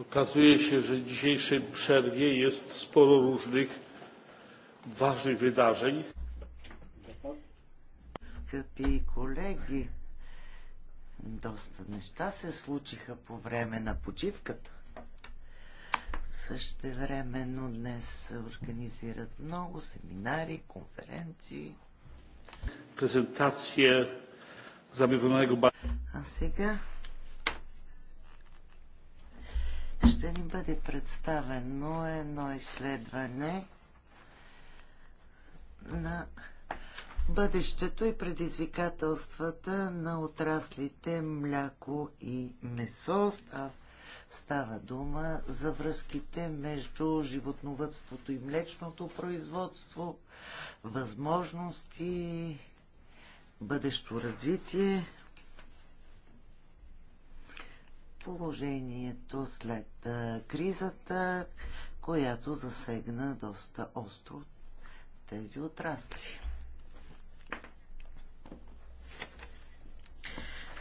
Okazuje się, że w dzisiejszej przerwie jest sporo różnych ważnych wydarzeń. Скъпи колеги, доста неща се случиха по време на почивката. Същевременно днес се организират много семинари, конференции. Презентация за А сега ще ни бъде представено едно изследване на бъдещето и предизвикателствата на отраслите мляко и месо. Става дума за връзките между животновътството и млечното производство, възможности, бъдещо развитие положението след кризата, която засегна доста остро тези отрасли.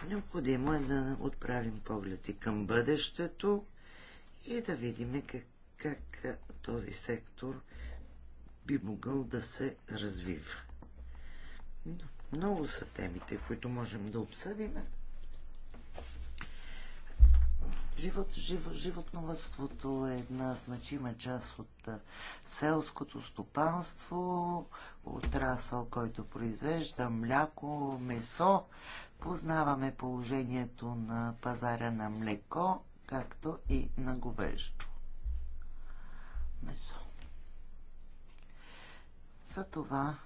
Необходимо е да отправим погледи към бъдещето и да видим как, как този сектор би могъл да се развива. Много са темите, които можем да обсъдим. Живот, жив, животновътството е една значима част от селското стопанство, отрасъл, който произвежда мляко, месо. Познаваме положението на пазара на млеко, както и на говеждо месо. За това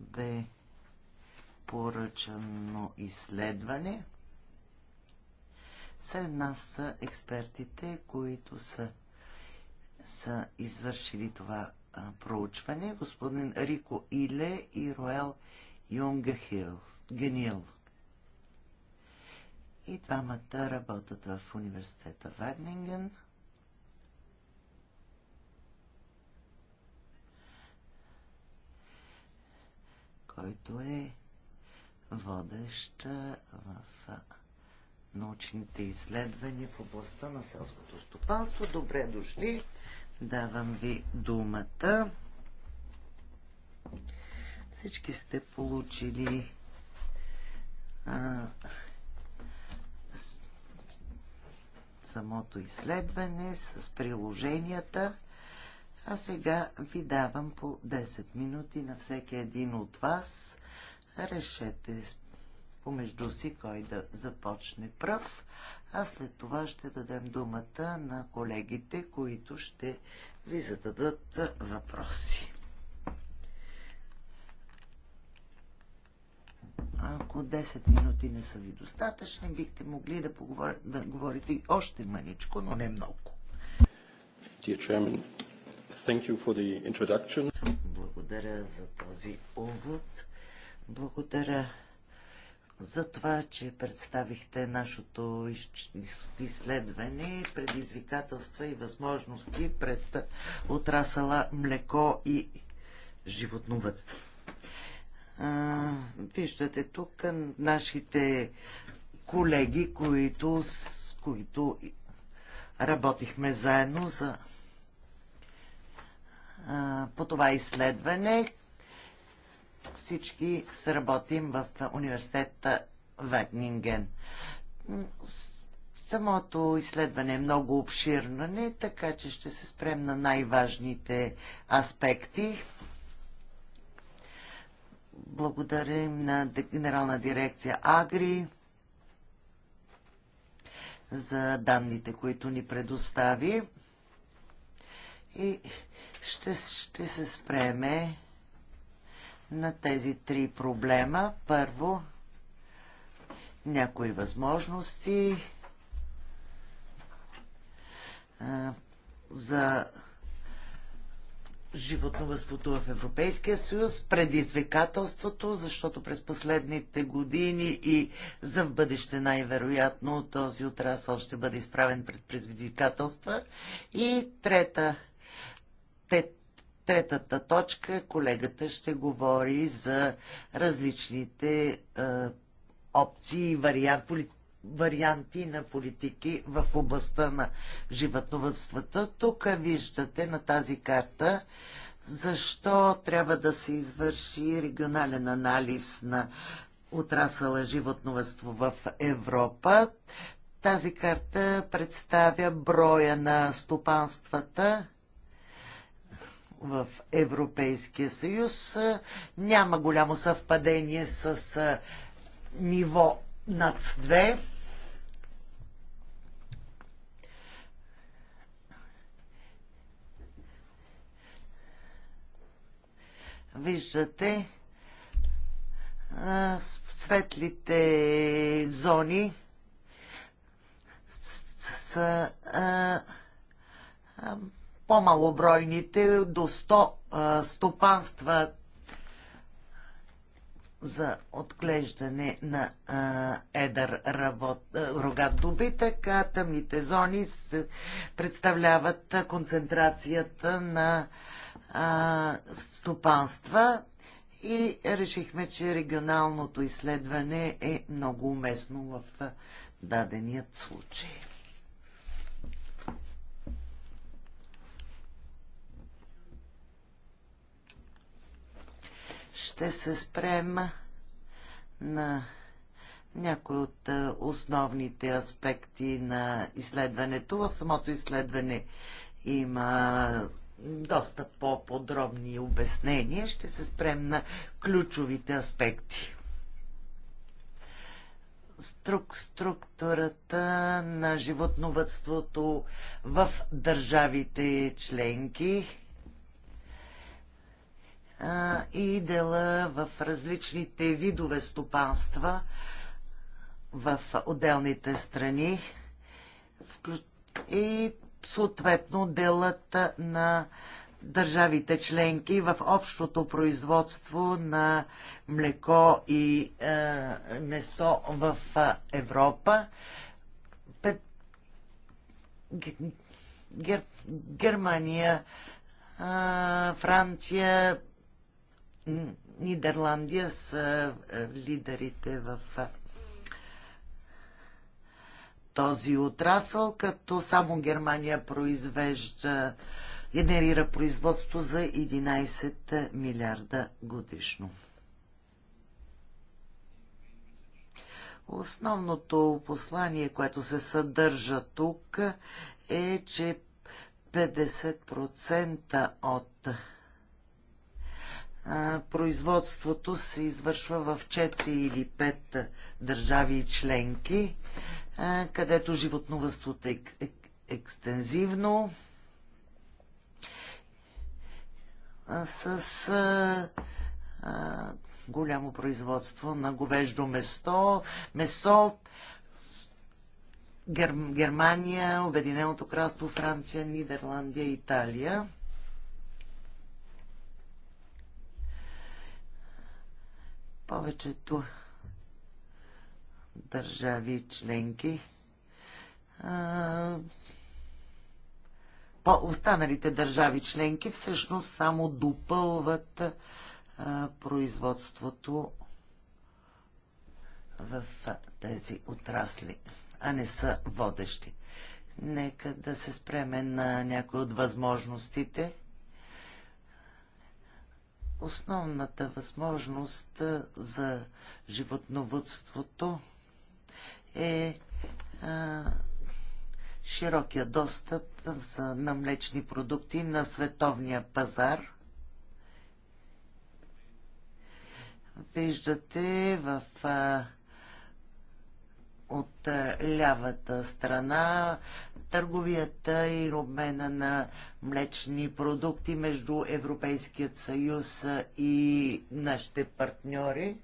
бе препоръчано изследване. Сред нас са експертите, които са, са извършили това а, проучване. Господин Рико Иле и Роел Юнгахил. Генил. И двамата работят в университета Вагнинген. който е водеща в научните изследвания в областта на селското стопанство. Добре дошли. Давам ви думата. Всички сте получили а, самото изследване с приложенията. А сега ви давам по 10 минути на всеки един от вас решете помежду си кой да започне пръв, а след това ще дадем думата на колегите, които ще ви зададат въпроси. Ако 10 минути не са ви достатъчни, бихте могли да, поговор... да говорите и още маличко, но не много. Dear Chairman, thank you for the introduction. Благодаря за този увод. Благодаря за това, че представихте нашето изследване, предизвикателства и възможности пред отрасъла млеко и животновътство. виждате тук нашите колеги, които, с които работихме заедно за, а, по това изследване всички сработим в университета Вагнинген. Самото изследване е много обширно, не е така че ще се спрем на най-важните аспекти. Благодарим на Генерална дирекция Агри за данните, които ни предостави. И ще, ще се спреме на тези три проблема. Първо, някои възможности а, за животновътството в Европейския съюз, предизвикателството, защото през последните години и за в бъдеще най-вероятно този отрасъл ще бъде изправен пред предизвикателства. И трета, те, третата точка колегата ще говори за различните е, опции и вариант, поли, варианти на политики в областта на животновътствата. Тук виждате на тази карта защо трябва да се извърши регионален анализ на отрасъла животновътство в Европа. Тази карта представя броя на стопанствата, в Европейския съюз. Няма голямо съвпадение с ниво над 2. Виждате светлите зони са по-малобройните до 100 стопанства за отглеждане на а, едър работ, а, рогат добитък, а тъмните зони с, представляват а, концентрацията на а, стопанства и решихме, че регионалното изследване е много уместно в даденият случай. ще се спрем на някои от е, основните аспекти на изследването. В самото изследване има доста по-подробни обяснения. Ще се спрем на ключовите аспекти. Струк, структурата на животновътството в държавите членки и дела в различните видове стопанства в отделните страни и съответно делът на държавите членки в общото производство на млеко и е, месо в Европа. Пет... Гер... Германия, е, Франция, Нидерландия са е, лидерите в е, този отрасъл, като само Германия произвежда, генерира производство за 11 милиарда годишно. Основното послание, което се съдържа тук, е, че 50% от производството се извършва в 4 или 5 държави и членки, където животновъдството е екстензивно, с голямо производство на говеждо место, месо, Гер... Германия, Обединеното кралство, Франция, Нидерландия, Италия. повечето държави членки а, по останалите държави членки всъщност само допълват а, производството в тези отрасли, а не са водещи. Нека да се спреме на някои от възможностите основната възможност за животновътството е а, широкия достъп за, на млечни продукти на световния пазар. Виждате в а, от лявата страна търговията и обмена на млечни продукти между Европейският съюз и нашите партньори.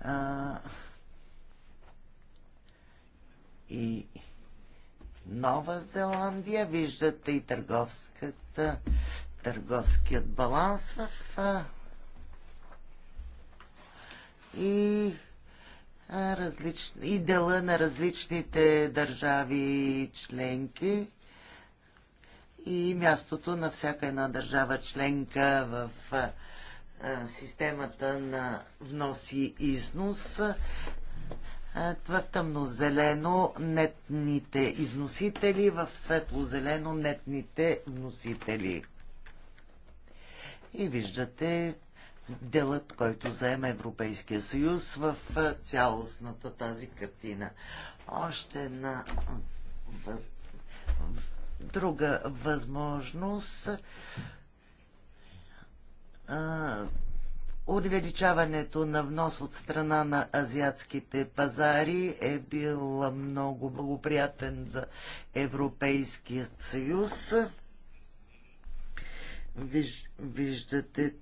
А, и Нова Зеландия, виждате и търговската, търговският баланс в и различ... и дела на различните държави членки и мястото на всяка една държава членка в системата на внос и износ. В тъмно-зелено нетните износители, в светло-зелено нетните вносители. И виждате делът, който заема Европейския съюз в цялостната тази картина. Още една въз... друга възможност Увеличаването на внос от страна на азиатските пазари е бил много благоприятен за Европейския съюз. Виж, виждате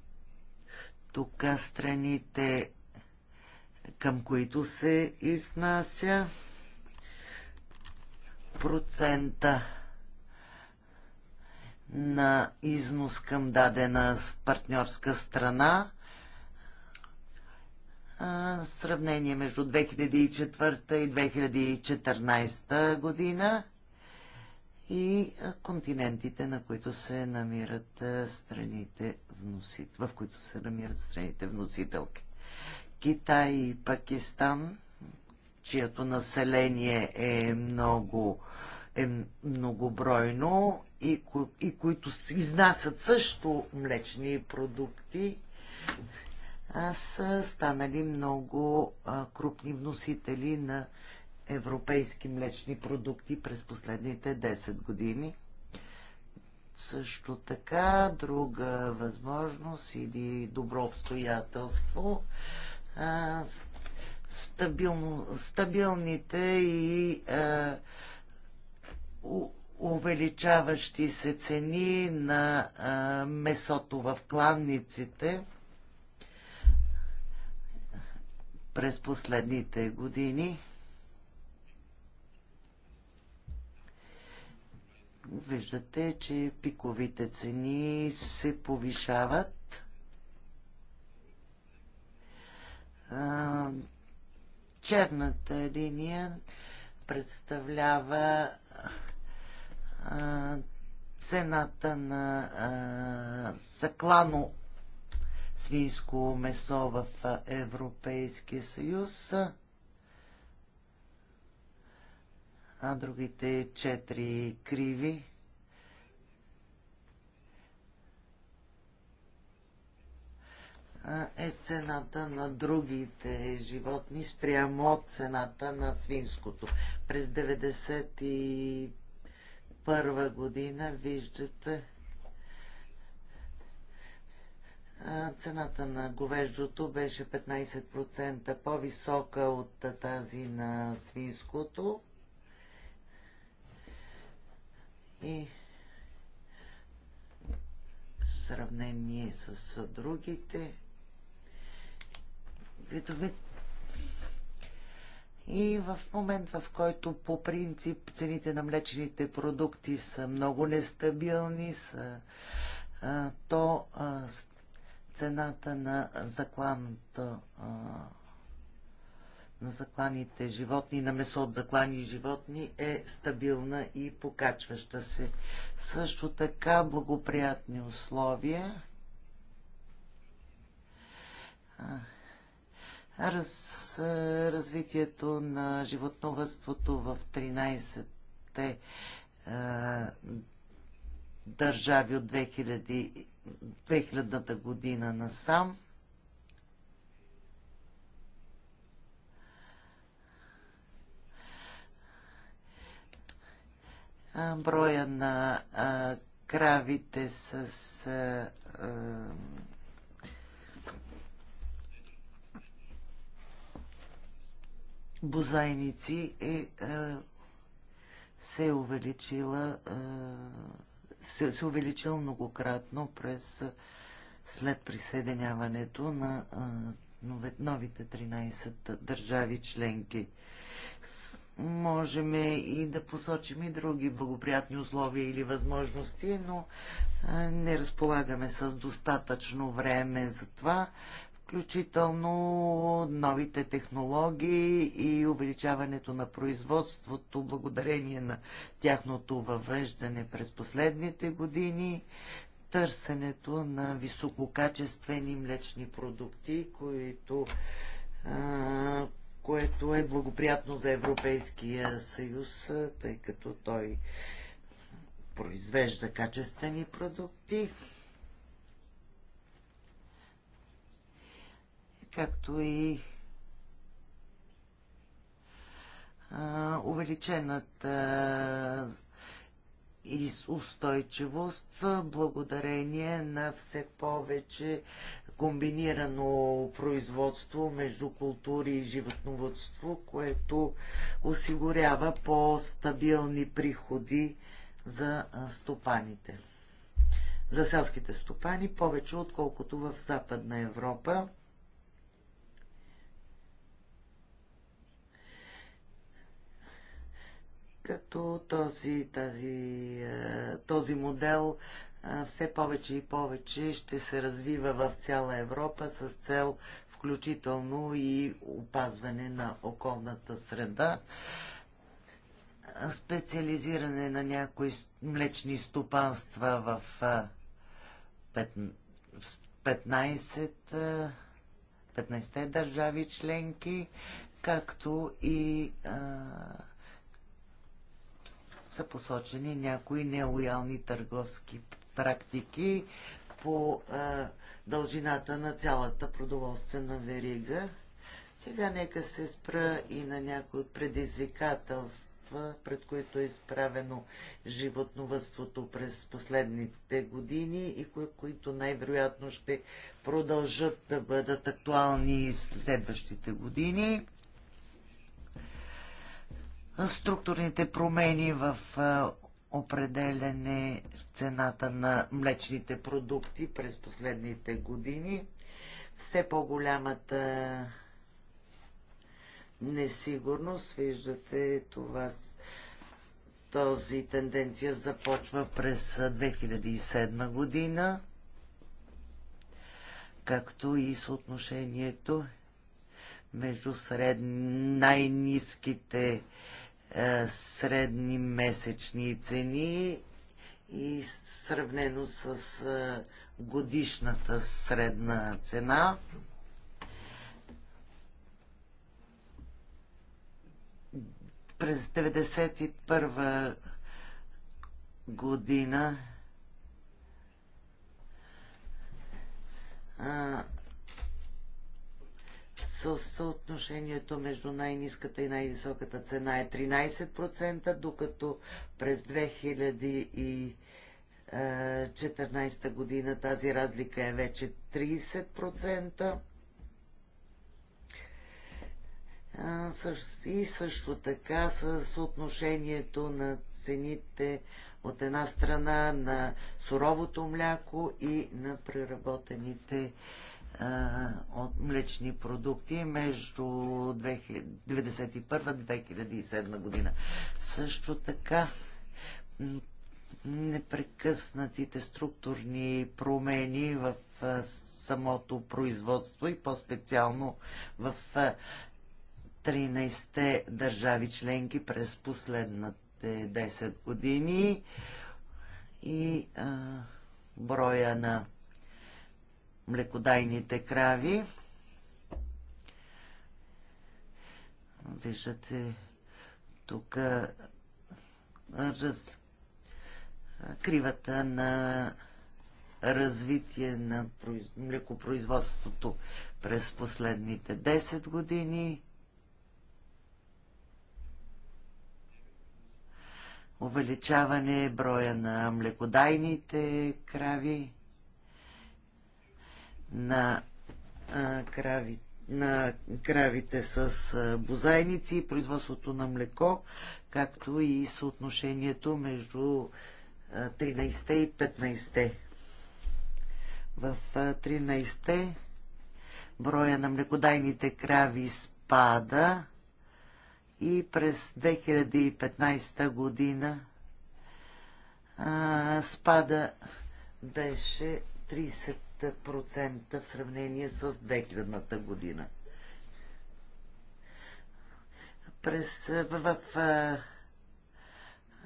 тук страните, към които се изнася процента на износ към дадена партньорска страна. Сравнение между 2004 и 2014 година и континентите, на които се намират страните вносит, в които се намират страните вносителки. Китай и Пакистан, чието население е много е многобройно и, ко, и които изнасят също млечни продукти, са станали много а, крупни вносители на европейски млечни продукти през последните 10 години. Също така, друга възможност или добро обстоятелство стабилно, стабилните и а, у, увеличаващи се цени на а, месото в кланниците през последните години. Виждате, че пиковите цени се повишават. Черната линия представлява цената на а, свинско месо в Европейския съюз. а другите четири криви е цената на другите животни спрямо от цената на свинското. През 91 година виждате цената на говеждото беше 15% по-висока от тази на свинското. и сравнение с другите видове. И в момент, в който по принцип цените на млечните продукти са много нестабилни, са, а, то а, цената на закланата а, на закланите животни, на месо от заклани животни е стабилна и покачваща се. Също така благоприятни условия. Раз, развитието на животновътството в 13-те държави от 2000, 2000-та година насам броя на кравите с бозайници е, се е увеличила се, се е увеличил многократно през след присъединяването на новите 13 държави членки можем и да посочим и други благоприятни условия или възможности, но не разполагаме с достатъчно време за това, включително новите технологии и увеличаването на производството благодарение на тяхното въвеждане през последните години, търсенето на висококачествени млечни продукти, които което е благоприятно за Европейския съюз, тъй като той произвежда качествени продукти. Както и увеличената и устойчивост благодарение на все повече комбинирано производство между култури и животноводство, което осигурява по-стабилни приходи за стопаните. За селските стопани повече отколкото в Западна Европа. като този, тази, този модел все повече и повече ще се развива в цяла Европа с цел включително и опазване на околната среда, специализиране на някои млечни стопанства в 15 15-те държави членки, както и а, са посочени някои нелоялни търговски практики по а, дължината на цялата продоволствена верига. Сега нека се спра и на някои от предизвикателства, пред които е изправено животновътството през последните години и кои, които най-вероятно ще продължат да бъдат актуални следващите години. Структурните промени в определене цената на млечните продукти през последните години. Все по-голямата несигурност, виждате това този тенденция започва през 2007 година, както и съотношението между сред най-низките е, средни месечни цени и сравнено с е, годишната средна цена. През 1991 година съотношението между най-низката и най-високата цена е 13%, докато през 2014 е, година тази разлика е вече 30%. И също така с съотношението на цените от една страна на суровото мляко и на преработените от млечни продукти между 1991-2007 година. Също така непрекъснатите структурни промени в самото производство и по-специално в 13-те държави членки през последните 10 години и а, броя на млекодайните крави. Виждате тук раз... кривата на развитие на произ... млекопроизводството през последните 10 години. Увеличаване броя на млекодайните крави на, а, крави, на кравите с а, бозайници, производството на млеко, както и съотношението между 13 те и 15. В 13 броя на млекодайните крави спада и през 2015 година а, спада беше 30 5% в сравнение с 2000-та година. През в, в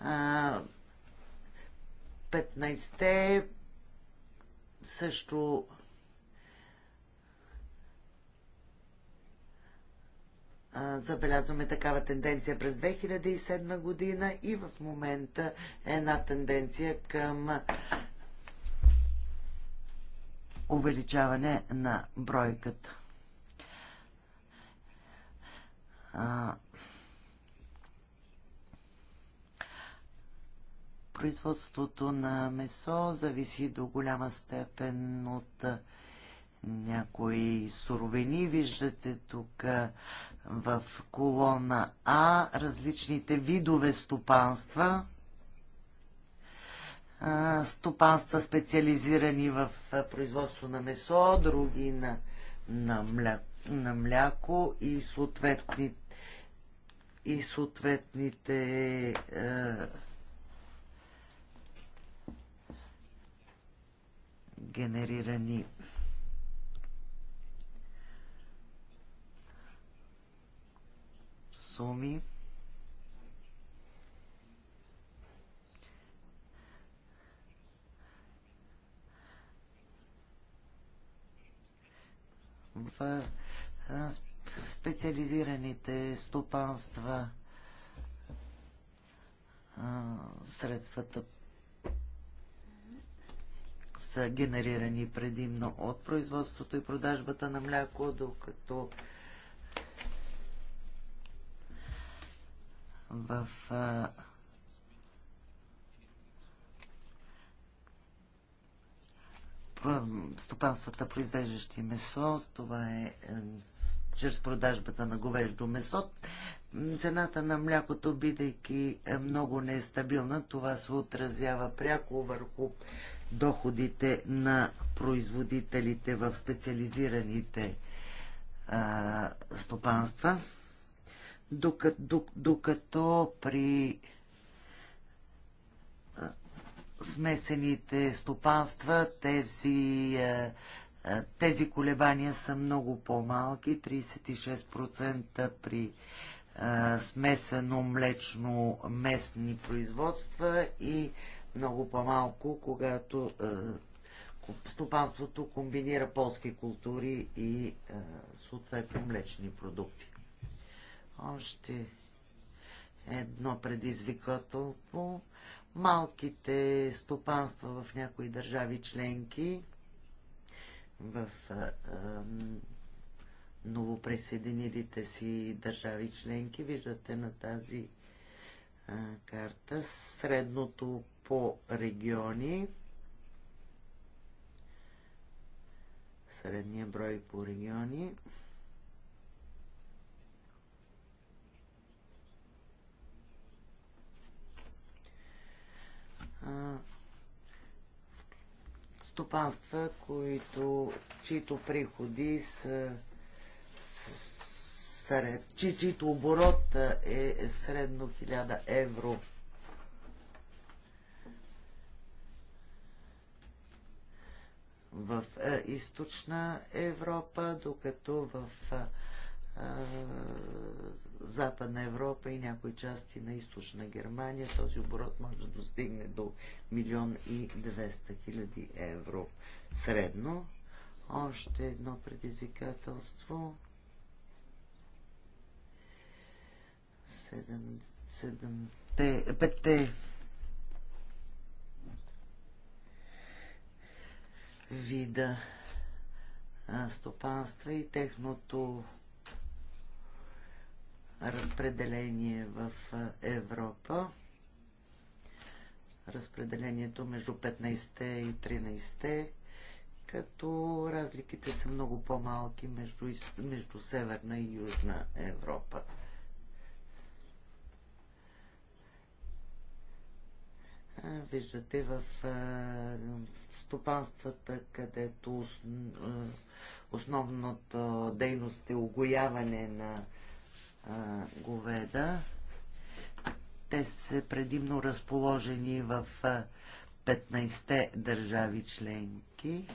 а, 15-те също забелязваме такава тенденция през 2007 година и в момента една тенденция към увеличаване на бройката. производството на месо зависи до голяма степен от някои суровини. Виждате тук в колона А различните видове стопанства стопанства специализирани в производство на месо, други на, на, мля, на мляко и съответни и съответните е, генерирани суми. в специализираните стопанства средствата са генерирани предимно от производството и продажбата на мляко, докато в а, стопанствата, произвеждащи месо, това е, е чрез продажбата на говеждо месо. Цената на млякото, бидейки е, много нестабилна, това се отразява пряко върху доходите на производителите в специализираните а, стопанства, докато, докато при смесените стопанства тези, е, е, тези колебания са много по-малки, 36% при е, смесено млечно местни производства и много по-малко, когато стопанството комбинира полски култури и съответно млечни продукти. Още едно предизвикателство малките стопанства в някои държави членки, в а, а, новопресъединилите си държави членки. Виждате на тази а, карта средното по региони. Средния брой по региони. стопанства, които, чието приходи са сред, чи, чието оборот е средно 1000 евро. в е, източна Европа, докато в е, Западна Европа и някои части на източна Германия. Този оборот може да достигне до 1 и 200 хиляди евро средно. Още едно предизвикателство. 7, 7, 5 вида стопанства и техното разпределение в Европа. Разпределението между 15-те и 13-те, като разликите са много по-малки между, между Северна и Южна Европа. Виждате в стопанствата, където основната дейност е огояване на говеда. Те са предимно разположени в 15-те държави членки.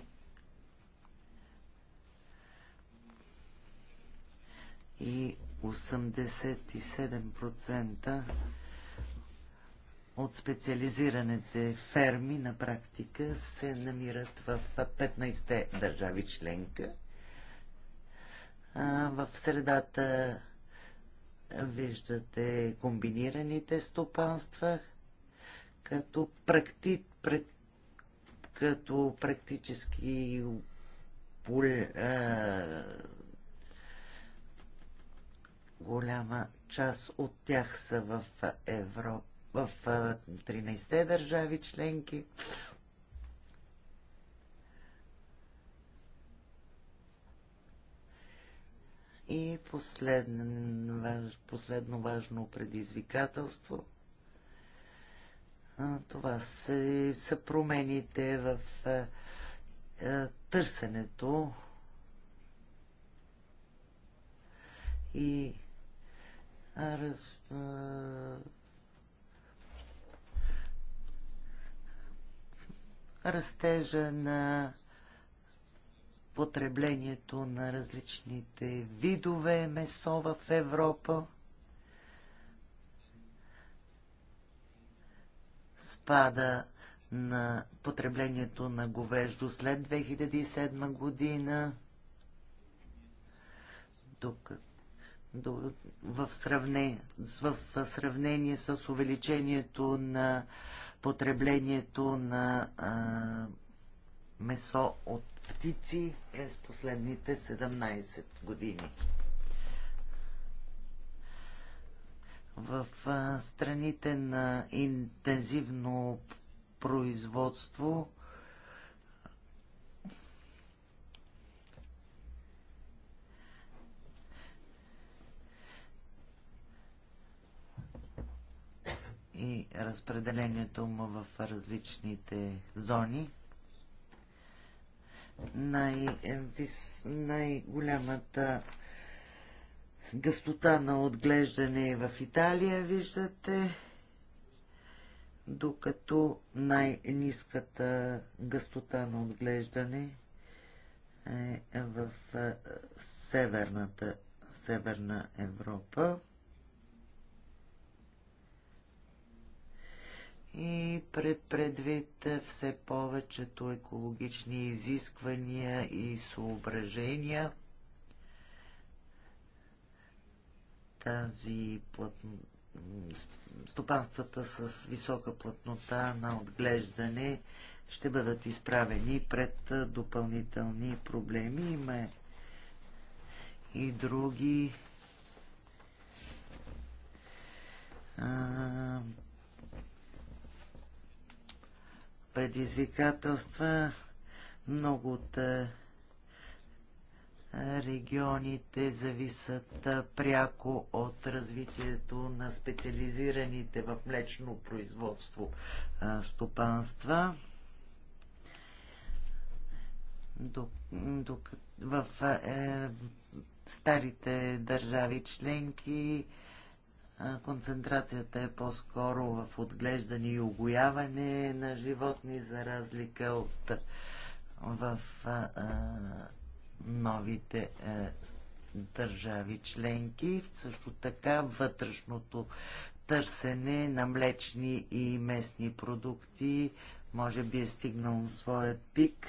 И 87% от специализираните ферми на практика се намират в 15-те държави членка. В средата Виждате комбинираните стопанства, като, практи, прак, като практически пол, а, голяма част от тях са в Европа, в 13-те държави членки. И последно, последно важно предизвикателство. Това са, са промените в търсенето и раз, растежа на потреблението на различните видове месо в Европа. Спада на потреблението на говеждо след 2007 година, докато в сравнение, в сравнение с увеличението на потреблението на а, месо от птици през последните 17 години. В страните на интензивно производство и разпределението му в различните зони най- най-голямата гъстота на отглеждане е в Италия, виждате, докато най-низката гъстота на отглеждане е в е, северната, северна Европа. и пред предвид все повечето екологични изисквания и съображения тази плът... стопанствата с висока плътнота на отглеждане ще бъдат изправени пред допълнителни проблеми. Има и други предизвикателства. Много от регионите зависят пряко от развитието на специализираните в млечно производство стопанства. В е, старите държави членки концентрацията е по-скоро в отглеждане и огояване на животни, за разлика от в а, новите а, държави членки. Също така вътрешното търсене на млечни и местни продукти може би е стигнал своят пик.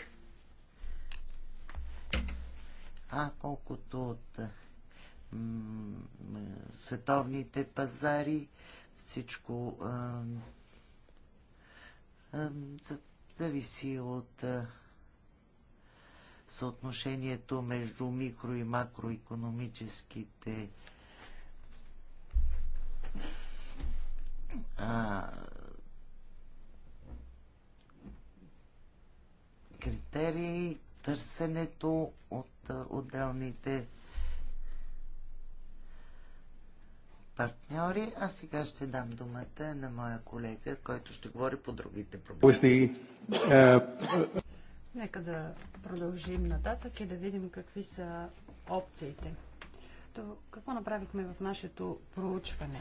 А колкото от световните пазари, всичко а, а, зависи от а, съотношението между микро и макроекономическите критерии, търсенето от а, отделните партньори. А сега ще дам думата на моя колега, който ще говори по другите проблеми. Е, Нека да продължим нататък и да видим какви са опциите. То, какво направихме в нашето проучване?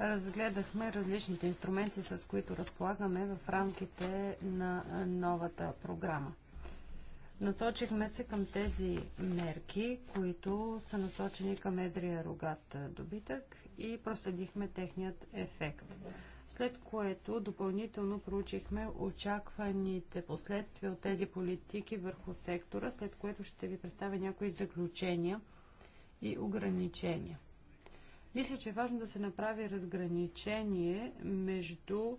Разгледахме различните инструменти, с които разполагаме в рамките на новата програма. Насочихме се към тези мерки, които са насочени към едрия рогат добитък и проследихме техният ефект. След което допълнително проучихме очакваните последствия от тези политики върху сектора, след което ще ви представя някои заключения и ограничения. Мисля, че е важно да се направи разграничение между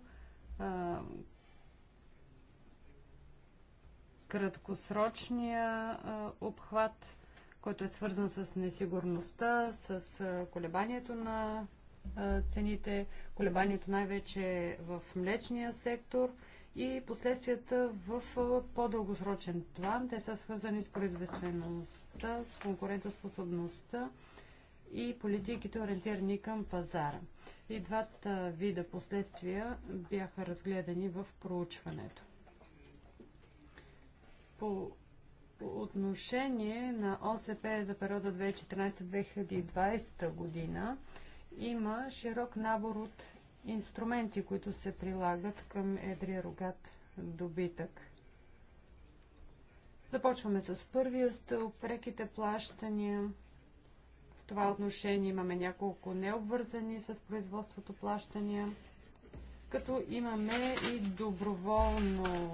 краткосрочния обхват, който е свързан с несигурността, с колебанието на цените, колебанието най-вече в млечния сектор и последствията в по-дългосрочен план. Те са свързани с производствеността, с конкурентоспособността и политиките ориентирани към пазара. И двата вида последствия бяха разгледани в проучването по отношение на ОСП за периода 2014-2020 година има широк набор от инструменти, които се прилагат към едрия рогат добитък. Започваме с първия стълб, преките плащания. В това отношение имаме няколко необвързани с производството плащания – като имаме и доброволно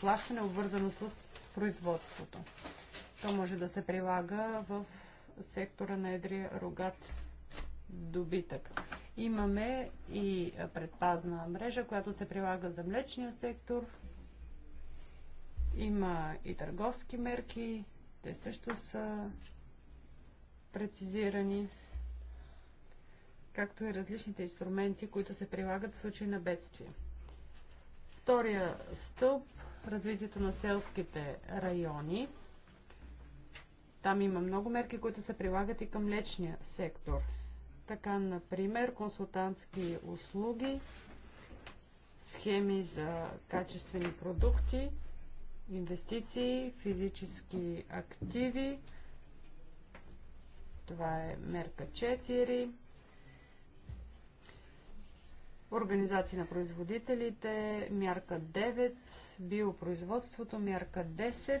плащане, обвързано с производството. То може да се прилага в сектора на едрия рогат добитък. Имаме и предпазна мрежа, която се прилага за млечния сектор. Има и търговски мерки. Те също са прецизирани както и различните инструменти, които се прилагат в случай на бедствие. Втория стълб – развитието на селските райони. Там има много мерки, които се прилагат и към лечния сектор. Така, например, консултантски услуги, схеми за качествени продукти, инвестиции, физически активи. Това е мерка 4. Организации на производителите, мярка 9, биопроизводството, мярка 10,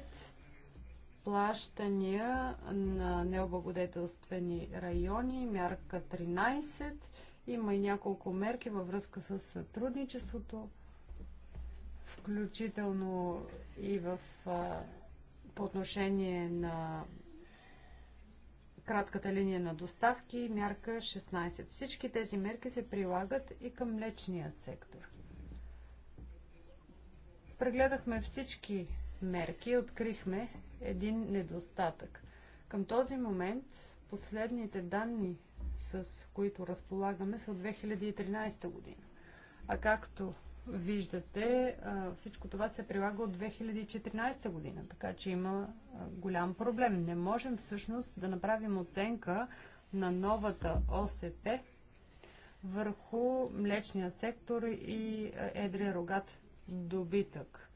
плащания на необлагодетелствени райони, мярка 13. Има и няколко мерки във връзка с сътрудничеството, включително и в, по отношение на кратката линия на доставки, мярка 16. Всички тези мерки се прилагат и към млечния сектор. Прегледахме всички мерки и открихме един недостатък. Към този момент последните данни, с които разполагаме, са от 2013 година. А както виждате, всичко това се прилага от 2014 година, така че има голям проблем. Не можем всъщност да направим оценка на новата ОСП върху млечния сектор и едрия рогат добитък.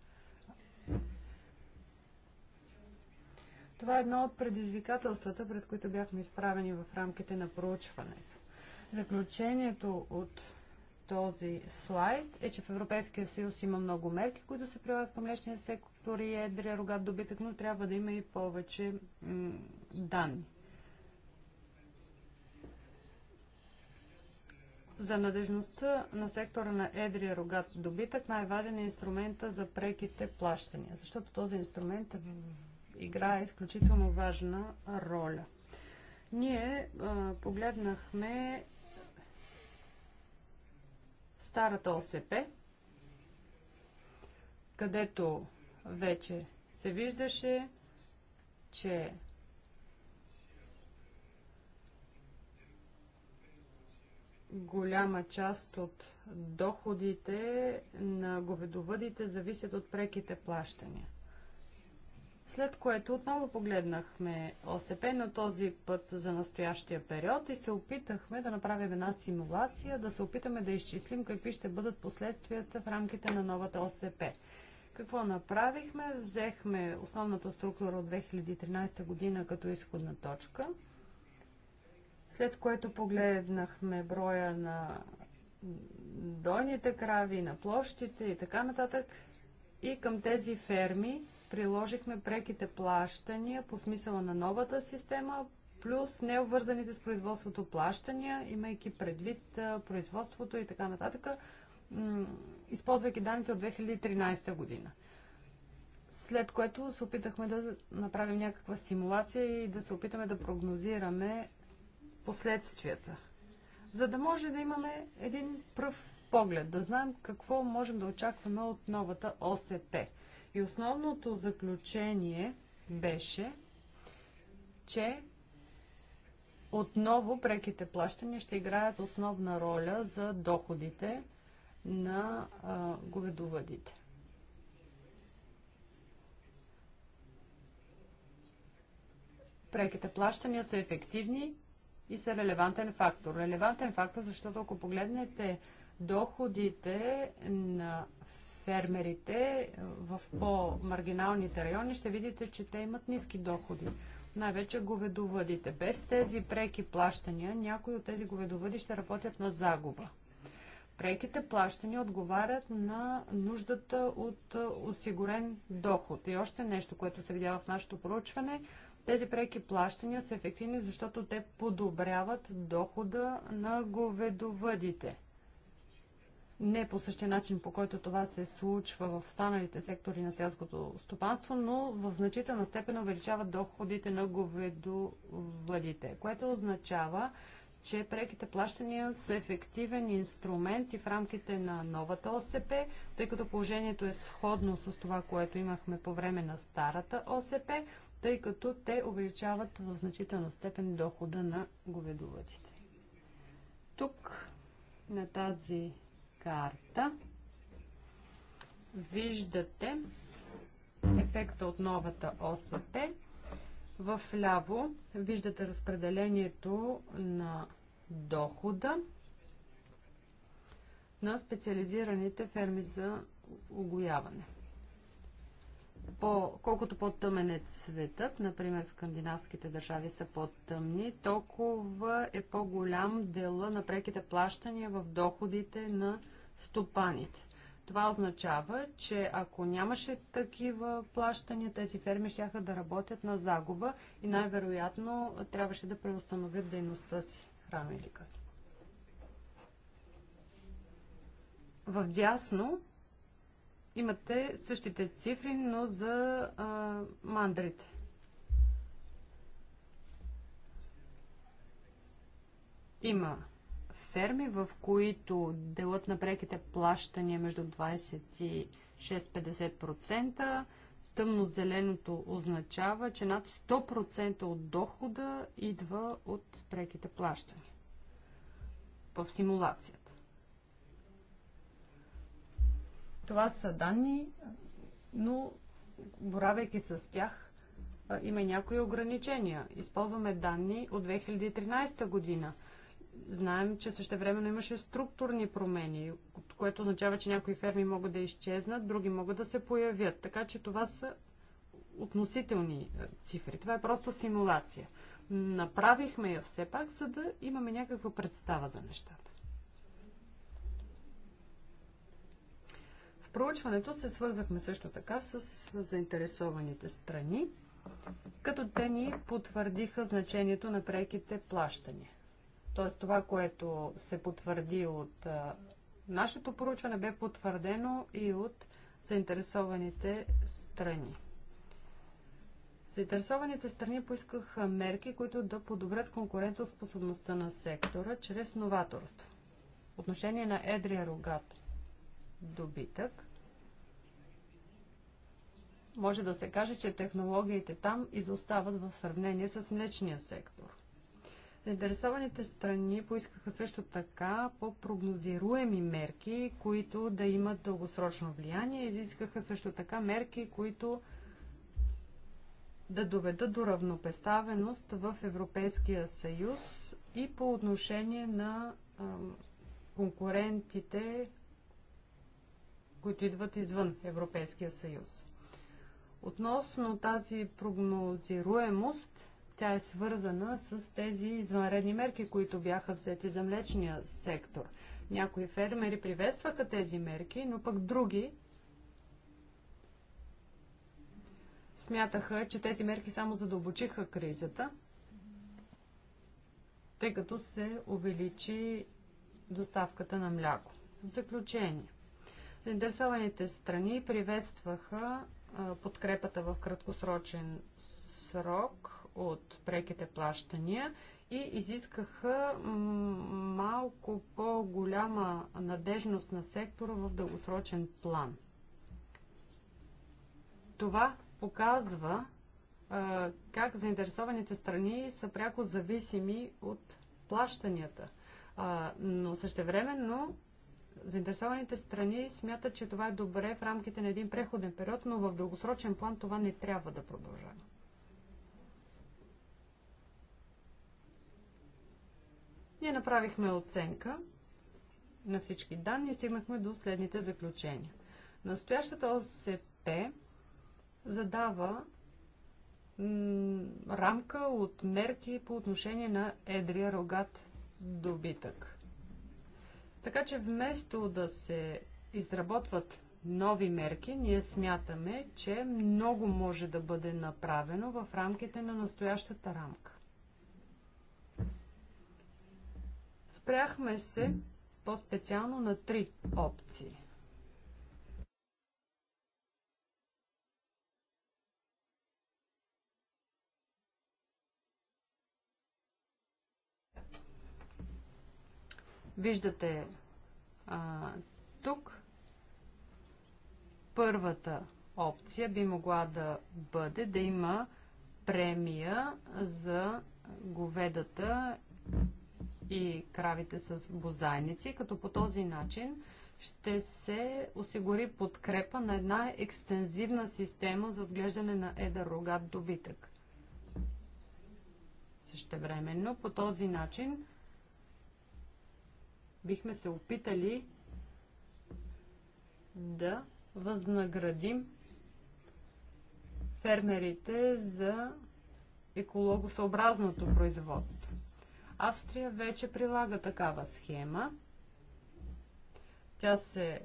Това е едно от предизвикателствата, пред които бяхме изправени в рамките на проучването. Заключението от този слайд е, че в Европейския съюз има много мерки, които се прилагат към млечния сектор и едрия рогат добитък, но трябва да има и повече данни. За надежността на сектора на едрия рогат добитък най-важен е инструмента за преките плащания, защото този инструмент играе изключително важна роля. Ние а, погледнахме старата ОСП, където вече се виждаше, че голяма част от доходите на говедовъдите зависят от преките плащания. След което отново погледнахме ОСП, но този път за настоящия период и се опитахме да направим една симулация, да се опитаме да изчислим какви ще бъдат последствията в рамките на новата ОСП. Какво направихме? Взехме основната структура от 2013 година като изходна точка, след което погледнахме броя на дойните крави, на площите и така нататък. И към тези ферми приложихме преките плащания по смисъла на новата система, плюс необвързаните с производството плащания, имайки предвид производството и така нататък, използвайки данните от 2013 година. След което се опитахме да направим някаква симулация и да се опитаме да прогнозираме последствията, за да може да имаме един пръв поглед, да знаем какво можем да очакваме от новата ОСП. И основното заключение беше, че отново преките плащания ще играят основна роля за доходите на а, говедовъдите. Преките плащания са ефективни и са релевантен фактор. Релевантен фактор, защото ако погледнете доходите на фермерите е, в по-маргиналните райони, ще видите, че те имат ниски доходи. Най-вече говедовъдите. Без тези преки плащания, някои от тези говедовъди ще работят на загуба. Преките плащания отговарят на нуждата от е, осигурен доход. И още нещо, което се видява в нашето проучване, тези преки плащания са ефективни, защото те подобряват дохода на говедовъдите не по същия начин, по който това се случва в останалите сектори на селското стопанство, но в значителна степен увеличават доходите на говедовъдите, което означава, че преките плащания са ефективен инструмент и в рамките на новата ОСП, тъй като положението е сходно с това, което имахме по време на старата ОСП, тъй като те увеличават в значителна степен дохода на говедовъдите. Тук на тази карта виждате ефекта от новата ОСП. В ляво виждате разпределението на дохода на специализираните ферми за огояване по, колкото по-тъмен е цветът, например скандинавските държави са по-тъмни, толкова е по-голям дела на преките плащания в доходите на стопаните. Това означава, че ако нямаше такива плащания, тези ферми ще да работят на загуба и най-вероятно трябваше да преустановят дейността си рано или късно. В дясно имате същите цифри, но за а, мандрите. Има ферми, в които делът на преките плащания е между 20 и 6-50%. Тъмно-зеленото означава, че над 100% от дохода идва от преките плащания в симулацията. Това са данни, но боравейки с тях, има някои ограничения. Използваме данни от 2013 година. Знаем, че същевременно имаше структурни промени, което означава, че някои ферми могат да изчезнат, други могат да се появят. Така че това са относителни цифри. Това е просто симулация. Направихме я все пак, за да имаме някаква представа за нещата. проучването се свързахме също така с заинтересованите страни, като те ни потвърдиха значението на преките плащания. Тоест това, което се потвърди от нашето проучване, бе потвърдено и от заинтересованите страни. Заинтересованите страни поискаха мерки, които да подобрят конкурентоспособността на сектора чрез новаторство. Отношение на едрия рогат добитък, може да се каже, че технологиите там изостават в сравнение с млечния сектор. Заинтересованите страни поискаха също така по прогнозируеми мерки, които да имат дългосрочно влияние. Изискаха също така мерки, които да доведат до равнопеставеност в Европейския съюз и по отношение на конкурентите които идват извън Европейския съюз. Относно тази прогнозируемост, тя е свързана с тези извънредни мерки, които бяха взети за млечния сектор. Някои фермери приветстваха тези мерки, но пък други смятаха, че тези мерки само задълбочиха кризата, тъй като се увеличи доставката на мляко. В заключение, Заинтересованите страни приветстваха подкрепата в краткосрочен срок от преките плащания и изискаха малко по-голяма надежност на сектора в дългосрочен план. Това показва как заинтересованите страни са пряко зависими от плащанията. но същевременно Заинтересованите страни смятат, че това е добре в рамките на един преходен период, но в дългосрочен план това не трябва да продължава. Ние направихме оценка на всички данни и стигнахме до следните заключения. Настоящата ОСП задава рамка от мерки по отношение на едрия рогат добитък. Така че вместо да се изработват нови мерки, ние смятаме, че много може да бъде направено в рамките на настоящата рамка. Спряхме се по-специално на три опции – Виждате а, тук първата опция би могла да бъде да има премия за говедата и кравите с бозайници, като по този начин ще се осигури подкрепа на една екстензивна система за отглеждане на едър рогат добитък. Същевременно по този начин бихме се опитали да възнаградим фермерите за екологосъобразното производство. Австрия вече прилага такава схема. Тя се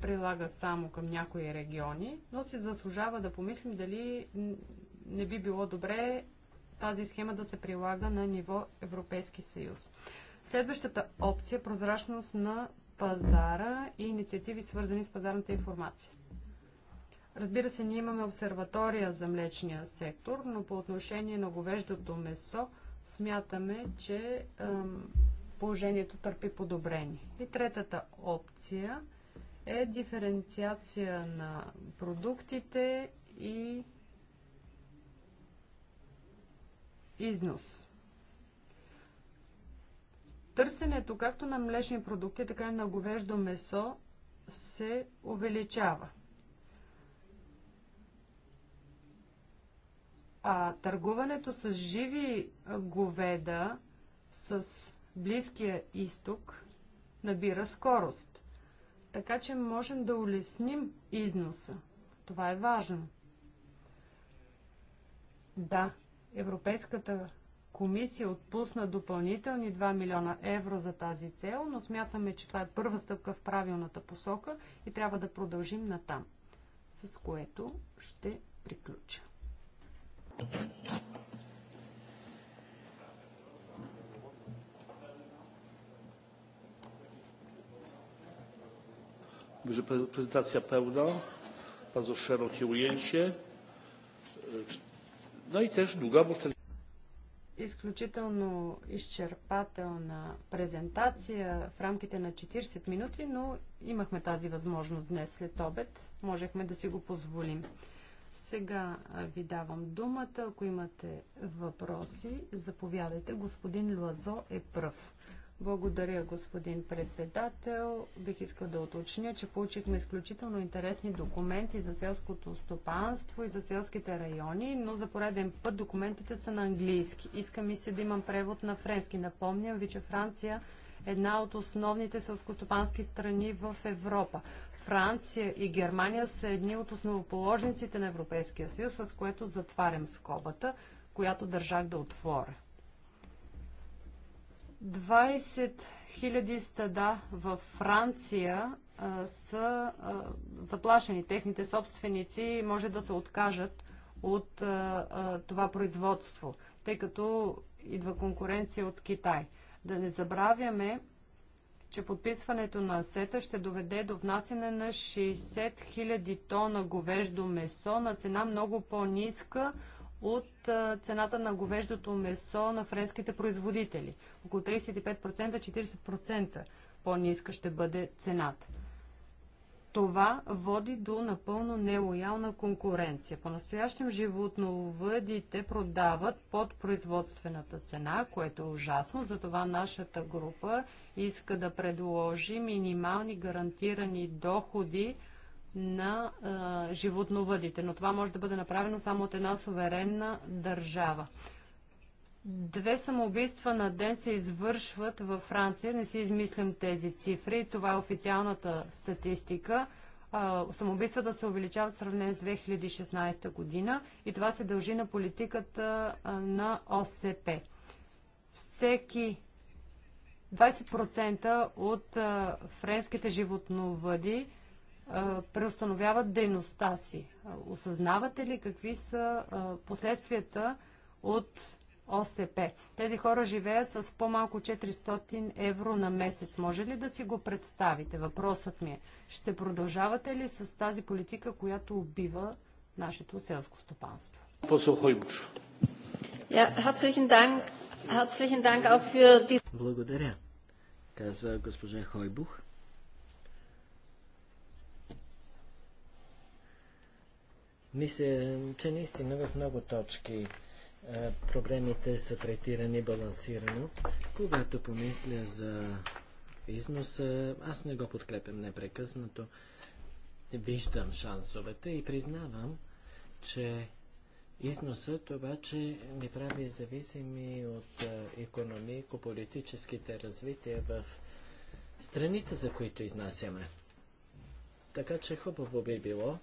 прилага само към някои региони, но си заслужава да помислим дали не би било добре тази схема да се прилага на ниво Европейски съюз. Следващата опция е прозрачност на пазара и инициативи, свързани с пазарната информация. Разбира се, ние имаме обсерватория за млечния сектор, но по отношение на говеждото месо смятаме, че ем, положението търпи подобрение. И третата опция е диференциация на продуктите и износ. Търсенето както на млечни продукти, така и на говеждо месо се увеличава. А търгуването с живи говеда с Близкия изток набира скорост. Така че можем да улесним износа. Това е важно. Да, Европейската комисия отпусна допълнителни 2 милиона евро за тази цел, но смятаме, че това е първа стъпка в правилната посока и трябва да продължим натам, с което ще приключа. Prezentacja pełna, bardzo szerokie ujęcie, no i też długa, bo изключително изчерпателна презентация в рамките на 40 минути, но имахме тази възможност днес след обед. Можехме да си го позволим. Сега ви давам думата. Ако имате въпроси, заповядайте. Господин Луазо е пръв. Благодаря, господин председател. Бих искал да уточня, че получихме изключително интересни документи за селското стопанство и за селските райони, но за пореден път документите са на английски. Иска ми се да имам превод на френски. Напомням ви, че Франция е една от основните селскостопански страни в Европа. Франция и Германия са едни от основоположниците на Европейския съюз, с което затварям скобата, която държах да отворя. 20 000 стада във Франция а, са а, заплашени. Техните собственици може да се откажат от а, това производство, тъй като идва конкуренция от Китай. Да не забравяме, че подписването на сета ще доведе до внасяне на 60 000 тона говеждо месо на цена много по-ниска от цената на говеждото месо на френските производители. Около 35-40% по-ниска ще бъде цената. Това води до напълно нелоялна конкуренция. По-настоящем животновъдите продават под производствената цена, което е ужасно. Затова нашата група иска да предложи минимални гарантирани доходи на а, животновъдите. Но това може да бъде направено само от една суверенна държава. Две самоубийства на ден се извършват във Франция. Не си измислям тези цифри. Това е официалната статистика. самоубийствата се увеличават в сравнение с 2016 година и това се дължи на политиката на ОСП. Всеки 20% от френските животновъди преустановяват дейността си. Осъзнавате ли какви са последствията от ОСП? Тези хора живеят с по-малко 400 евро на месец. Може ли да си го представите? Въпросът ми е. Ще продължавате ли с тази политика, която убива нашето селско стопанство? Благодаря, казва госпожа Хойбух. Мисля, че наистина в много точки е, проблемите са третирани балансирано. Когато помисля за износа, аз не го подкрепям непрекъснато. Виждам шансовете и признавам, че износът обаче ни прави зависими от економико-политическите развития в страните, за които изнасяме. Така че хубаво би било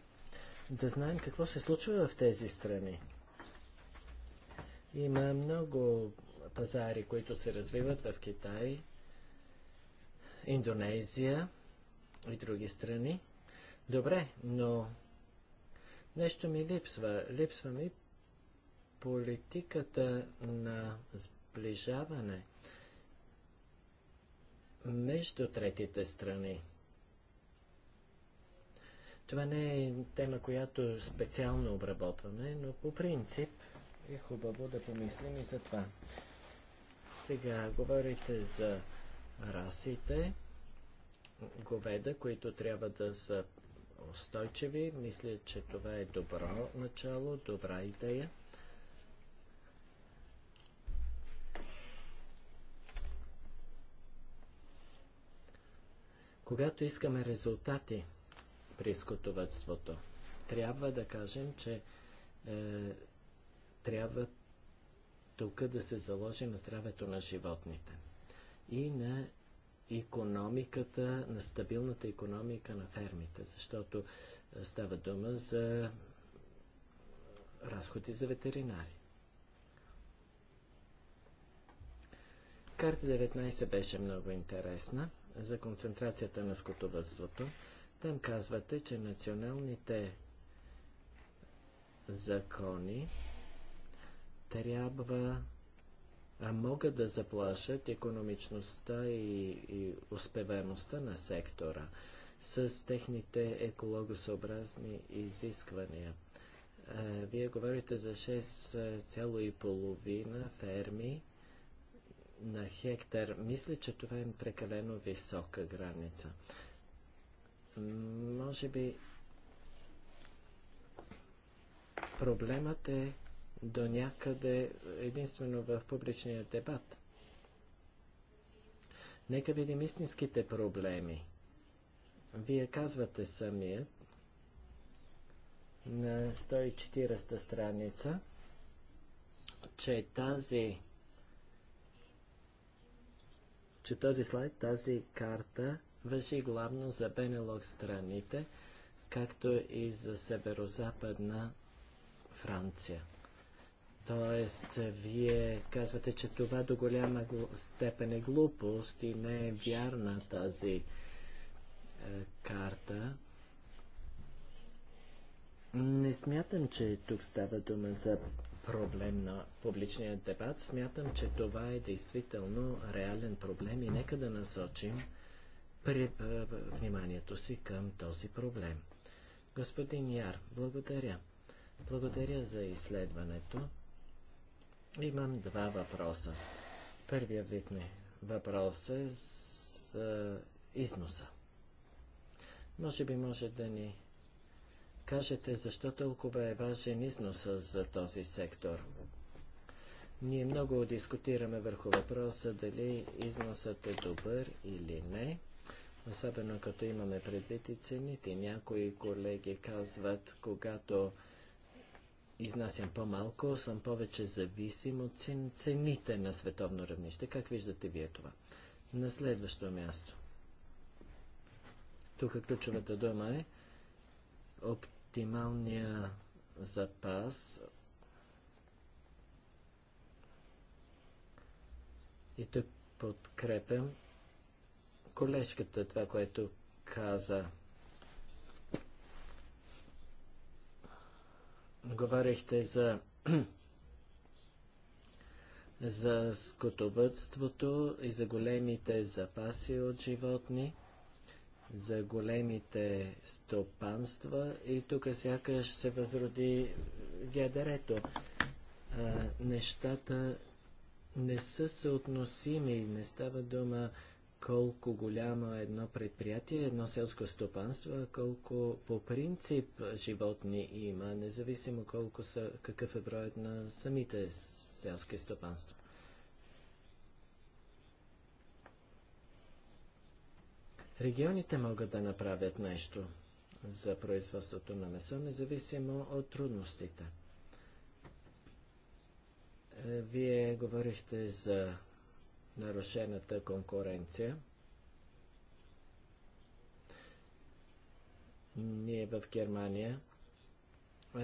да знаем какво се случва в тези страни. Има много пазари, които се развиват в Китай, Индонезия и други страни. Добре, но нещо ми липсва. Липсва ми политиката на сближаване между третите страни. Това не е тема, която специално обработваме, но по принцип е хубаво да помислим и за това. Сега говорите за расите, говеда, които трябва да са устойчиви. Мисля, че това е добро начало, добра идея. Когато искаме резултати, при скотоводството. Трябва да кажем, че е, трябва тук да се заложи на здравето на животните и на економиката, на стабилната економика на фермите, защото е, става дума за разходи за ветеринари. Карта 19 беше много интересна за концентрацията на скотовътството. Там казвате, че националните закони трябва а могат да заплашат економичността и, и успеваемостта на сектора с техните екологосъобразни изисквания. вие говорите за 6,5 ферми на хектар. Мисля, че това е прекалено висока граница. Може би проблемът е до някъде единствено в публичния дебат. Нека видим истинските проблеми. Вие казвате самият на 140-та страница, че тази че този слайд, тази карта въжи главно за Бенелок страните, както и за северо-западна Франция. Тоест, вие казвате, че това до голяма степен е глупост и не е вярна тази е, карта. Не смятам, че тук става дума за проблем на публичния дебат. Смятам, че това е действително реален проблем и нека да насочим при, а, вниманието си към този проблем. Господин Яр, благодаря. Благодаря за изследването. Имам два въпроса. Първият вид ми въпрос е за износа. Може би може да ни кажете защо толкова е важен износа за този сектор. Ние много дискутираме върху въпроса дали износът е добър или не. Особено като имаме предвид и цените. Някои колеги казват, когато изнасям по-малко, съм повече зависим от цените на световно равнище. Как виждате вие това? На следващо място. Тук ключовата дума е оптималния запас. И тук подкрепям колежката това, което каза. Говорихте за за скотобътството и за големите запаси от животни, за големите стопанства и тук сякаш се възроди ядерето. А, нещата не са съотносими, не става дума колко голямо е едно предприятие, едно селско стопанство, колко по принцип животни има, независимо колко са, какъв е броят на самите селски стопанства. Регионите могат да направят нещо за производството на месо, независимо от трудностите. Е, вие говорихте за нарушената конкуренция. Ние в Германия е,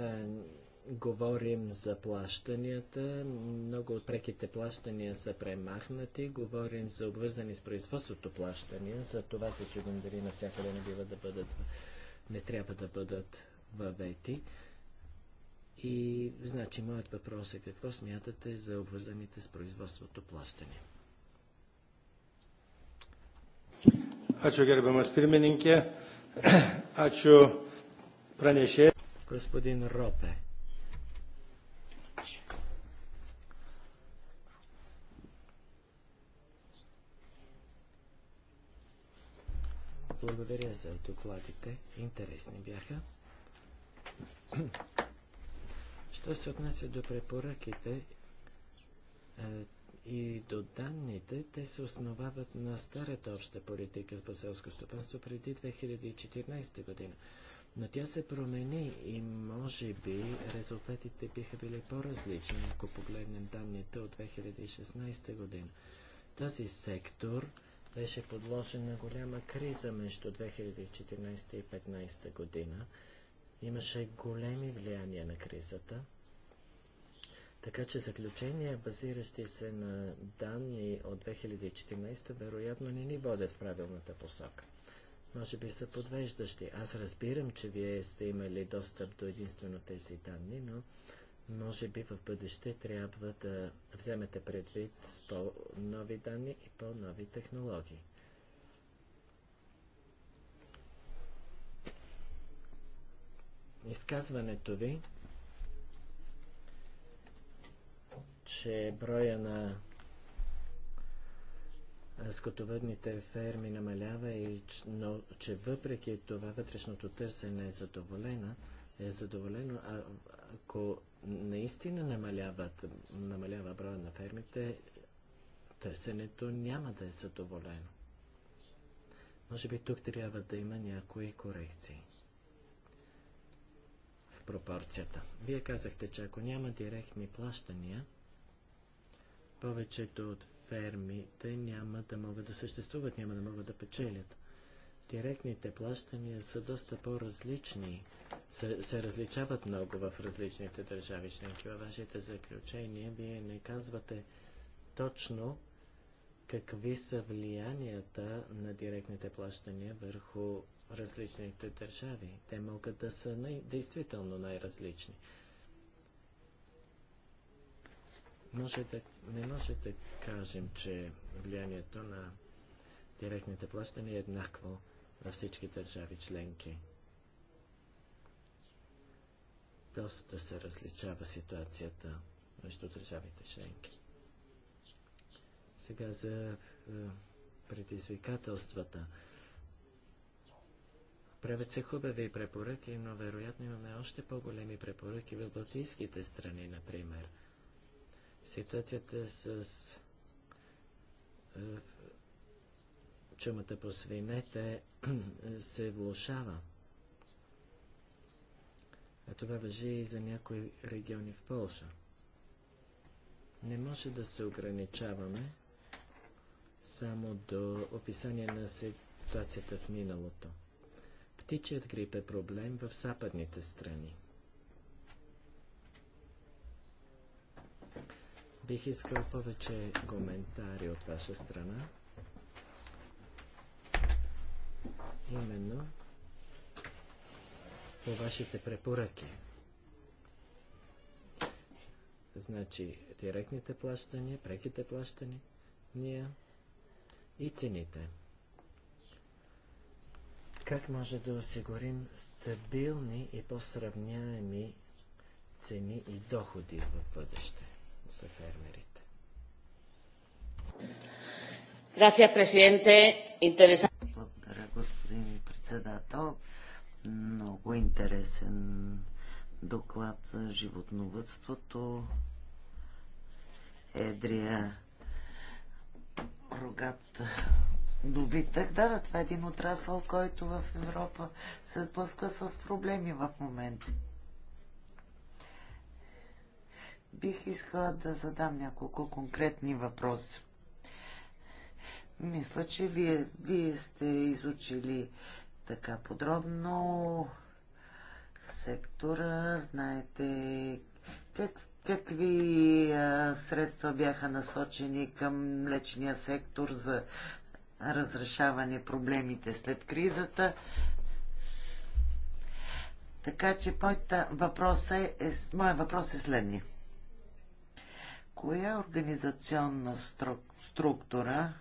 говорим за плащанията. Много от преките плащания са премахнати. Говорим за обвързани с производството плащания. За това се чудим дали навсякъде не бива да бъдат, не трябва да бъдат въвети. И значи моят въпрос е какво смятате за обвързаните с производството плащания? Ačiū gerbiamas pirmininkė. Ačiū pranešė. Gospodin Rope. Благодаря за докладите. Интересни бяха. Що се отнася до препоръките, е, и до данните, те се основават на старата обща политика по селско стопанство преди 2014 година. Но тя се промени и може би резултатите биха били по-различни, ако погледнем данните от 2016 година. Този сектор беше подложен на голяма криза между 2014 и 2015 година. Имаше големи влияния на кризата – така че заключения, базиращи се на данни от 2014, вероятно не ни водят в правилната посока. Може би са подвеждащи. Аз разбирам, че вие сте имали достъп до единствено тези данни, но може би в бъдеще трябва да вземете предвид по-нови данни и по-нови технологии. Изказването ви че броя на скотовъдните ферми намалява, и, но че въпреки това вътрешното търсене е задоволено, е задоволено а, ако наистина намаляват, намалява броя на фермите, търсенето няма да е задоволено. Може би тук трябва да има някои корекции в пропорцията. Вие казахте, че ако няма директни плащания, повечето от фермите няма да могат да съществуват, няма да могат да печелят. Директните плащания са доста по-различни, се, се различават много в различните държави членки. Във вашите заключения вие не казвате точно какви са влиянията на директните плащания върху различните държави. Те могат да са най- действително най-различни. Може да, не може да кажем, че влиянието на директните плащания е еднакво във всички държави членки. Доста се различава ситуацията между държавите членки. Сега за е, предизвикателствата. Правят се хубави препоръки, но вероятно имаме още по-големи препоръки в балтийските страни, например – Ситуацията с е, чумата по свинете се влушава. А това въжи и за някои региони в Польша. Не може да се ограничаваме само до описание на ситуацията в миналото. Птичият грип е проблем в западните страни. Бих искал повече коментари от ваша страна. Именно по вашите препоръки. Значи директните плащания, преките плащания и цените. Как може да осигурим стабилни и по-сравняеми цени и доходи в бъдеще? за фермерите. Благодаря, господин председател. Много интересен доклад за животновътството. Едрия рогат добитък. Да, да, това е един отрасъл, който в Европа се сблъсква с проблеми в момента. Бих искала да задам няколко конкретни въпроси. Мисля, че вие, вие сте изучили така подробно сектора, знаете как, какви а, средства бяха насочени към млечния сектор за разрешаване проблемите след кризата. Така че моята въпрос е, е, моя въпрос е следния коя организационна структура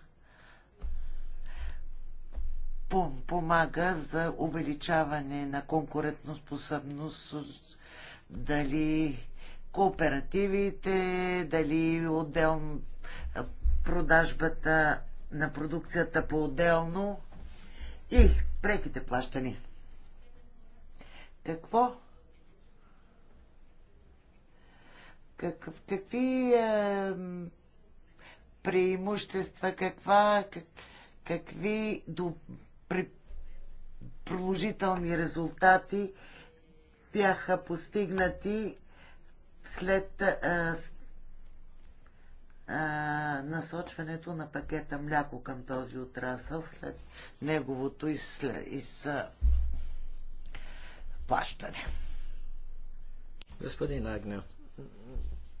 помага за увеличаване на конкурентоспособност, дали кооперативите, дали отделно продажбата на продукцията по-отделно и преките плащани. Какво какъв, какви е, преимущества, каква, как, какви до, при, продължителни резултати бяха постигнати след а, а, насочването на пакета мляко към този отрасъл след неговото изплащане. Господин Агнев,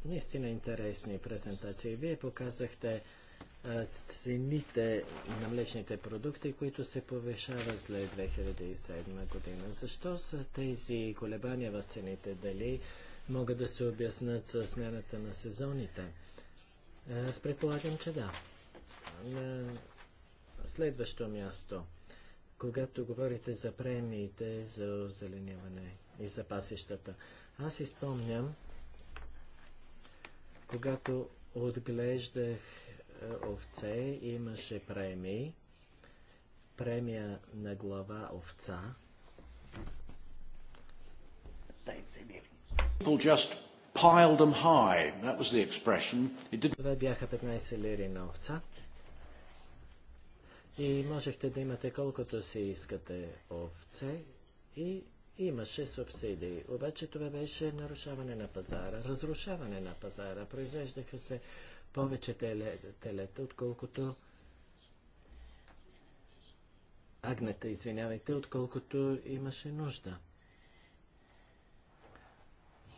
наистина интересни презентации. Вие показахте цените на млечните продукти, които се повишават след 2007 година. Защо са тези колебания в цените? Дали могат да се обяснат с смяната на сезоните? Аз предполагам, че да. На следващо място, когато говорите за премиите за озеленяване и за пасищата, аз изпомням, когато отглеждах е, овце, имаше премии. Премия на глава овца. Това бяха 15 лири на овца. И можехте да имате колкото си искате овце и Имаше субсидии, обаче това беше нарушаване на пазара, разрушаване на пазара. Произвеждаха се повече теле, телета, отколкото агнета, извинявайте, отколкото имаше нужда.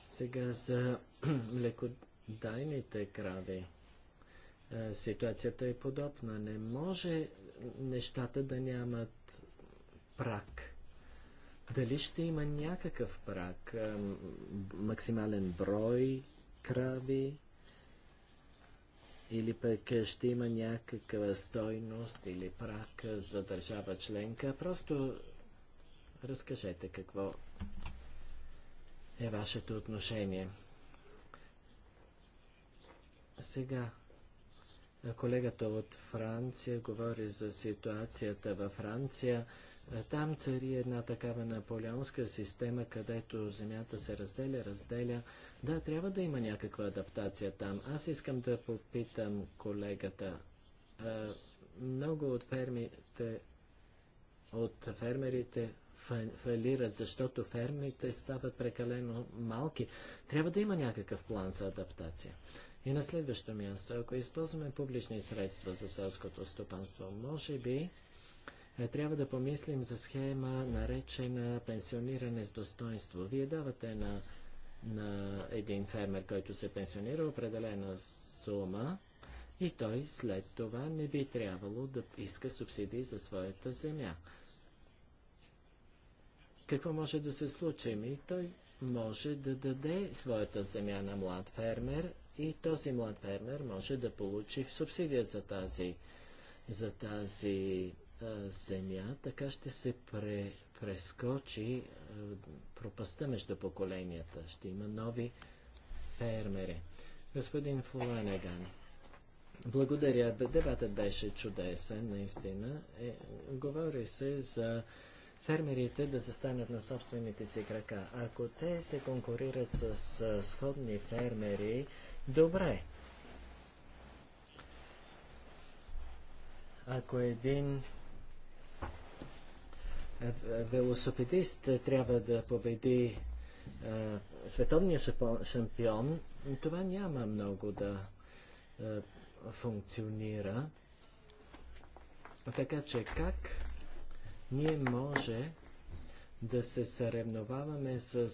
Сега за млекодайните крави. Е, ситуацията е подобна. Не може нещата да нямат прак. Дали ще има някакъв прак, максимален брой крави или пък ще има някаква стойност или прак за държава членка? Просто разкажете какво е вашето отношение. Сега, колегата от Франция говори за ситуацията във Франция. Там цари една такава наполеонска система, където земята се разделя, разделя. Да, трябва да има някаква адаптация там. Аз искам да попитам колегата. А, много от фермите, от фермерите фалират, защото фермите стават прекалено малки. Трябва да има някакъв план за адаптация. И на следващо място, ако използваме публични средства за селското стопанство, може би е, трябва да помислим за схема, наречена пенсиониране с достоинство. Вие давате на, на един фермер, който се пенсионира, определена сума и той след това не би трябвало да иска субсидии за своята земя. Какво може да се случи? И ами, той може да даде своята земя на млад фермер и този млад фермер може да получи субсидия за тази, за тази земя, така ще се пре, прескочи пропаста между поколенията. Ще има нови фермери. Господин Фуланеган, благодаря. Дебатът беше чудесен, наистина. Е, говори се за фермерите да застанат на собствените си крака. Ако те се конкурират с, с сходни фермери, добре. Ако един е, велосипедист е, трябва да победи е, световния шампион, това няма много да функционира. Така че как ние може да се съревноваваме с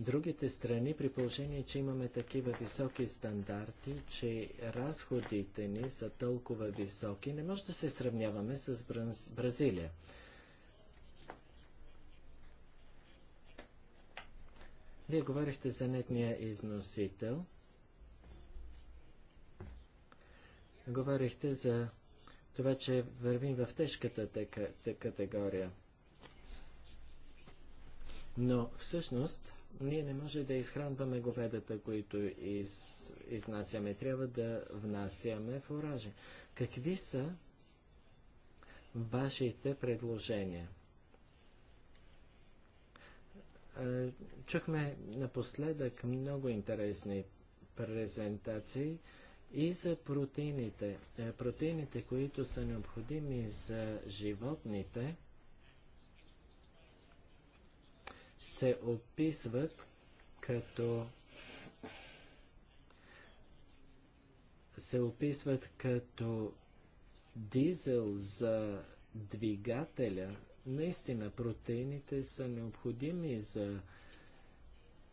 другите страни, при положение, че имаме такива високи стандарти, че разходите ни са толкова високи, не може да се сравняваме с Бразилия. Вие говорихте за нетния износител. Говорихте за това, че вървим в тежката категория. Но всъщност ние не може да изхранваме говедата, които из, изнасяме. Трябва да внасяме фуражи. Какви са вашите предложения? Е, чухме напоследък много интересни презентации и за протеините. Е, протеините, които са необходими за животните, се описват като се описват като дизел за двигателя. Наистина, протеините са необходими за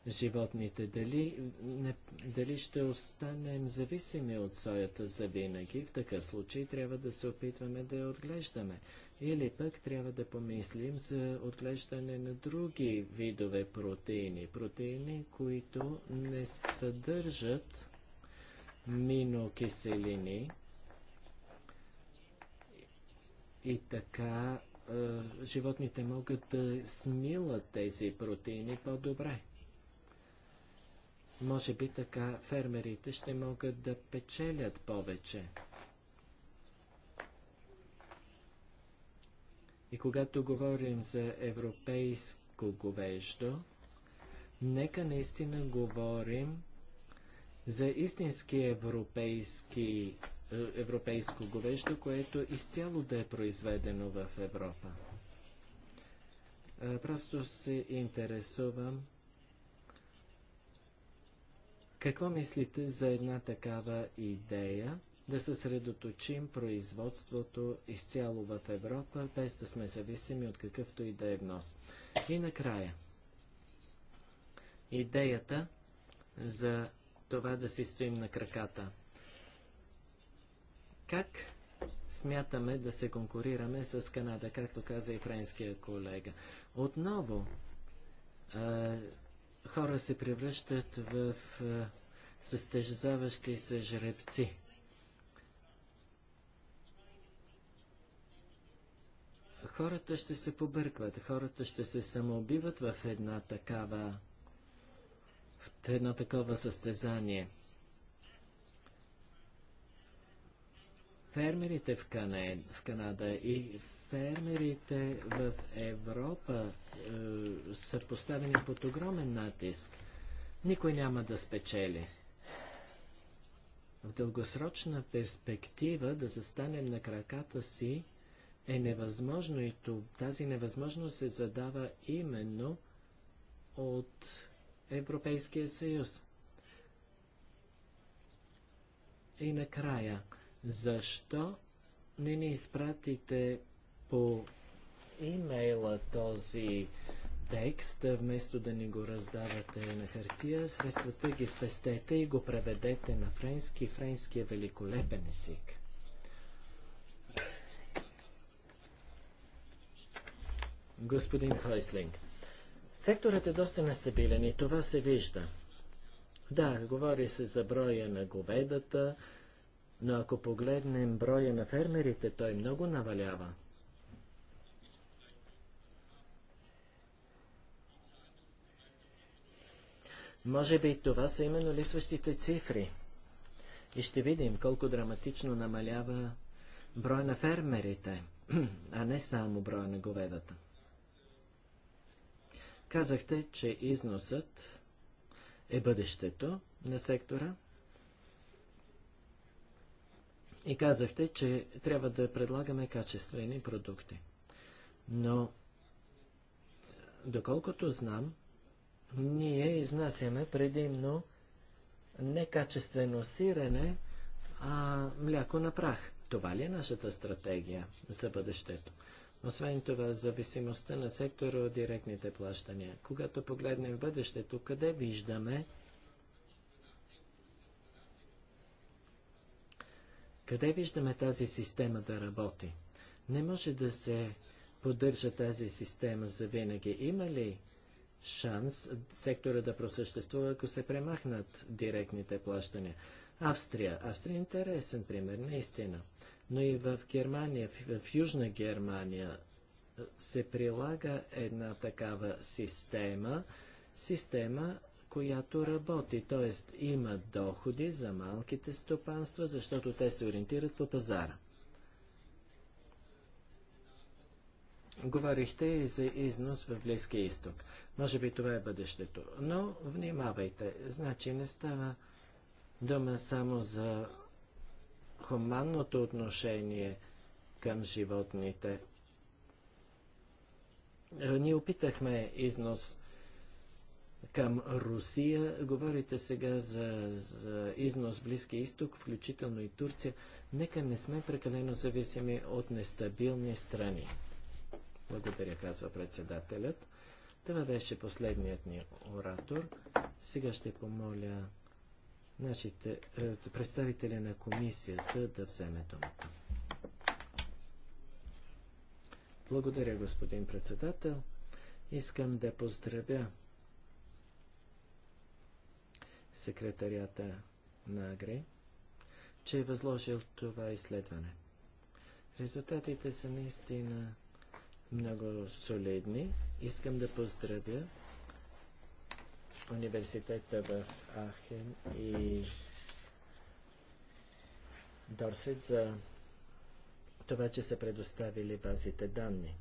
животните. Дали, не, дали ще останем зависими от соята за винаги? В такъв случай трябва да се опитваме да я отглеждаме. Или пък трябва да помислим за отглеждане на други видове протеини. Протеини, които не съдържат минокиселини и така животните могат да смилат тези протеини по-добре. Може би така фермерите ще могат да печелят повече. И когато говорим за европейско говеждо, нека наистина говорим за истински европейски, е, европейско говеждо, което изцяло да е произведено в Европа. Е, просто се интересувам какво мислите за една такава идея да съсредоточим производството изцяло в Европа, без да сме зависими от какъвто и да е внос? И накрая, идеята за това да си стоим на краката. Как смятаме да се конкурираме с Канада, както каза и френския колега? Отново, хора се превръщат в състежаващи се жребци. Хората ще се побъркват, хората ще се самоубиват в една такава в едно такова състезание. Фермерите в, Кане, в Канада и в фермерите в Европа е, са поставени под огромен натиск. Никой няма да спечели. В дългосрочна перспектива да застанем на краката си е невъзможно и тази невъзможност се задава именно от Европейския съюз. И накрая, защо не ни изпратите по имейла този текст, вместо да ни го раздавате на хартия, средствата ги спестете и го преведете на френски. Френски е великолепен език. Господин Хойслинг, секторът е доста нестабилен и това се вижда. Да, говори се за броя на говедата, но ако погледнем броя на фермерите, той много навалява. Може би това са именно липсващите цифри. И ще видим колко драматично намалява брой на фермерите, а не само брой на говедата. Казахте, че износът е бъдещето на сектора и казахте, че трябва да предлагаме качествени продукти. Но, доколкото знам, ние изнасяме предимно некачествено сирене, а мляко на прах. Това ли е нашата стратегия за бъдещето? Освен това, зависимостта на сектора от директните плащания. Когато погледнем бъдещето, къде виждаме Къде виждаме тази система да работи? Не може да се поддържа тази система за винаги. Има ли шанс сектора да просъществува, ако се премахнат директните плащания. Австрия. Австрия е интересен пример, наистина. Но и в Германия, в, в Южна Германия се прилага една такава система, система, която работи. Т.е. има доходи за малките стопанства, защото те се ориентират по пазара. Говорихте и за износ в Близкия изток. Може би това е бъдещето. Но внимавайте. Значи не става дума само за хуманното отношение към животните. Ние опитахме износ към Русия. Говорите сега за, за износ Близкия изток, включително и Турция. Нека не сме прекалено зависими от нестабилни страни. Благодаря, казва председателят. Това беше последният ни оратор. Сега ще помоля нашите е, представители на комисията да вземе думата. Благодаря, господин председател. Искам да поздравя секретарията на АГРЕ, че е възложил това изследване. Резултатите са наистина много солидни. Искам да поздравя университета в Ахен и Дорсет за това, че са предоставили базите данни.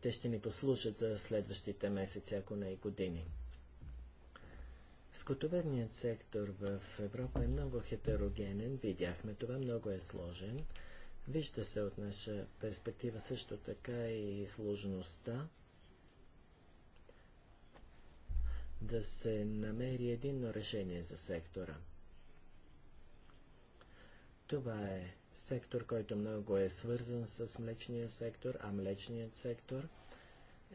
Те ще ни послужат за следващите месеци, ако не и години. Скотоведният сектор в Европа е много хетерогенен, видяхме това, много е сложен. Вижда се от наша перспектива също така и сложността да се намери единно решение за сектора. Това е сектор, който много е свързан с млечния сектор, а млечният сектор –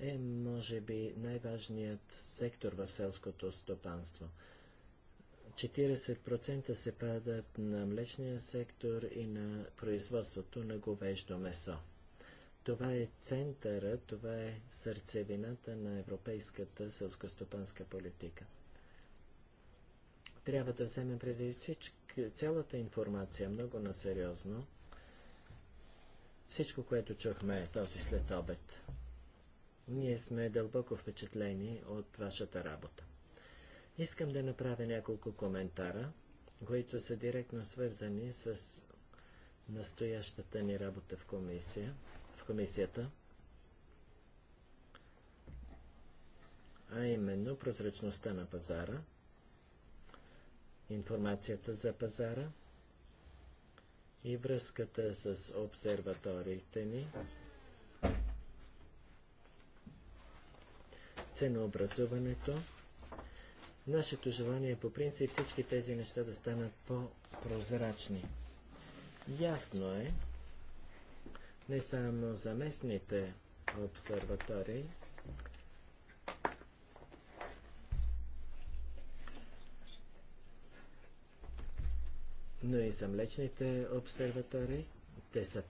е, може би, най-важният сектор в селското стопанство. 40% се падат на млечния сектор и на производството на говеждо месо. Това е центъра, това е сърцевината на европейската селскостопанска политика. Трябва да вземем преди всички, цялата информация много насериозно. Всичко, което чухме този след обед. Ние сме дълбоко впечатлени от вашата работа. Искам да направя няколко коментара, които са директно свързани с настоящата ни работа в, комисия, в комисията, а именно прозрачността на пазара, информацията за пазара и връзката с обсерваториите ни, ценообразуването. Нашето желание е по принцип всички тези неща да станат по-прозрачни. Ясно е, не само за местните обсерватори, но и за млечните обсерватори Те са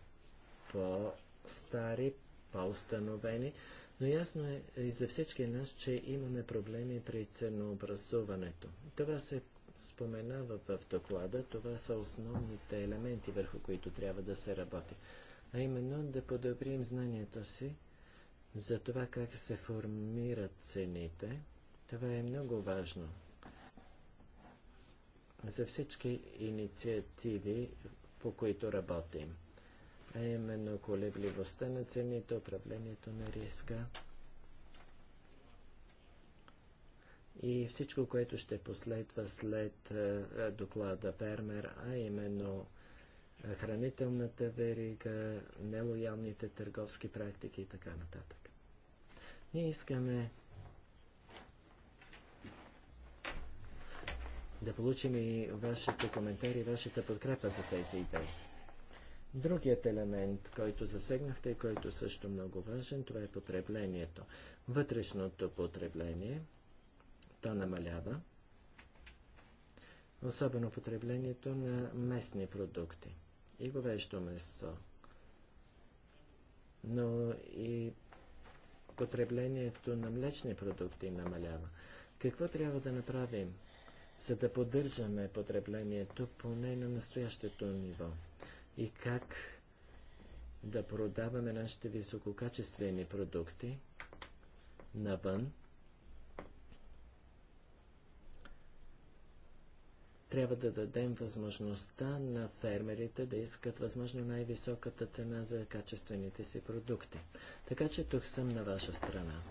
по-стари, по-установени. Но ясно е и за всички нас, че имаме проблеми при ценообразуването. Това се споменава в доклада, това са основните елементи, върху които трябва да се работи. А именно да подобрим знанието си за това как се формират цените. Това е много важно. За всички инициативи, по които работим а именно колебливостта на цените, управлението на риска и всичко, което ще последва след доклада Фермер, а именно хранителната верига, нелоялните търговски практики и така нататък. Ние искаме да получим и вашите коментари, вашата подкрепа за тези идеи. Другият елемент, който засегнахте и който също много важен, това е потреблението. Вътрешното потребление, то намалява, особено потреблението на местни продукти и говещо месо. Но и потреблението на млечни продукти намалява. Какво трябва да направим, за да поддържаме потреблението поне на настоящето ниво? и как да продаваме нашите висококачествени продукти навън. Трябва да дадем възможността на фермерите да искат възможно най-високата цена за качествените си продукти. Така че тук съм на ваша страна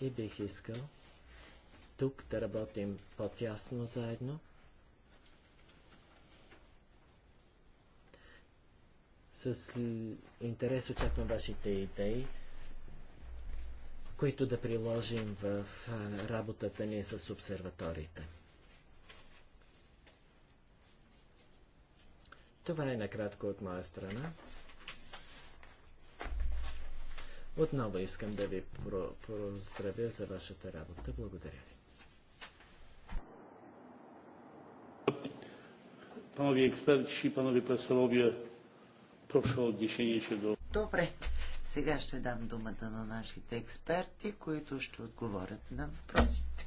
и бих искал тук да работим по-тясно заедно С интерес очаквам вашите идеи, които да приложим в работата ни с обсерваторите. Това е накратко от моя страна. Отново искам да ви поздравя за вашата работа. Благодаря ви. Panowie eksperci, panowie profesorowie, Прошу o odniesienie до... Добре. Сега ще дам думата на нашите експерти, които ще отговорят на въпросите.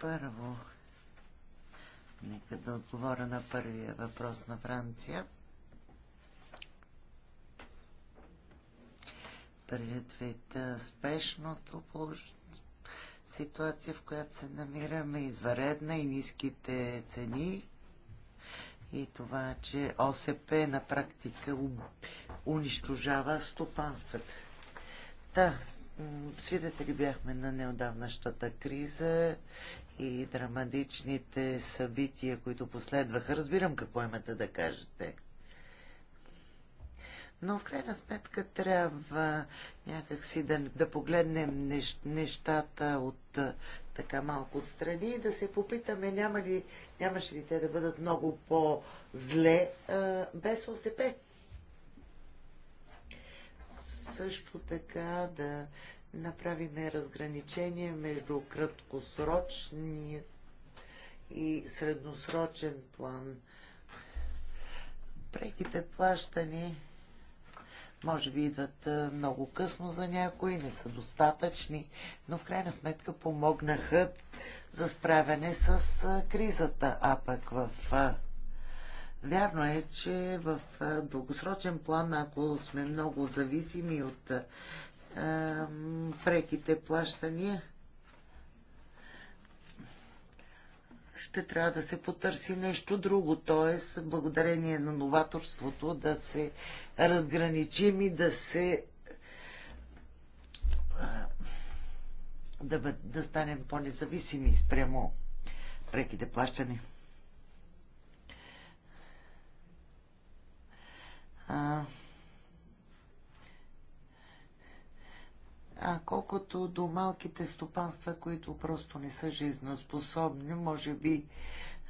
Първо, нека да отговоря на първия въпрос на Франция. предвид спешното ситуация, в която се намираме, изваредна и ниските цени, и това, че ОСП на практика унищожава стопанствата. Да, свидетели бяхме на неодавнащата криза и драматичните събития, които последваха. Разбирам какво имате да кажете. Но в крайна сметка трябва някакси да, да погледнем нещ, нещата от така малко отстрани и да се попитаме няма ли, нямаше ли те да бъдат много по-зле без ОСП. Също така да направим разграничение между краткосрочния и средносрочен план. Преките плащани може би идват много късно за някои, не са достатъчни, но в крайна сметка помогнаха за справяне с кризата. А пък в Вярно е, че в дългосрочен план, ако сме много зависими от преките плащания, ще трябва да се потърси нещо друго, т.е. благодарение на новаторството да се разграничим и да се да, бъд, да станем по-независими спрямо преките плащани. А, а колкото до малките стопанства, които просто не са жизнеспособни, може би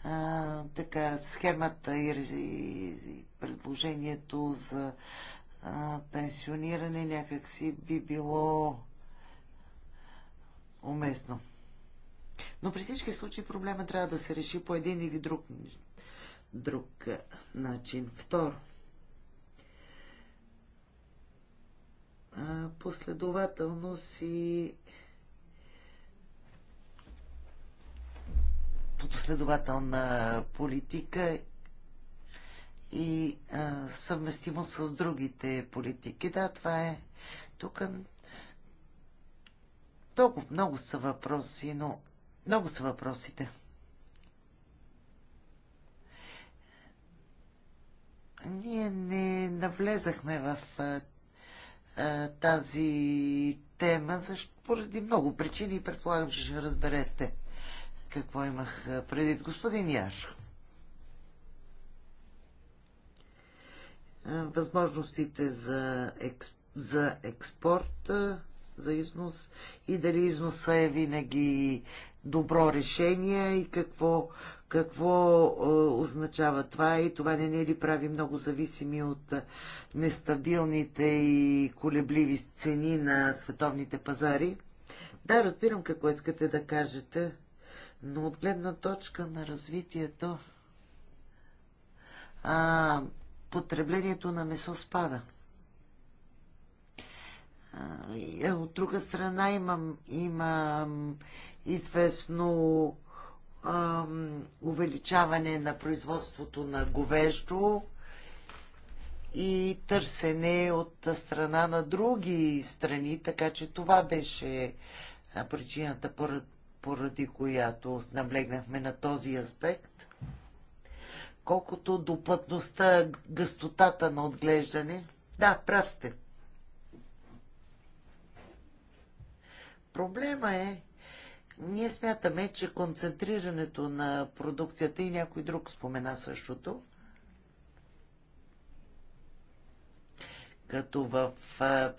а, така схемата и, и, и предложението за а, пенсиониране някакси би било уместно. Но при всички случаи проблема трябва да се реши по един или друг, друг начин. Второ, последователност и последователна политика и а, съвместимо с другите политики. Да, това е. Тук много, много са въпроси, но много са въпросите. Ние не навлезахме в а, а, тази тема, защото поради много причини предполагам, че ще разберете какво имах предвид. Господин Яр. възможностите за, експ, за експорт, за износ и дали износа е винаги добро решение и какво, какво е, означава това и това не ни ли прави много зависими от нестабилните и колебливи цени на световните пазари. Да, разбирам какво искате да кажете, но от гледна точка на развитието а, потреблението на месо спада. Е, от друга страна имам, имам известно ам, увеличаване на производството на говеждо и търсене от страна на други страни, така че това беше причината, поради която наблегнахме на този аспект. Колкото до плътността, гъстотата на отглеждане. Да, прав сте. Проблема е, ние смятаме, че концентрирането на продукцията и някой друг спомена същото, като в,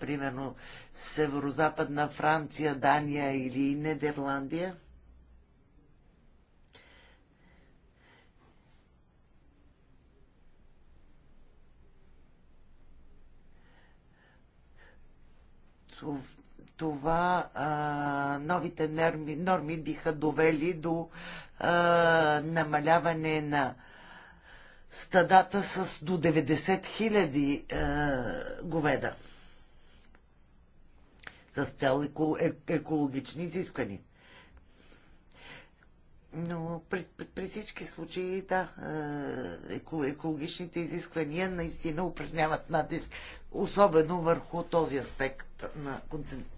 примерно, северо-западна Франция, Дания или Нидерландия, това а, новите норми, норми биха довели до а, намаляване на стадата с до 90 хиляди говеда с цел е, екологични изисквания но при, при всички случаи, да, е, екологичните изисквания наистина упражняват натиск, особено върху този аспект на концентрация.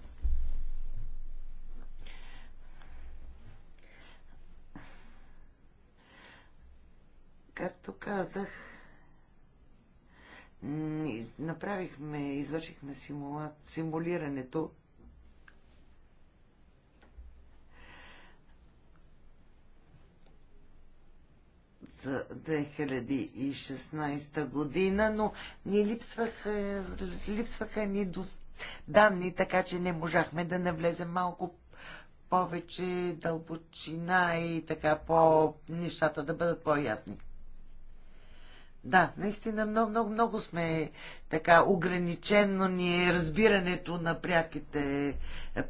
Както казах, направихме, извършихме симула... симулирането 2016 година, но ни липсваха, липсваха ни данни, така че не можахме да навлезем малко повече дълбочина и така по нещата да бъдат по-ясни. Да, наистина много, много, много сме така ограничено ни е разбирането на пряките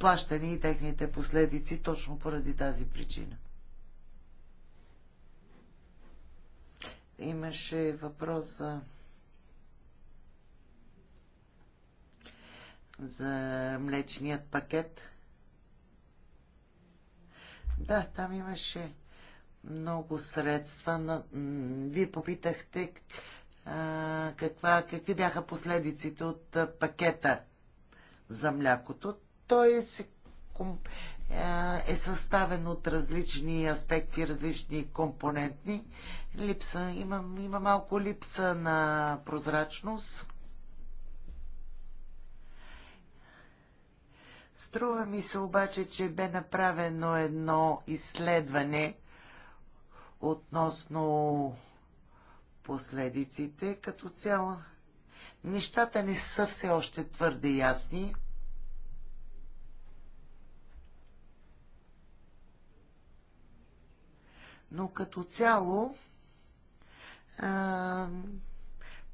плащани и техните последици, точно поради тази причина. имаше въпрос за за млечният пакет. Да, там имаше много средства. но Вие попитахте а, каква, какви бяха последиците от пакета за млякото. Той е се е, е съставен от различни аспекти, различни компонентни. Липса, има, има малко липса на прозрачност. Струва ми се обаче, че бе направено едно изследване относно последиците. Като цяло нещата не са все още твърде ясни. Но като цяло а,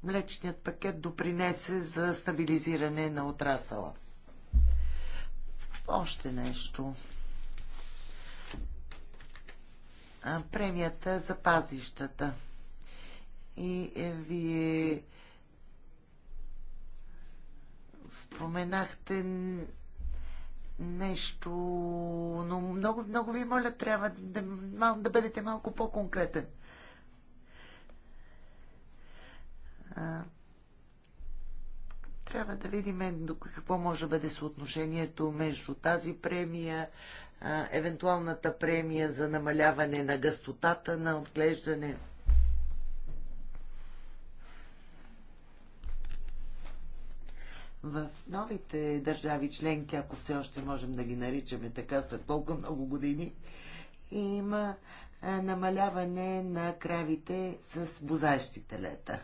млечният пакет допринесе за стабилизиране на отрасала. Още нещо. А, премията за пазищата. И е, вие споменахте нещо, но много, много ви моля, трябва да, мал, да бъдете малко по-конкретен. Трябва да видим е, какво може да бъде съотношението между тази премия, евентуалната премия за намаляване на гъстотата на отглеждане. в новите държави членки, ако все още можем да ги наричаме така след толкова много години, има намаляване на кравите с бозащи телета.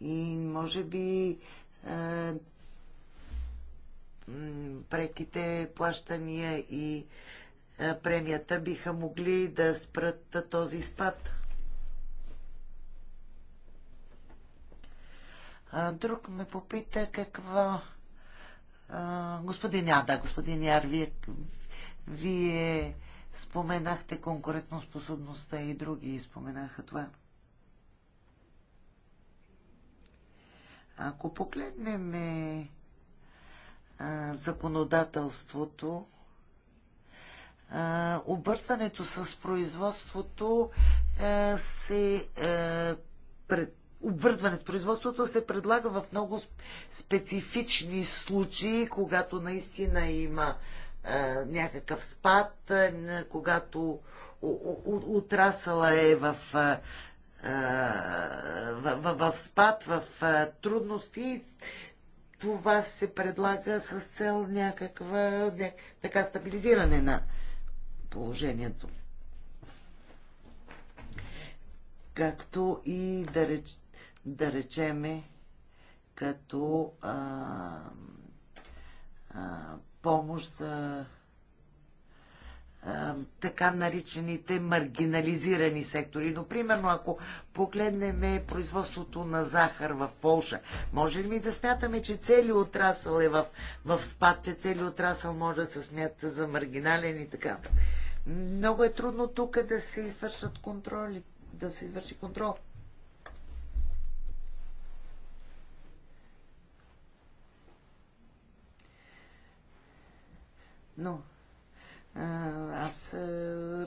И може би а, преките плащания и премията биха могли да спрат този спад. Друг ме попита какво... Господин Яда, господин Яр, вие, вие споменахте конкурентоспособността и други споменаха това. Ако погледнем законодателството, обързването с производството се пред обвързване с производството се предлага в много специфични случаи, когато наистина има а, някакъв спад, а, когато отрасъла е в, а, в, в, в спад, в а, трудности. Това се предлага с цел някаква ня, така стабилизиране на положението. Както и да речем да речеме, като а, а, помощ за а, така наричаните маргинализирани сектори. Но, примерно, ако погледнем производството на захар в Полша, може ли ми да смятаме, че цели отрасъл е в, в спад, че цели отрасъл може да се смята за маргинален и така? Много е трудно тук да се извършат контроли, да се извърши контрол. Но аз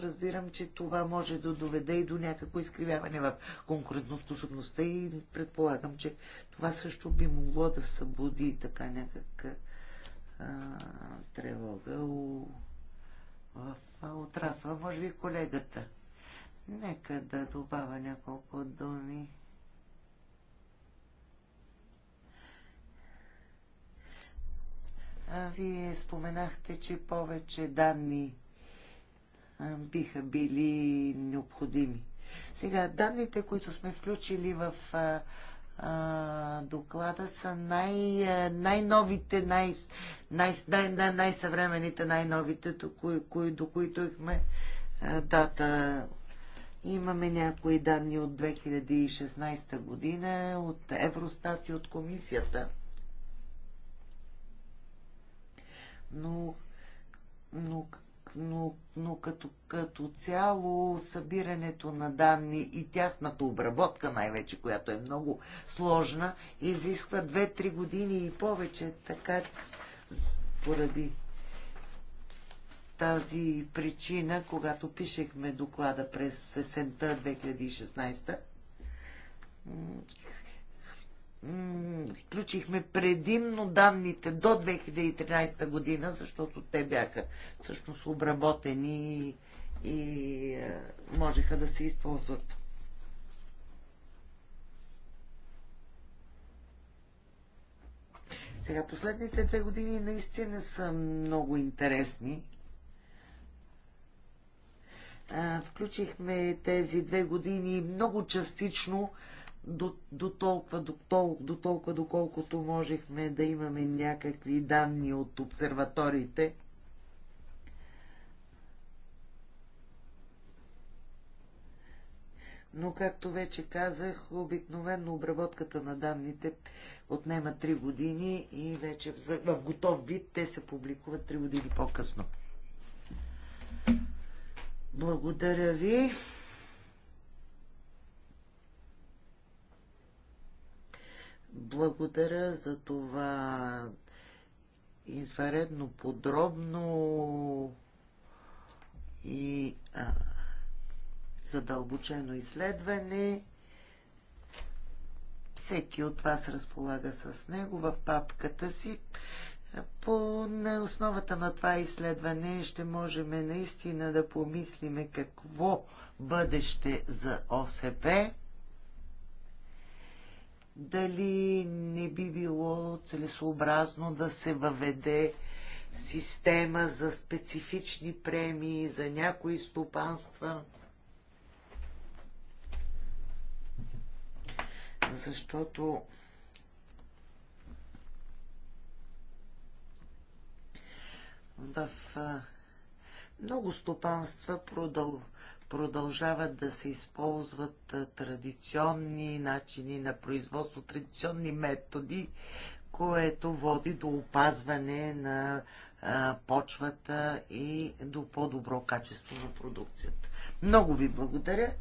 разбирам, че това може да доведе и до някакво изкривяване в конкурентоспособността и предполагам, че това също би могло да събуди така някаква тревога у, в отрасъл. Може би колегата. Нека да добавя няколко думи. Вие споменахте, че повече данни биха били необходими. Сега, данните, които сме включили в а, а, доклада, са най, най-новите, най, най, най, най-съвременните, най-новите, до, кои, кои, до които имахме дата. Имаме някои данни от 2016 година, от Евростат и от комисията. но, но, но, но като, като цяло събирането на данни и тяхната обработка най-вече, която е много сложна, изисква 2-3 години и повече, така поради тази причина, когато пишехме доклада през сесента 2016, включихме предимно данните до 2013 година, защото те бяха всъщност обработени и е, можеха да се използват. Сега, последните две години наистина са много интересни. Включихме тези две години много частично до, до, толкова, до, тол, до толкова, доколкото можехме да имаме някакви данни от обсерваториите. Но, както вече казах, обикновено обработката на данните отнема 3 години и вече в готов вид те се публикуват 3 години по-късно. Благодаря ви. Благодаря за това изваредно подробно и а, задълбочено изследване. Всеки от вас разполага с него в папката си. По на основата на това изследване ще можем наистина да помислиме какво бъдеще за ОСП дали не би било целесообразно да се въведе система за специфични премии за някои стопанства. Защото в много стопанства продъл, продължават да се използват традиционни начини на производство, традиционни методи, което води до опазване на почвата и до по-добро качество на продукцията. Много ви благодаря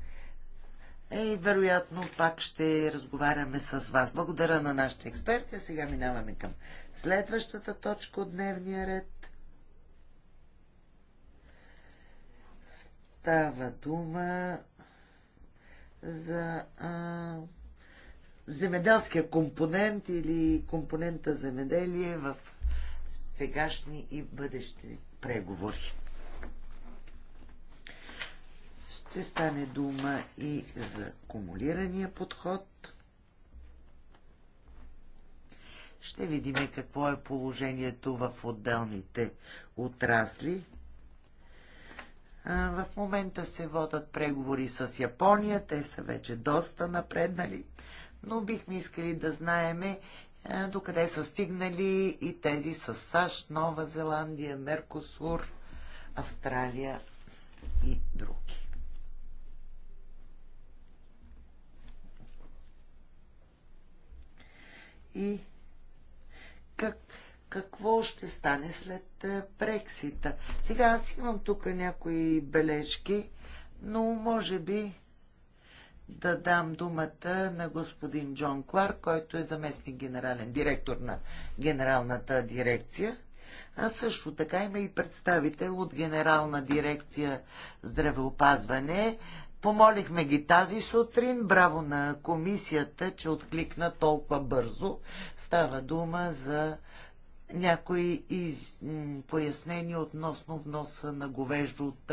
е, и вероятно пак ще разговаряме с вас. Благодаря на нашите експерти, а сега минаваме към следващата точка от дневния ред. Става дума за а, земеделския компонент или компонента земеделие в сегашни и бъдещи преговори. Ще стане дума и за кумулирания подход. Ще видим какво е положението в отделните отрасли. В момента се водат преговори с Япония, те са вече доста напреднали, но бихме искали да знаеме докъде са стигнали и тези с САЩ, Нова Зеландия, Меркосур, Австралия и други. И как, какво ще стане след Брексита. Сега аз имам тук някои бележки, но може би да дам думата на господин Джон Кларк, който е заместник генерален директор на генералната дирекция. А също така има и представител от генерална дирекция здравеопазване. Помолихме ги тази сутрин. Браво на комисията, че откликна толкова бързо. Става дума за някои из... пояснения относно вноса на говеждо от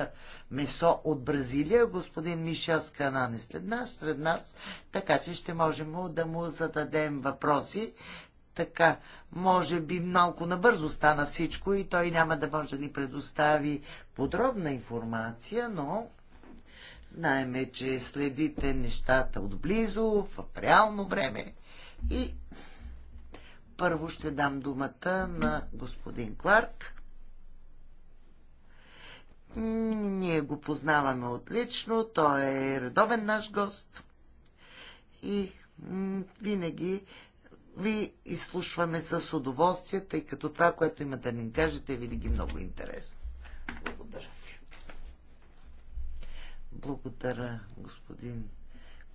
месо от Бразилия. Господин Мишел Сканан е след нас, сред нас, така че ще можем да му зададем въпроси. Така, може би малко набързо стана всичко и той няма да може да ни предостави подробна информация, но знаеме, че следите нещата отблизо, в реално време и първо ще дам думата на господин Кларк. Ние го познаваме отлично, той е редовен наш гост и винаги ви изслушваме с удоволствие, тъй като това, което имате да ни кажете, е винаги много интересно. Благодаря ви. Благодаря, господин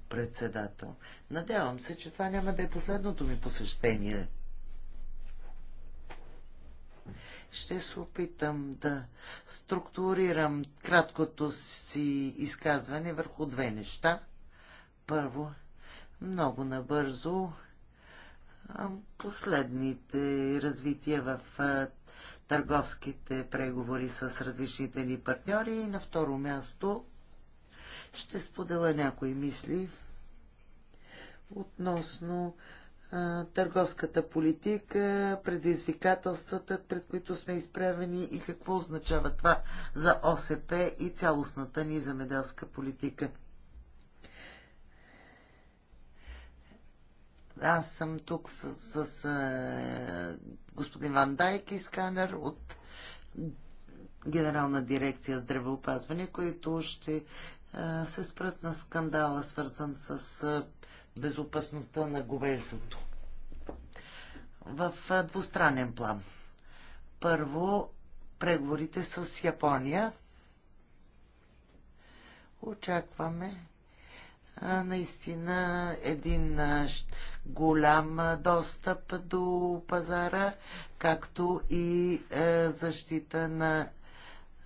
председател. Надявам се, че това няма да е последното ми посещение ще се опитам да структурирам краткото си изказване върху две неща. Първо, много набързо последните развития в търговските преговори с различните ни партньори и на второ място ще споделя някои мисли относно търговската политика, предизвикателствата, пред които сме изправени и какво означава това за ОСП и цялостната ни замеделска политика. Аз съм тук с, с, с господин Ван Дайк и сканер от Генерална дирекция здравеопазване, които ще се спрат на скандала, свързан с безопасността на говеждото. В двустранен план. Първо, преговорите с Япония. Очакваме а, наистина един а, голям достъп до пазара, както и а, е, защита на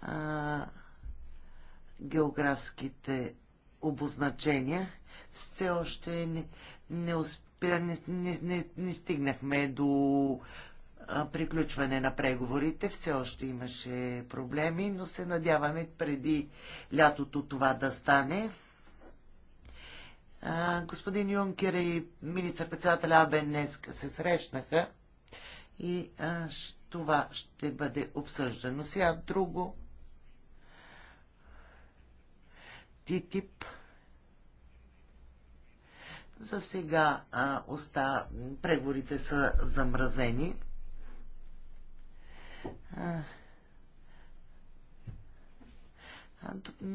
а, географските обозначения все още не, не, успя, не, не, не, не стигнахме до приключване на преговорите. Все още имаше проблеми, но се надяваме преди лятото това да стане. Господин Юнкер и министър председател Абен днес се срещнаха и а, това ще бъде обсъждано. Сега друго. ТИТИП за сега а, оста, преговорите са замразени. А,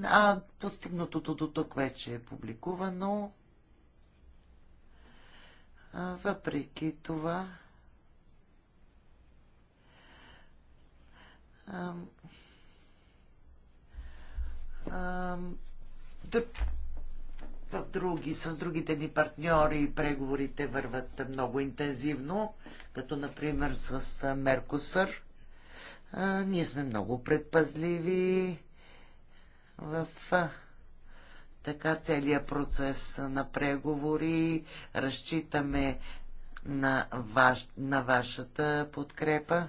а постигнатото до тук вече е публикувано. А, въпреки това, а, а, в други, с другите ни партньори преговорите върват много интензивно, като например с Меркосър. ние сме много предпазливи в така целият процес на преговори. Разчитаме на, ваш, на вашата подкрепа,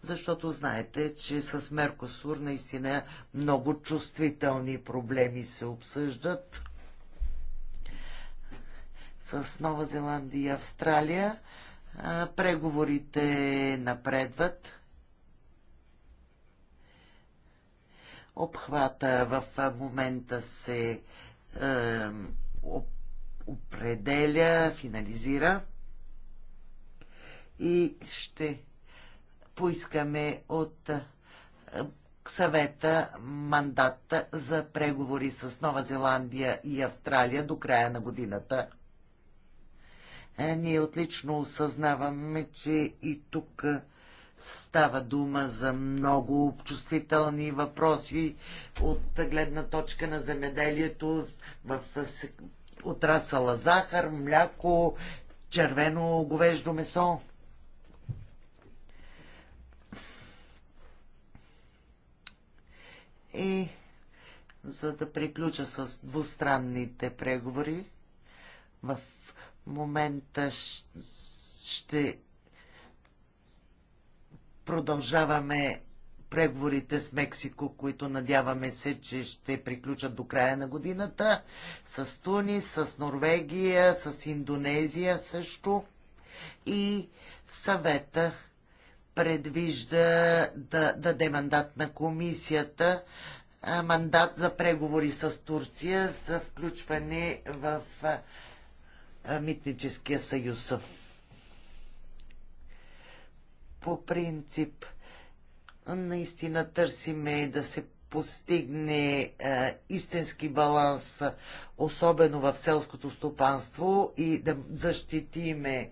защото знаете, че с Меркосур наистина много чувствителни проблеми се обсъждат с Нова Зеландия и Австралия. Преговорите напредват. Обхвата в момента се определя, финализира и ще поискаме от съвета мандата за преговори с Нова Зеландия и Австралия до края на годината. Е, ние отлично осъзнаваме, че и тук е, става дума за много чувствителни въпроси от гледна точка на земеделието в отрасъла захар, мляко, червено говеждо месо. И за да приключа с двустранните преговори в момента ще продължаваме преговорите с Мексико, които надяваме се, че ще приключат до края на годината, с Тунис, с Норвегия, с Индонезия също. И съвета предвижда да даде мандат на комисията, мандат за преговори с Турция за включване в митническия съюз. По принцип, наистина търсиме да се постигне а, истински баланс, особено в селското стопанство и да защитиме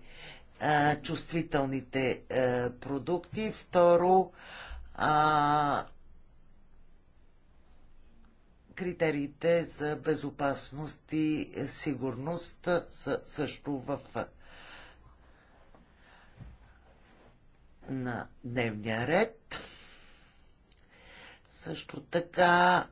а, чувствителните а, продукти. Второ, а, критериите за безопасност и сигурност са също в на дневния ред. Също така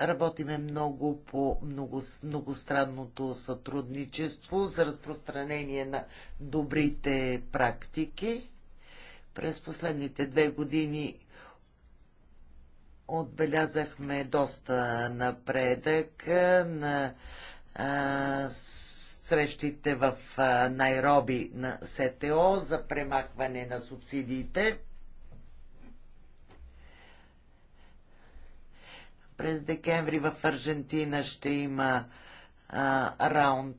работиме много по много, многостранното сътрудничество за разпространение на добрите практики. През последните две години отбелязахме доста напредък на а, срещите в а, Найроби на СТО за премахване на субсидиите. През декември в Аржентина ще има а, раунд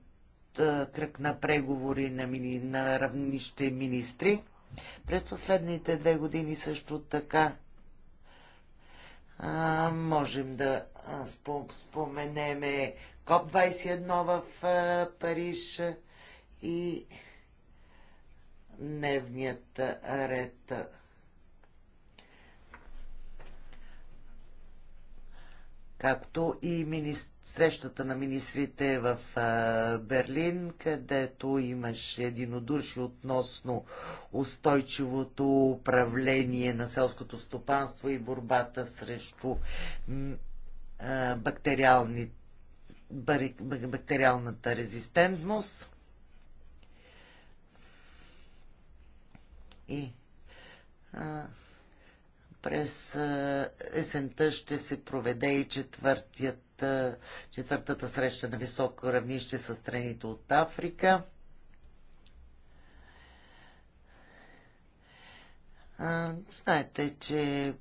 а, кръг на преговори на, мини, на равнище министри. През последните две години също така можем да споменеме КОП-21 в а, Париж и дневният ред както и министр... срещата на министрите в Берлин, където имаше единодушие относно устойчивото управление на селското стопанство и борбата срещу бактериални... бактериалната резистентност. И а, през есента ще се проведе и четвъртият, четвъртата среща на високо равнище с страните от Африка. Знаете, че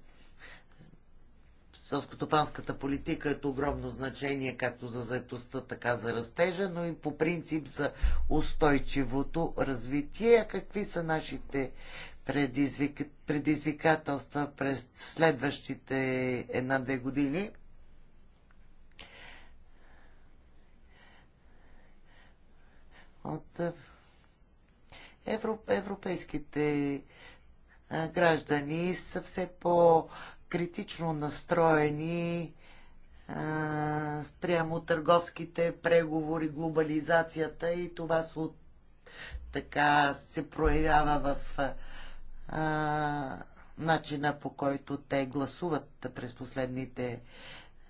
сълскотопанската политика е от огромно значение както за заетостта, така за растежа, но и по принцип за устойчивото развитие. А какви са нашите предизвик, предизвикателства през следващите една-две години. От европейските граждани са все по-критично настроени спрямо търговските преговори, глобализацията и това се, така се проявява в а, начина по който те гласуват през последните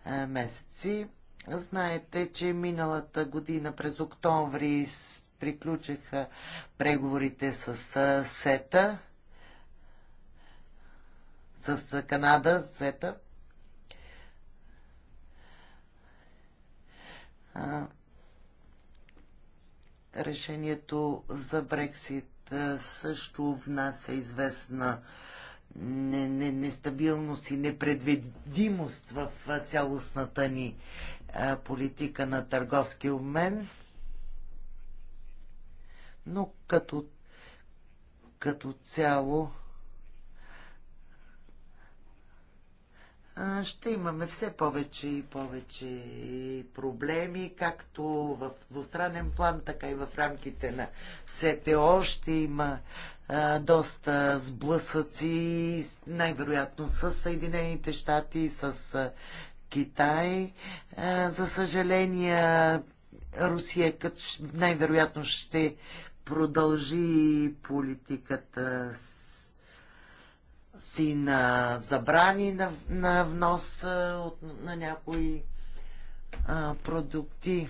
а, месеци. Знаете, че миналата година през октомври приключиха преговорите с а, СЕТА, с а, Канада, СЕТА. решението за Брексит е, също внася известна не, не, нестабилност и непредвидимост в е, цялостната ни е, политика на търговски обмен. Но като, като цяло ще имаме все повече и повече проблеми, както в двустранен план, така и в рамките на СТО ще има доста сблъсъци, най-вероятно с Съединените щати, и с Китай. за съжаление, Русия най-вероятно ще продължи политиката с си на забрани на, на внос от, на някои а, продукти.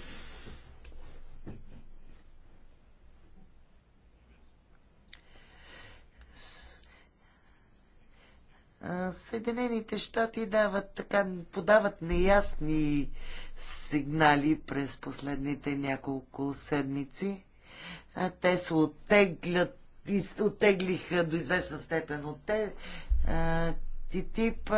Съединените щати дават така, подават неясни сигнали през последните няколко седмици. Те се оттеглят отеглих до известна степен от те. тип...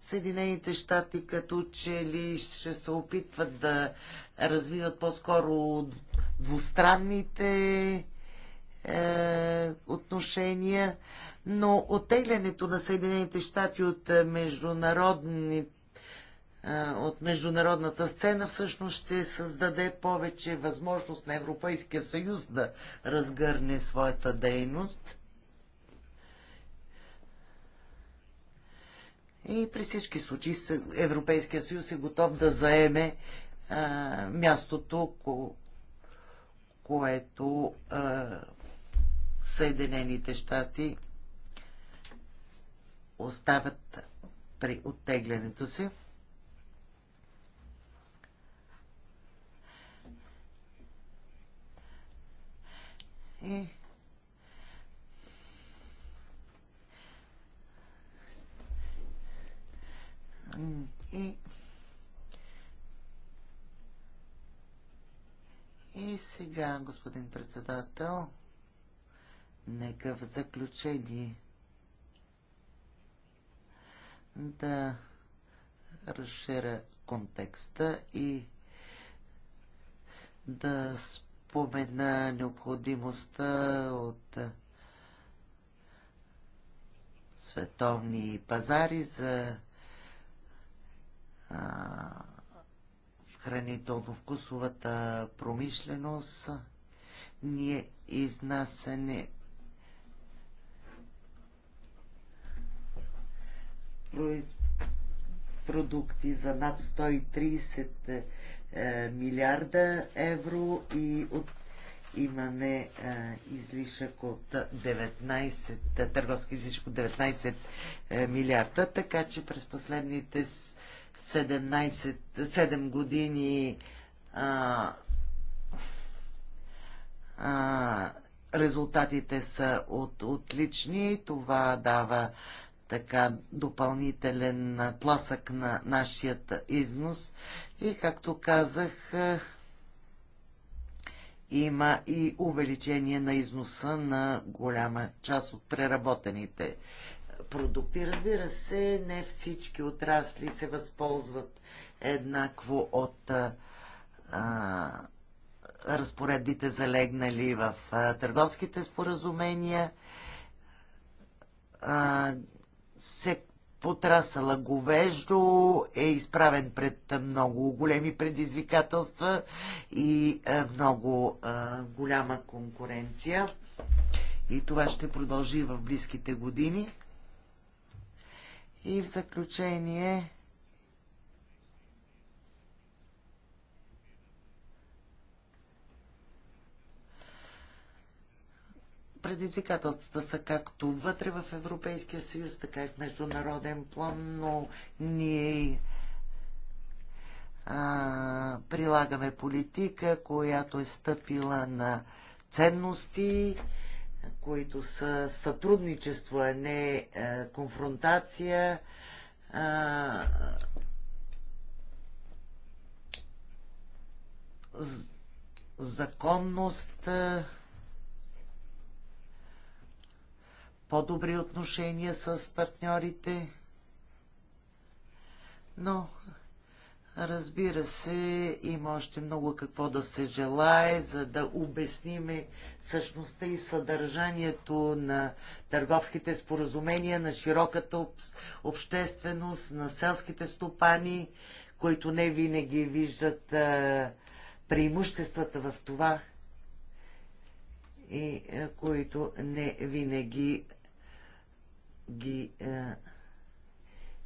Съединените щати като че ли ще се опитват да развиват по-скоро двустранните е, отношения, но оттеглянето на Съединените щати от е, международните от международната сцена всъщност ще създаде повече възможност на Европейския съюз да разгърне своята дейност. И при всички случаи Европейския съюз е готов да заеме а, мястото, ко, което а, Съединените щати остават при оттеглянето си. е и и сега, господин председател, нека в заключение да разширя контекста и да спомня спомена необходимостта от световни пазари за хранително-вкусовата промишленост. Ние изнасяне произ... продукти за над 130 е, милиарда евро и от имаме а, е, излишък от 19, търговски излишък от 19 а, е, милиарда, така че през последните 17, 7 години а, а, резултатите са от, отлични. Това дава така допълнителен тласък на нашият износ. И както казах, е, има и увеличение на износа на голяма част от преработените продукти. Разбира се, не всички отрасли се възползват еднакво от е, а, разпоредите залегнали в а, е, търговските споразумения. А, се, потрасала говеждо е изправен пред много големи предизвикателства и е, много е, голяма конкуренция. И това ще продължи в близките години. И в заключение предизвикателствата са както вътре в Европейския съюз, така и в международен план, но ние а, прилагаме политика, която е стъпила на ценности, които са сътрудничество, а не а, е, конфронтация. А, законност. А, по-добри отношения с партньорите. Но, разбира се, има още много какво да се желае, за да обясниме същността и съдържанието на търговските споразумения, на широката общественост, на селските стопани, които не винаги виждат преимуществата в това и които не винаги ги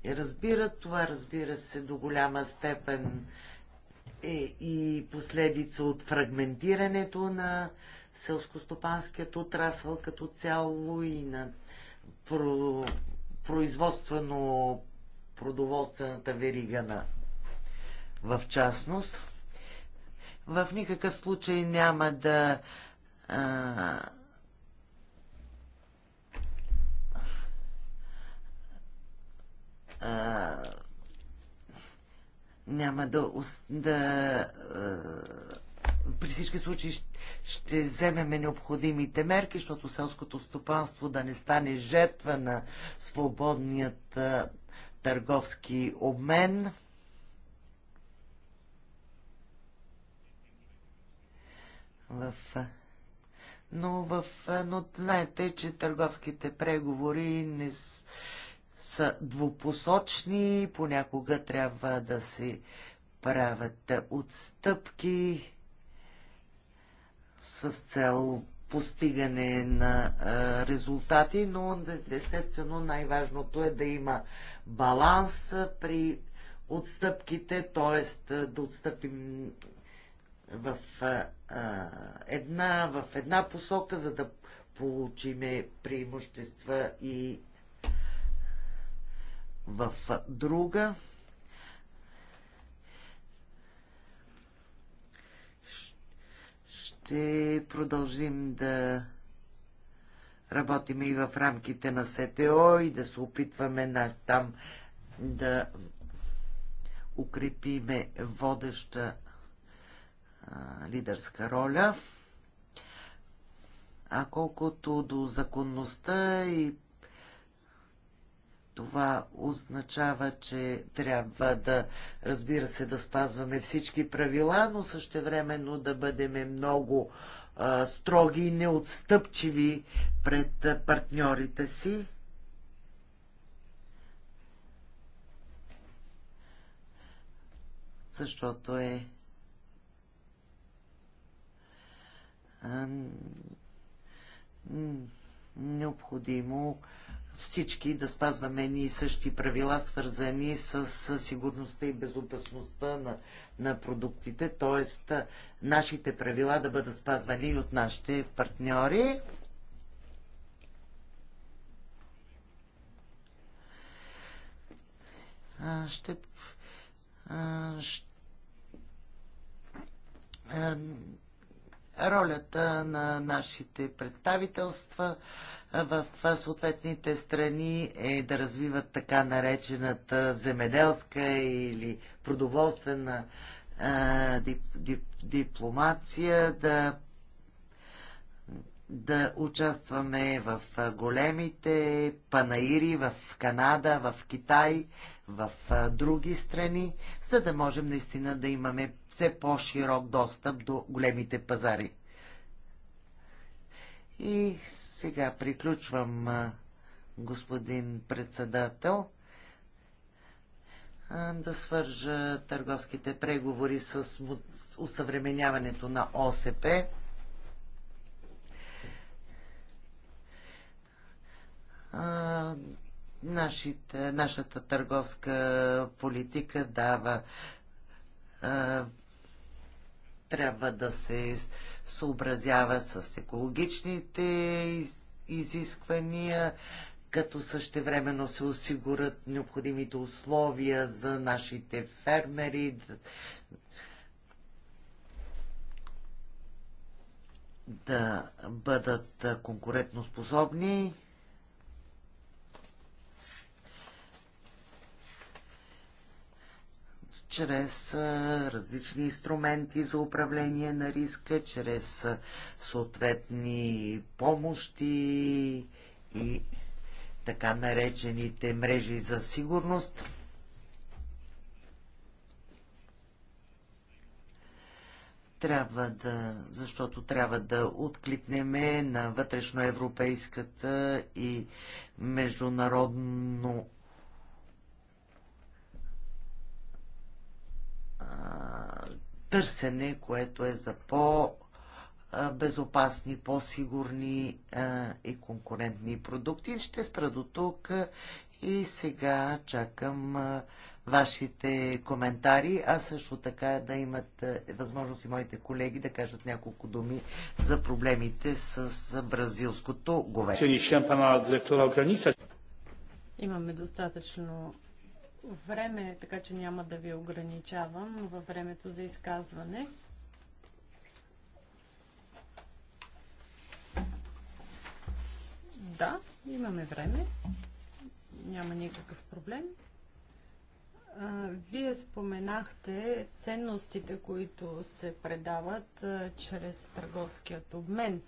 е, разбират. Това, разбира се, до голяма степен е и последица от фрагментирането на селскостопанският отрасъл като цяло и на про, производствено продоволствената верига на, в частност. В никакъв случай няма да а, а, няма да, да а, при всички случаи ще вземеме необходимите мерки, защото селското стопанство да не стане жертва на свободният а, търговски обмен. В... Но, в... но знаете, че търговските преговори не, са двупосочни, понякога трябва да се правят отстъпки с цел постигане на а, резултати, но естествено най-важното е да има баланс при отстъпките, т.е. да отстъпим в а, една, в една посока, за да получиме преимущества и в друга. Ще продължим да работим и в рамките на СТО и да се опитваме на, там да укрепиме водеща а, лидерска роля. А колкото до законността и това означава, че трябва да, разбира се, да спазваме всички правила, но същевременно да бъдем много а, строги и неотстъпчиви пред партньорите си. Защото е необходимо всички да спазваме едни и същи правила, свързани с сигурността и безопасността на, на продуктите, т.е. нашите правила да бъдат спазвани и от нашите партньори. А, ще, а, ще а, ролята на нашите представителства в съответните страни е да развиват така наречената земеделска или продоволствена дип, дип, дипломация, да да участваме в големите панаири в Канада, в Китай, в други страни, за да можем наистина да имаме все по-широк достъп до големите пазари. И сега приключвам, господин председател, да свържа търговските преговори с усъвременяването на ОСП. нашите, нашата търговска политика дава а, трябва да се съобразява с екологичните из, изисквания, като същевременно се осигурят необходимите условия за нашите фермери, да, да бъдат конкурентоспособни. способни чрез различни инструменти за управление на риска, чрез съответни помощи и така наречените мрежи за сигурност. трябва да, защото трябва да откликнеме на вътрешноевропейската и международно търсене, което е за по- безопасни, по-сигурни и конкурентни продукти. Ще спра до тук и сега чакам вашите коментари, а също така да имат възможност и моите колеги да кажат няколко думи за проблемите с бразилското гове. Имаме достатъчно време, така че няма да ви ограничавам във времето за изказване. Да, имаме време. Няма никакъв проблем. Вие споменахте ценностите, които се предават чрез търговският обмен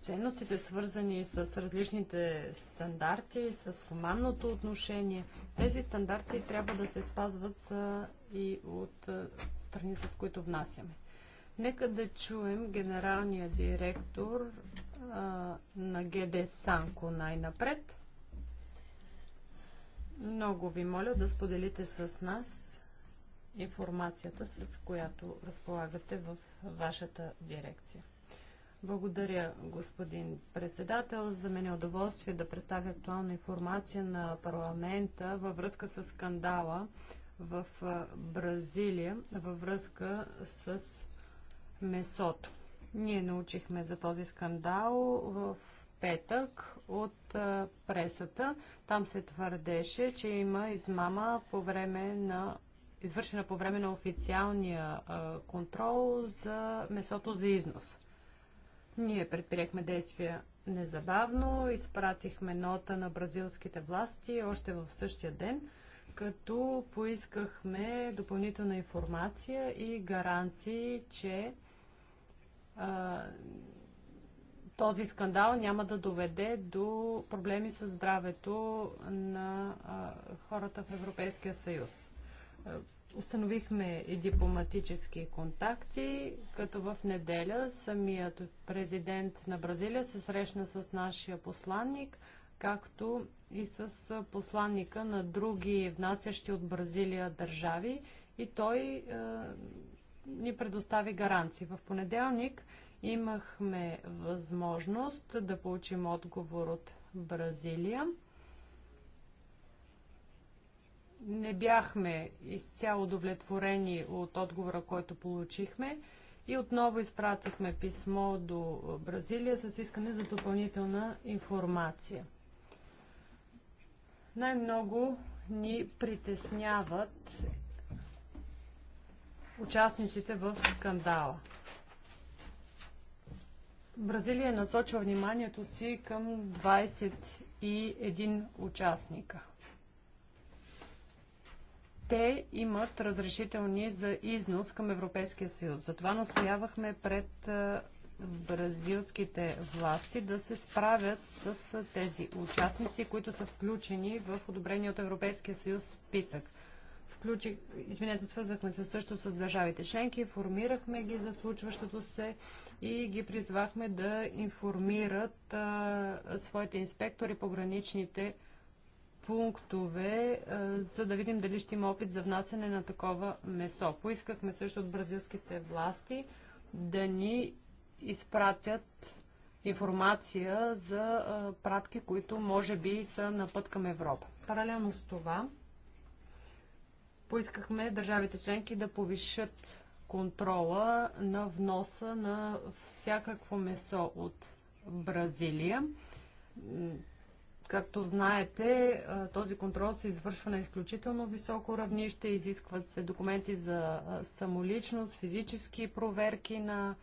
ценностите, свързани с различните стандарти, с хуманното отношение. Тези стандарти трябва да се спазват и от страните, от които внасяме. Нека да чуем генералния директор а, на ГД Санко най-напред. Много ви моля да споделите с нас информацията, с която разполагате в вашата дирекция. Благодаря, господин председател. За мен е удоволствие да представя актуална информация на парламента във връзка с скандала в Бразилия, във връзка с месото. Ние научихме за този скандал в петък от пресата. Там се твърдеше, че има измама по време на извършена по време на официалния контрол за месото за износ. Ние предприехме действия незабавно, изпратихме нота на бразилските власти още в същия ден, като поискахме допълнителна информация и гаранции, че а, този скандал няма да доведе до проблеми с здравето на а, хората в Европейския съюз. Установихме и дипломатически контакти, като в неделя самият президент на Бразилия се срещна с нашия посланник, както и с посланника на други внасящи от Бразилия държави и той е, ни предостави гаранции. В понеделник имахме възможност да получим отговор от Бразилия не бяхме изцяло удовлетворени от отговора, който получихме и отново изпратихме писмо до Бразилия с искане за допълнителна информация. Най-много ни притесняват участниците в скандала. Бразилия насочва вниманието си към 21 участника – те имат разрешителни за износ към Европейския съюз. Затова настоявахме пред бразилските власти да се справят с тези участници, които са включени в одобрение от Европейския съюз списък. Включи, извинете, свързахме се също с държавите членки, информирахме ги за случващото се и ги призвахме да информират а, своите инспектори по граничните пунктове, за да видим дали ще има опит за внасяне на такова месо. Поискахме също от бразилските власти да ни изпратят информация за пратки, които може би са на път към Европа. Паралелно с това, поискахме държавите членки да повишат контрола на вноса на всякакво месо от Бразилия Както знаете, този контрол се извършва на изключително високо равнище, изискват се документи за самоличност, физически проверки на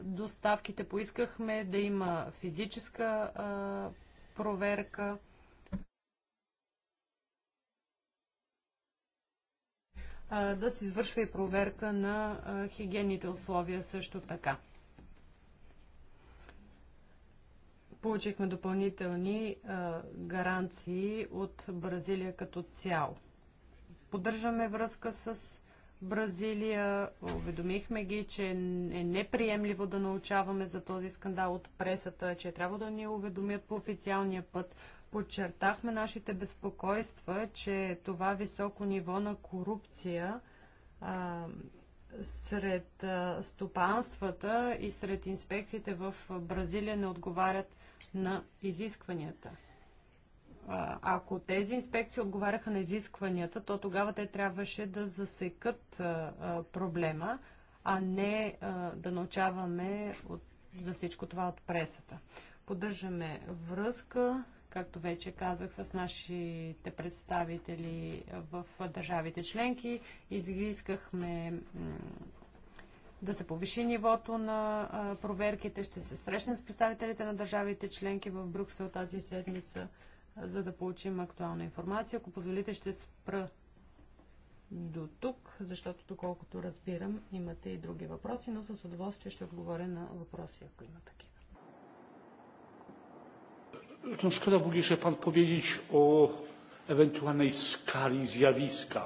доставките. Поискахме да има физическа проверка. да се извършва и проверка на хигиенните условия също така. Получихме допълнителни а, гаранции от Бразилия като цяло. Поддържаме връзка с Бразилия. Уведомихме ги, че е неприемливо да научаваме за този скандал от пресата, че трябва да ни уведомят по официалния път. Подчертахме нашите безпокойства, че това високо ниво на корупция а, сред а, стопанствата и сред инспекциите в Бразилия не отговарят на изискванията. Ако тези инспекции отговаряха на изискванията, то тогава те трябваше да засекат проблема, а не да научаваме от, за всичко това от пресата. Поддържаме връзка, както вече казах, с нашите представители в държавите членки. Изискахме да се повиши нивото на проверките. Ще се срещнем с представителите на държавите членки в Брюксел тази седмица, за да получим актуална информация. Ако позволите, ще спра до тук, защото доколкото разбирам, имате и други въпроси, но с удоволствие ще отговоря на въпроси, ако има такива. No szkoda byłoby Pan powiedzieć o ewentualnej skali zjawiska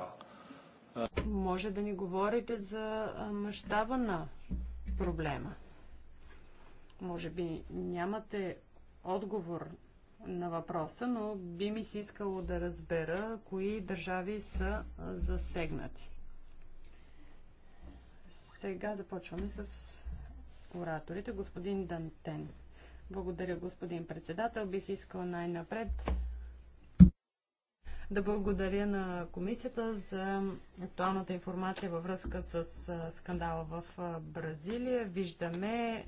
може да ни говорите за мащаба на проблема. Може би нямате отговор на въпроса, но би ми се искало да разбера кои държави са засегнати. Сега започваме с ораторите. Господин Дантен. Благодаря, господин председател. Бих искал най-напред да благодаря на комисията за актуалната информация във връзка с скандала в Бразилия. Виждаме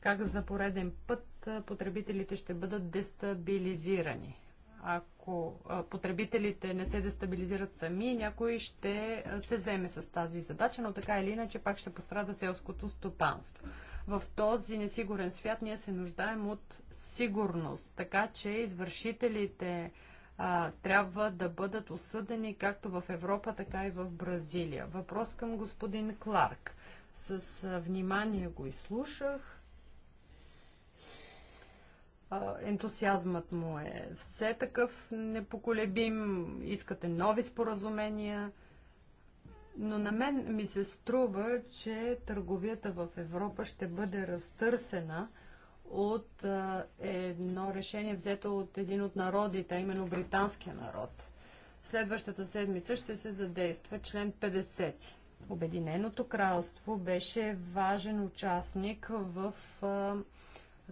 как за пореден път потребителите ще бъдат дестабилизирани. Ако потребителите не се дестабилизират сами, някой ще се вземе с тази задача, но така или иначе пак ще пострада селското стопанство. В този несигурен свят ние се нуждаем от сигурност, така че извършителите а, трябва да бъдат осъдени както в Европа, така и в Бразилия. Въпрос към господин Кларк. С а, внимание го изслушах. ентусиазмът му е все такъв непоколебим. Искате нови споразумения. Но на мен ми се струва, че търговията в Европа ще бъде разтърсена – от едно решение взето от един от народите, а именно британския народ. Следващата седмица ще се задейства член 50. Обединеното кралство беше важен участник в а,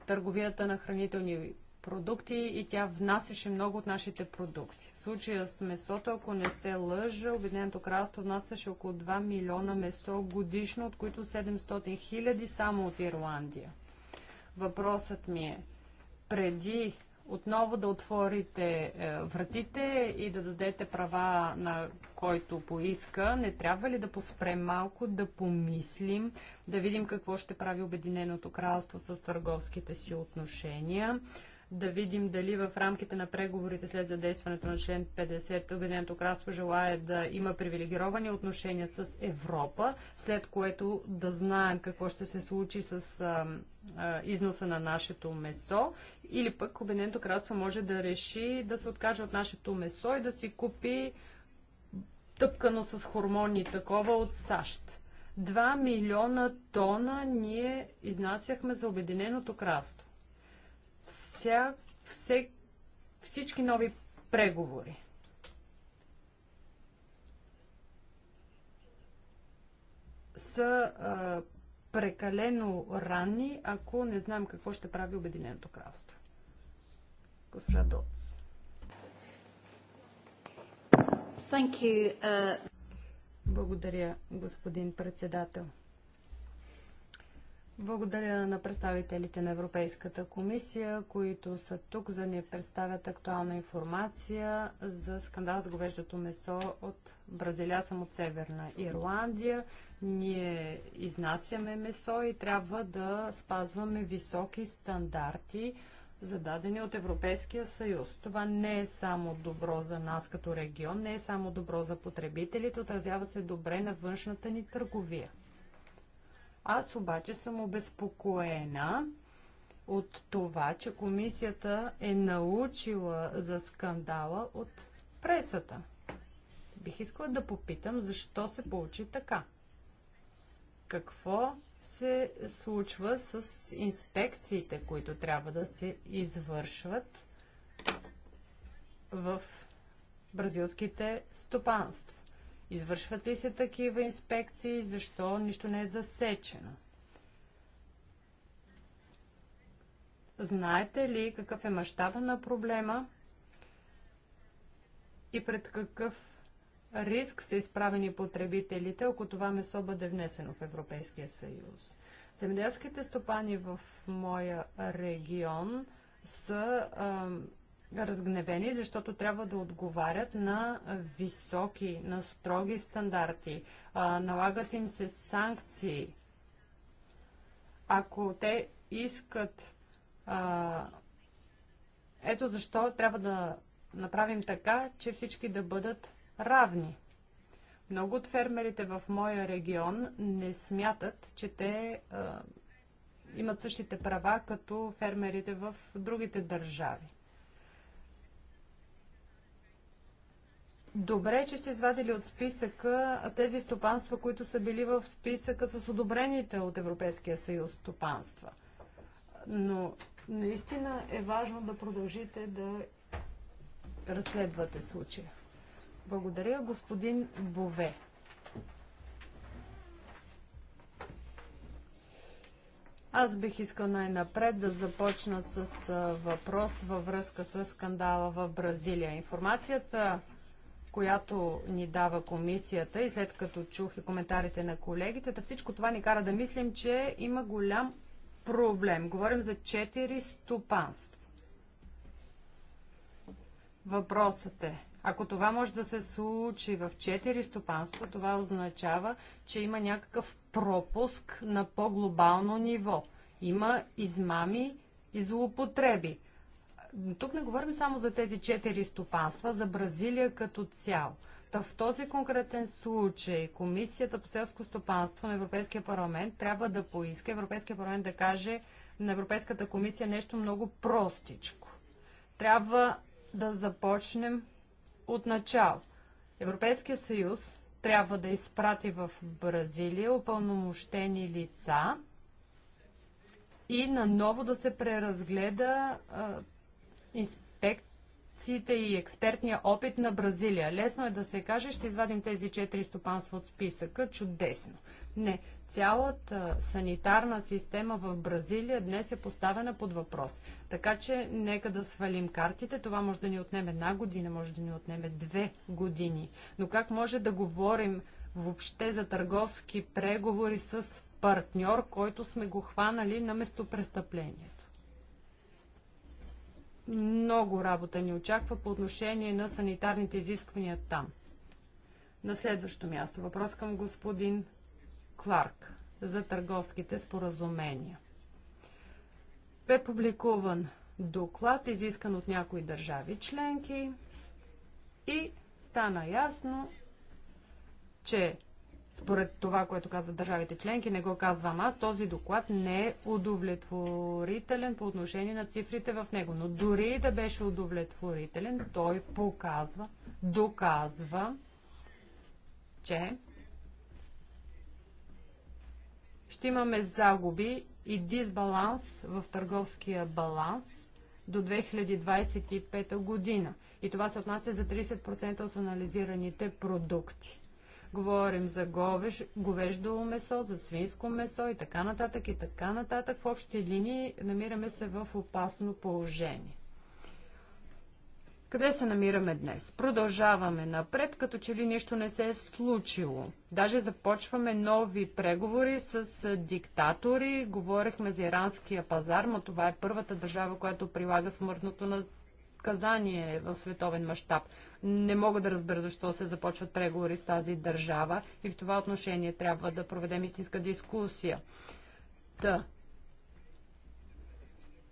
търговията на хранителни продукти и тя внасяше много от нашите продукти. В случая с месото, ако не се лъжа, Обединеното кралство внасяше около 2 милиона месо годишно, от които 700 хиляди само от Ирландия. Въпросът ми е, преди отново да отворите е, вратите и да дадете права на който поиска, не трябва ли да поспрем малко, да помислим, да видим какво ще прави Обединеното кралство с търговските си отношения? да видим дали в рамките на преговорите след задействането на член 50 Обединеното кралство желая да има привилегировани отношения с Европа, след което да знаем какво ще се случи с а, а, износа на нашето месо. Или пък Обединеното кралство може да реши да се откаже от нашето месо и да си купи тъпкано с хормони такова от САЩ. 2 милиона тона ние изнасяхме за Обединеното кралство вся, все, всички нови преговори. са а, прекалено ранни, ако не знаем какво ще прави Обединеното кралство. Госпожа Доц. Thank you, uh... Благодаря, господин председател. Благодаря на представителите на Европейската комисия, които са тук за да ни представят актуална информация за скандал с говеждото месо от Бразилия, съм от Северна Ирландия. Ние изнасяме месо и трябва да спазваме високи стандарти, зададени от Европейския съюз. Това не е само добро за нас като регион, не е само добро за потребителите, отразява се добре на външната ни търговия. Аз обаче съм обезпокоена от това, че комисията е научила за скандала от пресата. Бих искала да попитам защо се получи така. Какво се случва с инспекциите, които трябва да се извършват в бразилските стопанства? Извършват ли се такива инспекции? Защо нищо не е засечено? Знаете ли какъв е мащаба на проблема и пред какъв риск са изправени потребителите, ако това месо бъде внесено в Европейския съюз? Земеделските стопани в моя регион са разгневени, защото трябва да отговарят на високи, на строги стандарти. А, налагат им се санкции. Ако те искат. А, ето защо трябва да направим така, че всички да бъдат равни. Много от фермерите в моя регион не смятат, че те а, имат същите права като фермерите в другите държави. Добре, е, че сте извадили от списъка тези стопанства, които са били в списъка с одобрените от Европейския съюз стопанства. Но наистина е важно да продължите да разследвате случая. Благодаря, господин Бове. Аз бих искал най-напред да започна с въпрос във връзка с скандала в Бразилия. Информацията, която ни дава комисията и след като чух и коментарите на колегите, да всичко това ни кара да мислим, че има голям проблем. Говорим за 4 стопанства. Въпросът е, ако това може да се случи в 4 стопанства, това означава, че има някакъв пропуск на по-глобално ниво. Има измами и злоупотреби тук не говорим само за тези четири стопанства, за Бразилия като цяло. Та в този конкретен случай Комисията по селско стопанство на Европейския парламент трябва да поиска Европейския парламент да каже на Европейската комисия нещо много простичко. Трябва да започнем от начало. Европейския съюз трябва да изпрати в Бразилия упълномощени лица и наново да се преразгледа инспекциите и експертния опит на Бразилия. Лесно е да се каже, ще извадим тези четири стопанства от списъка. Чудесно. Не, цялата санитарна система в Бразилия днес е поставена под въпрос. Така че нека да свалим картите. Това може да ни отнеме една година, може да ни отнеме две години. Но как може да говорим въобще за търговски преговори с партньор, който сме го хванали на местопрестъплението? много работа ни очаква по отношение на санитарните изисквания там. На следващо място въпрос към господин Кларк за търговските споразумения. Бе публикуван доклад, изискан от някои държави членки и стана ясно, че според това, което казват държавите членки, не го казвам аз, този доклад не е удовлетворителен по отношение на цифрите в него. Но дори да беше удовлетворителен, той показва, доказва, че ще имаме загуби и дисбаланс в търговския баланс до 2025 година. И това се отнася за 30% от анализираните продукти. Говорим за говеж, говеждо месо, за свинско месо и така нататък и така нататък. В общи линии намираме се в опасно положение. Къде се намираме днес? Продължаваме напред, като че ли нищо не се е случило. Даже започваме нови преговори с диктатори. Говорихме за иранския пазар, но това е първата държава, която прилага смъртното предсказание в световен мащаб. Не мога да разбера защо се започват преговори с тази държава и в това отношение трябва да проведем истинска дискусия. Та,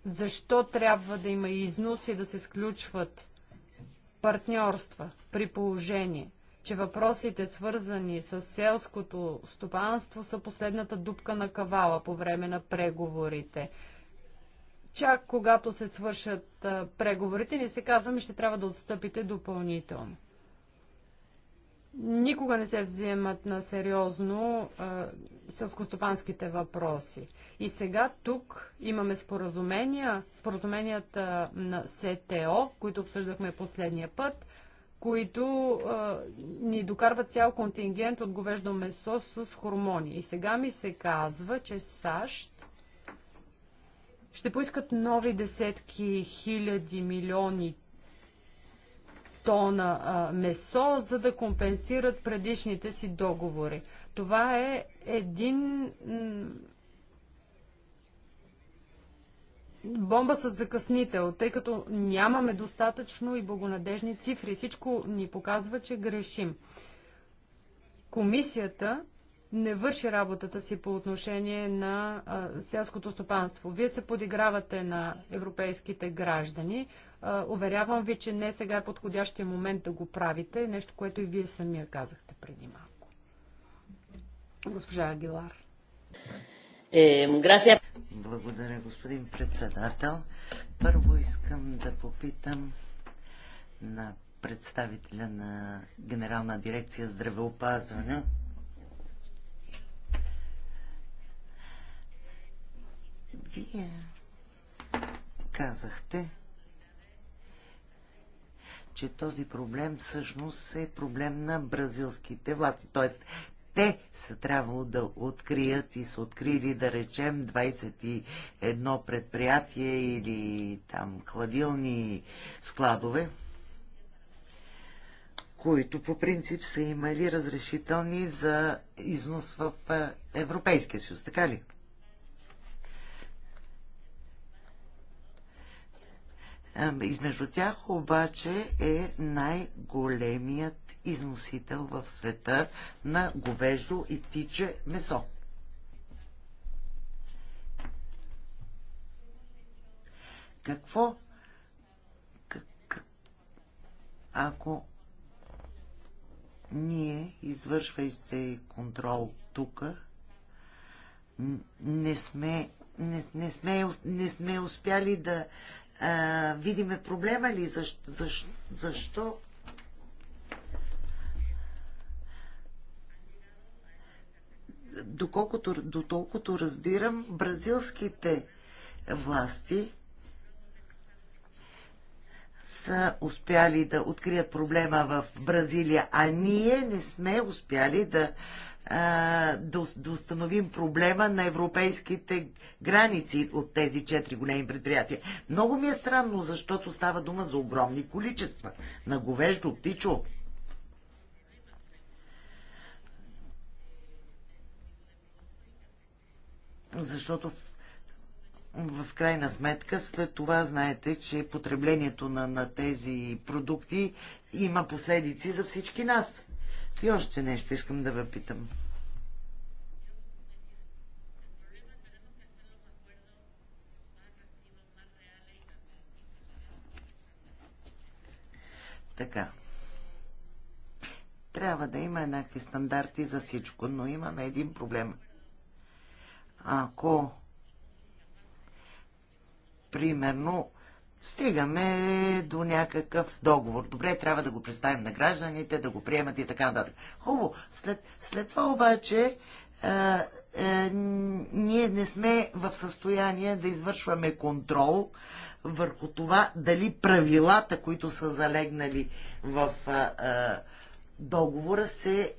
защо трябва да има износ и да се сключват партньорства при положение, че въпросите свързани с селското стопанство са последната дупка на кавала по време на преговорите чак когато се свършат преговорите, не се казваме, ще трябва да отстъпите допълнително. Никога не се вземат на сериозно селскостопанските въпроси. И сега тук имаме споразумения, споразуменията на СТО, които обсъждахме последния път, които а, ни докарват цял контингент от говеждо месо с хормони. И сега ми се казва, че САЩ ще поискат нови десетки хиляди милиони тона а, месо, за да компенсират предишните си договори. Това е един бомба с закъснител, тъй като нямаме достатъчно и благонадежни цифри. Всичко ни показва, че грешим. Комисията не върши работата си по отношение на селското стопанство. Вие се подигравате на европейските граждани. уверявам ви, че не сега е подходящия момент да го правите, нещо, което и вие самия казахте преди малко. Госпожа Агилар. Благодаря, господин председател. Първо искам да попитам на представителя на Генерална дирекция здравеопазване Вие казахте, че този проблем всъщност е проблем на бразилските власти. Т.е. те са трябвало да открият и са открили, да речем, 21 предприятие или там хладилни складове, които по принцип са имали разрешителни за износ в Европейския съюз, така ли? Ами, измежду тях обаче е най-големият износител в света на говеждо и птиче месо. Какво? Как, ако ние, извършвайки контрол тук, не сме не, не, сме, не сме успяли да видиме проблема ли? Защо? защо, защо? Доколкото, дотолкото разбирам, бразилските власти са успяли да открият проблема в Бразилия, а ние не сме успяли да да, да установим проблема на европейските граници от тези четири големи предприятия. Много ми е странно, защото става дума за огромни количества на говеждо, птичо. Защото в, в крайна сметка, след това знаете, че потреблението на, на тези продукти има последици за всички нас. И още нещо искам да ви питам. Така. Трябва да има еднакви стандарти за всичко, но имаме един проблем. Ако примерно стигаме до някакъв договор. Добре, трябва да го представим на гражданите, да го приемат и така нататък. Хубаво. След, след това обаче а, е, а, е, ние не сме в състояние да извършваме контрол върху това дали правилата, които са залегнали в а, е, а, договора, се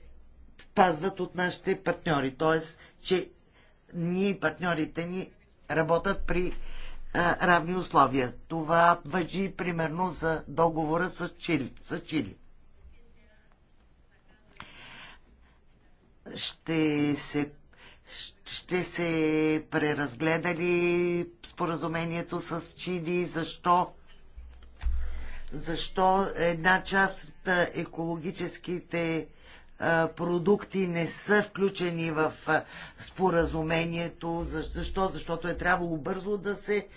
пазват от нашите партньори. Тоест, че ние партньорите ни работят при е, равни условия. Това въжи примерно за договора с Чили. С Чили. Ще се ще се преразгледали споразумението с Чили? Защо? Защо една част от е, екологическите продукти не са включени в споразумението. Защо? Защото е трябвало бързо да се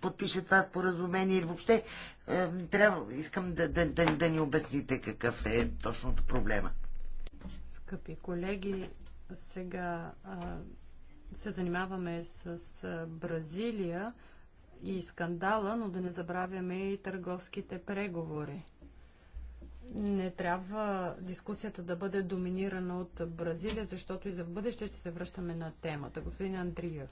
подпише това споразумение или въобще трябва, искам да, да, да, да ни обясните какъв е точното проблема. Скъпи колеги, сега се занимаваме с Бразилия и скандала, но да не забравяме и търговските преговори не трябва дискусията да бъде доминирана от Бразилия, защото и за в бъдеще ще се връщаме на темата. Господин Андрия.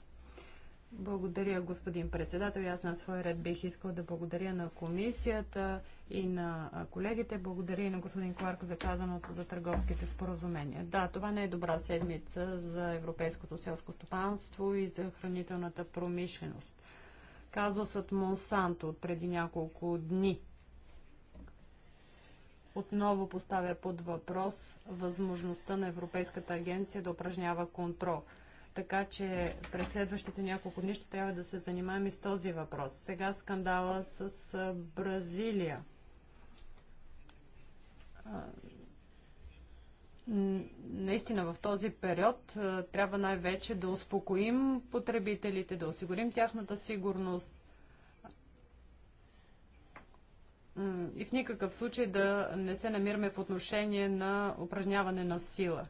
Благодаря, господин председател. Аз на своя ред бих искал да благодаря на комисията и на колегите. Благодаря и на господин Кларк за казаното за търговските споразумения. Да, това не е добра седмица за европейското селско стопанство и за хранителната промишленост. Казусът Монсанто от преди няколко дни – отново поставя под въпрос възможността на Европейската агенция да упражнява контрол. Така че през следващите няколко дни ще трябва да се занимаем и с този въпрос. Сега скандала с Бразилия. Наистина в този период трябва най-вече да успокоим потребителите, да осигурим тяхната сигурност, и в никакъв случай да не се намираме в отношение на упражняване на сила.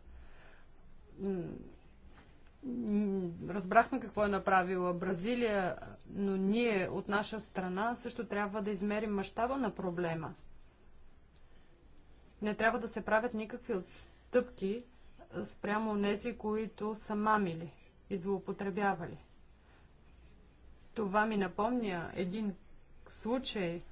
Разбрахме какво е направила Бразилия, но ние от наша страна също трябва да измерим мащаба на проблема. Не трябва да се правят никакви отстъпки спрямо тези, които са мамили и злоупотребявали. Това ми напомня един случай –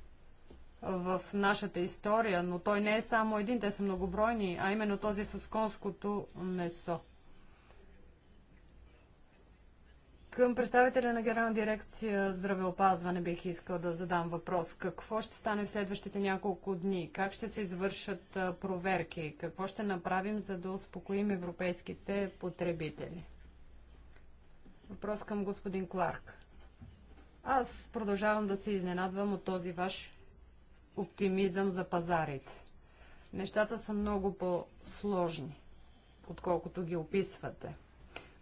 в нашата история, но той не е само един, те са многобройни, а именно този с конското месо. Към представителя на Генерална дирекция здравеопазване бих искал да задам въпрос. Какво ще стане в следващите няколко дни? Как ще се извършат проверки? Какво ще направим, за да успокоим европейските потребители? Въпрос към господин Кларк. Аз продължавам да се изненадвам от този ваш оптимизъм за пазарите. Нещата са много по-сложни, отколкото ги описвате.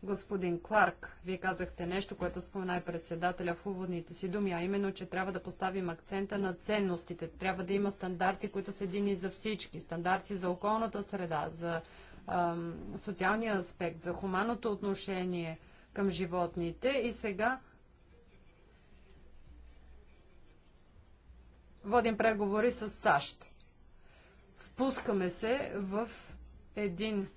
Господин Кларк, вие казахте нещо, което спомена и председателя в уводните си думи, а именно, че трябва да поставим акцента на ценностите. Трябва да има стандарти, които са едини за всички. Стандарти за околната среда, за ам, социалния аспект, за хуманното отношение към животните. И сега Водим преговори с САЩ. Впускаме се в един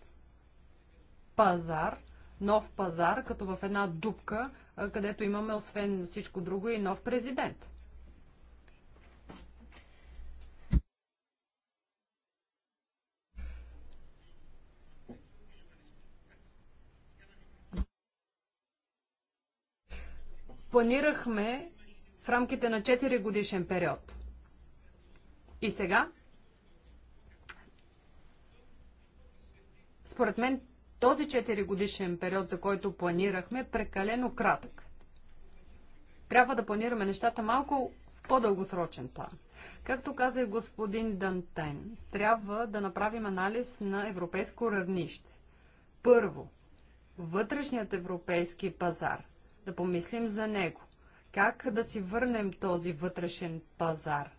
пазар, нов пазар, като в една дупка, където имаме освен всичко друго и нов президент. планирахме в рамките на 4 годишен период. И сега, според мен, този 4 годишен период, за който планирахме, е прекалено кратък. Трябва да планираме нещата малко в по-дългосрочен план. Както каза и господин Дантен, трябва да направим анализ на европейско равнище. Първо, вътрешният европейски пазар. Да помислим за него. Как да си върнем този вътрешен пазар?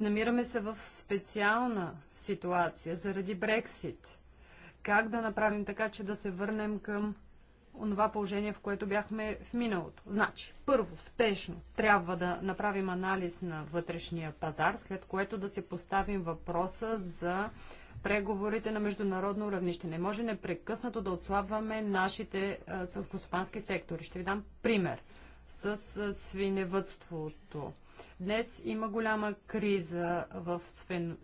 Намираме се в специална ситуация заради Брексит. Как да направим така, че да се върнем към онова положение, в което бяхме в миналото. Значи, първо, спешно, трябва да направим анализ на вътрешния пазар, след което да се поставим въпроса за преговорите на международно равнище. Не може непрекъснато да отслабваме нашите селскостопански сектори. Ще ви дам пример с свиневътството. Днес има голяма криза в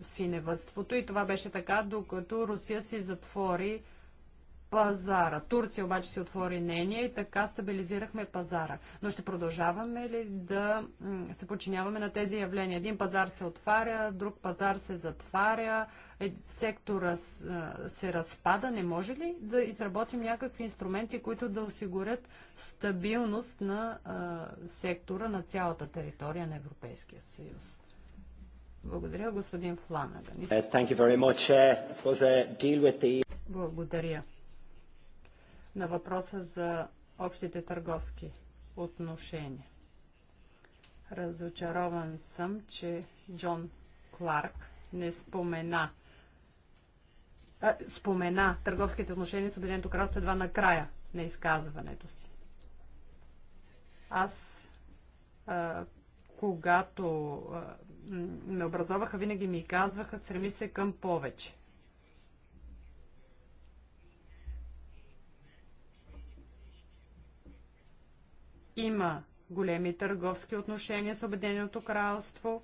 свиневътството и това беше така, докато Русия си затвори пазара. Турция обаче си отвори нения и така стабилизирахме пазара. Но ще продължаваме ли да се подчиняваме на тези явления? Един пазар се отваря, друг пазар се затваря, е, сектора се разпада. Не може ли да изработим някакви инструменти, които да осигурят стабилност на сектора на цялата територия на Европейския съюз? Благодаря, господин Фланаган. Uh, uh, Благодаря на въпроса за общите търговски отношения. Разочарован съм, че Джон Кларк не спомена а, спомена търговските отношения с Обединеното кралство едва накрая на изказването си. Аз, а, когато а, ме образоваха, винаги ми казваха, стреми се към повече. има големи търговски отношения с Обединеното кралство,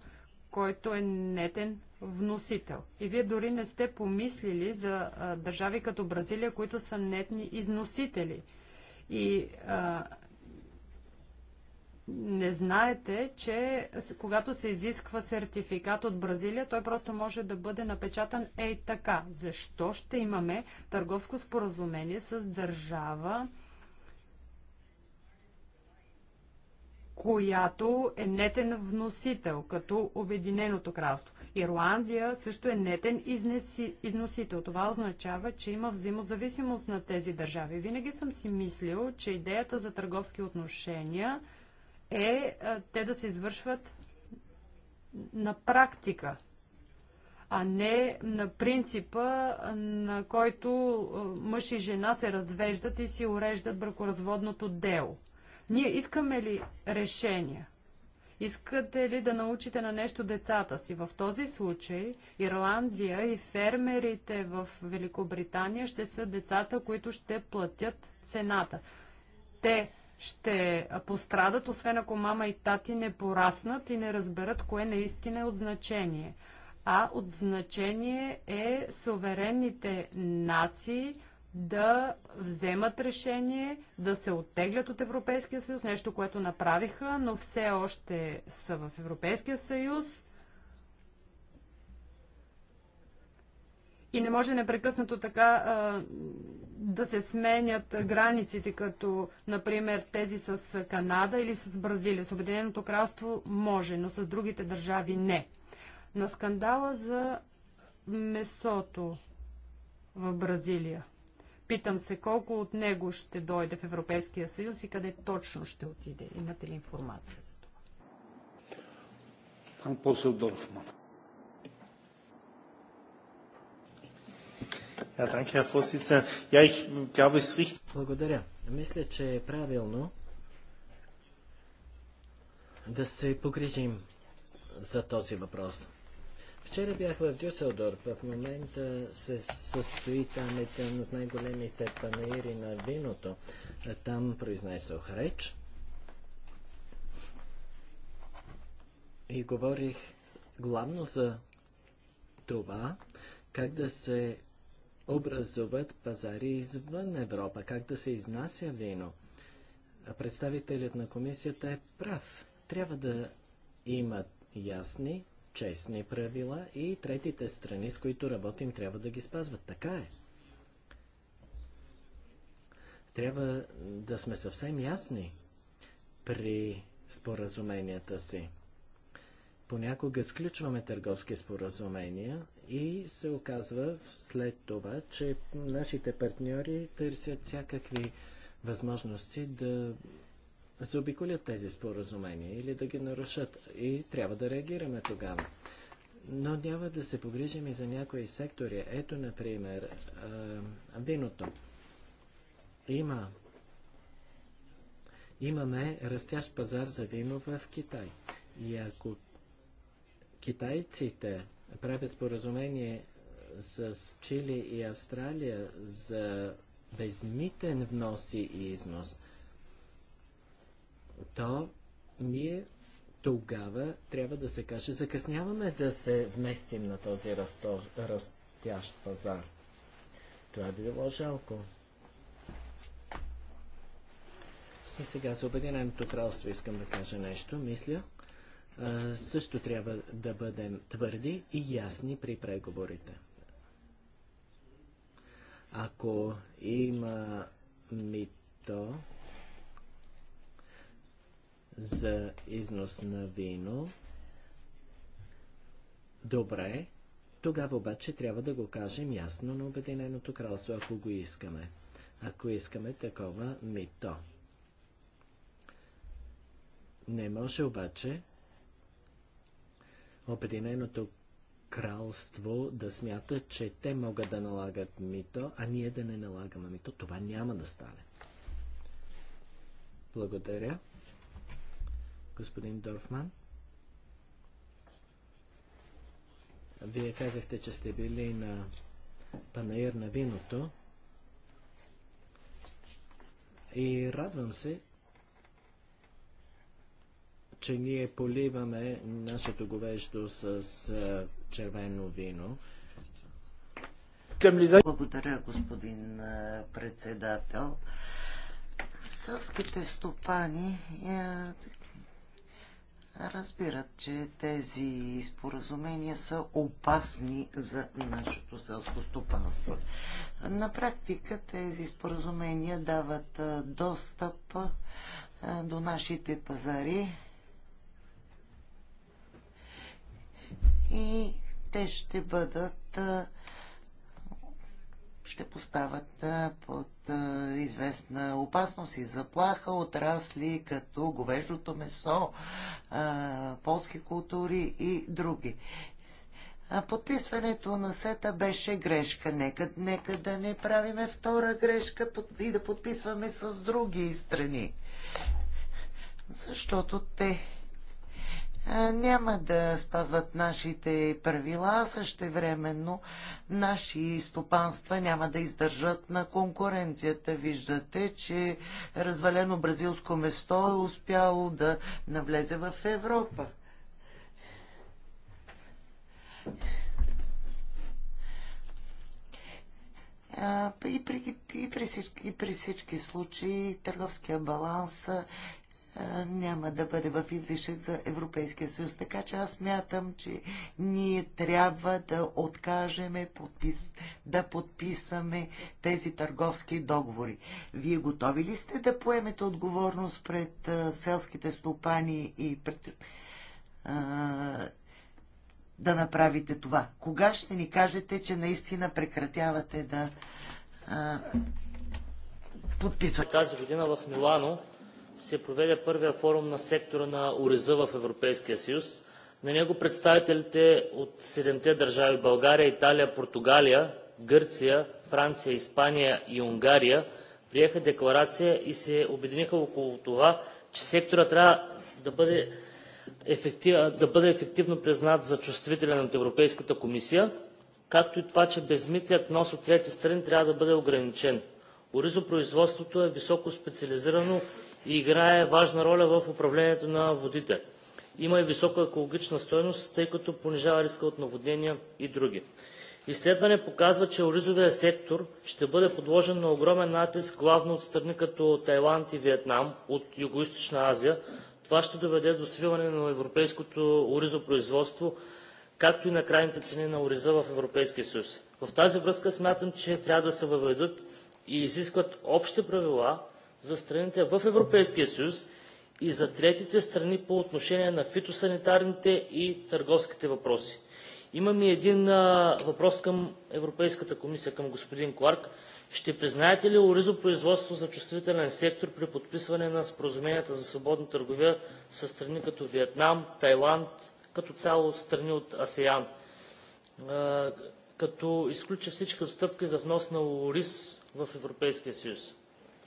който е нетен вносител. И вие дори не сте помислили за а, държави като Бразилия, които са нетни износители. И а, не знаете, че когато се изисква сертификат от Бразилия, той просто може да бъде напечатан ей така. Защо ще имаме търговско споразумение с държава, която е нетен вносител, като Обединеното кралство. Ирландия също е нетен изнеси, износител. Това означава, че има взаимозависимост на тези държави. Винаги съм си мислил, че идеята за търговски отношения е а, е, те да се извършват на практика, а не на принципа, на който е, мъж и жена се развеждат и си уреждат бракоразводното дело – ние искаме ли решения? Искате ли да научите на нещо децата си? В този случай Ирландия и фермерите в Великобритания ще са децата, които ще платят цената. Те ще пострадат, освен ако мама и тати не пораснат и не разберат кое наистина е от значение. А от значение е суверенните нации да вземат решение да се оттеглят от Европейския съюз, нещо, което направиха, но все още са в Европейския съюз. И не може непрекъснато така да се сменят границите, като, например, тези с Канада или с Бразилия. С Обединеното кралство може, но с другите държави не. На скандала за месото в Бразилия. Питам се колко от него ще дойде в Европейския съюз и къде точно ще отиде. Имате ли информация за това? Пан Дорфман. Благодаря. Мисля, че е правилно да се погрижим за този въпрос. Вчера бях в Дюселдорф. В момента се състои там един от най-големите панери на виното. Там произнесох реч. И говорих главно за това, как да се образуват пазари извън Европа, как да се изнася вино. Представителят на комисията е прав. Трябва да имат ясни честни правила и третите страни, с които работим, трябва да ги спазват. Така е. Трябва да сме съвсем ясни при споразуменията си. Понякога сключваме търговски споразумения и се оказва след това, че нашите партньори търсят всякакви възможности да заобиколят тези споразумения или да ги нарушат. И трябва да реагираме тогава. Но няма да се погрижим и за някои сектори. Ето, например, виното. Има имаме растящ пазар за вино в Китай. И ако китайците правят споразумение с Чили и Австралия за безмитен внос и износ, то ние тогава трябва да се каже, закъсняваме да се вместим на този растящ пазар. Това би било жалко. И сега за Обединеното кралство искам да кажа нещо. Мисля, а, също трябва да бъдем твърди и ясни при преговорите. Ако има мито, за износ на вино. Добре, тогава обаче трябва да го кажем ясно на Обединеното кралство, ако го искаме. Ако искаме такова мито. Не може обаче Обединеното кралство да смята, че те могат да налагат мито, а ние да не налагаме мито. Това няма да стане. Благодаря господин Дорфман. Вие казахте, че сте били на панаир на виното. И радвам се, че ние поливаме нашето говеждо с червено вино. Благодаря, господин председател. Сълските стопани е, разбират, че тези споразумения са опасни за нашето селско стопанство. На практика тези споразумения дават достъп до нашите пазари и те ще бъдат ще поставят под известна опасност и заплаха отрасли като говеждото месо, полски култури и други. Подписването на сета беше грешка. Нека, нека да не правиме втора грешка и да подписваме с други страни. Защото те няма да спазват нашите правила, също времено наши стопанства няма да издържат на конкуренцията. Виждате, че развалено бразилско место е успяло да навлезе в Европа. И при, и, при всички, и при всички случаи търговския баланс няма да бъде в излишък за Европейския съюз. Така че аз мятам, че ние трябва да откажеме подпис, да подписваме тези търговски договори. Вие готови ли сте да поемете отговорност пред селските стопани и пред да направите това? Кога ще ни кажете, че наистина прекратявате да а, подписвате? Тази година в Милано се проведе първият форум на сектора на ориза в Европейския съюз. На него представителите от седемте държави – България, Италия, Португалия, Гърция, Франция, Испания и Унгария, приеха декларация и се обединиха около това, че секторът трябва да бъде, да бъде ефективно признат за чувствителен от Европейската комисия, както и това, че безмитният нос от трети страни трябва да бъде ограничен. Оризопроизводството е високо специализирано и играе важна роля в управлението на водите. Има и висока екологична стойност, тъй като понижава риска от наводнения и други. Изследване показва, че оризовия сектор ще бъде подложен на огромен натиск главно от страни като Тайланд и Виетнам от юго Азия. Това ще доведе до свиване на европейското оризопроизводство, както и на крайните цени на ориза в Европейския съюз. В тази връзка смятам, че трябва да се въведат и изискват общи правила за страните в Европейския съюз и за третите страни по отношение на фитосанитарните и търговските въпроси. Имам и един въпрос към Европейската комисия, към господин Кларк. Ще признаете ли производство за чувствителен сектор при подписване на споразуменията за свободна търговия с страни като Виетнам, Тайланд, като цяло страни от АСЕАН, като изключи всички отстъпки за внос на ориз в Европейския съюз?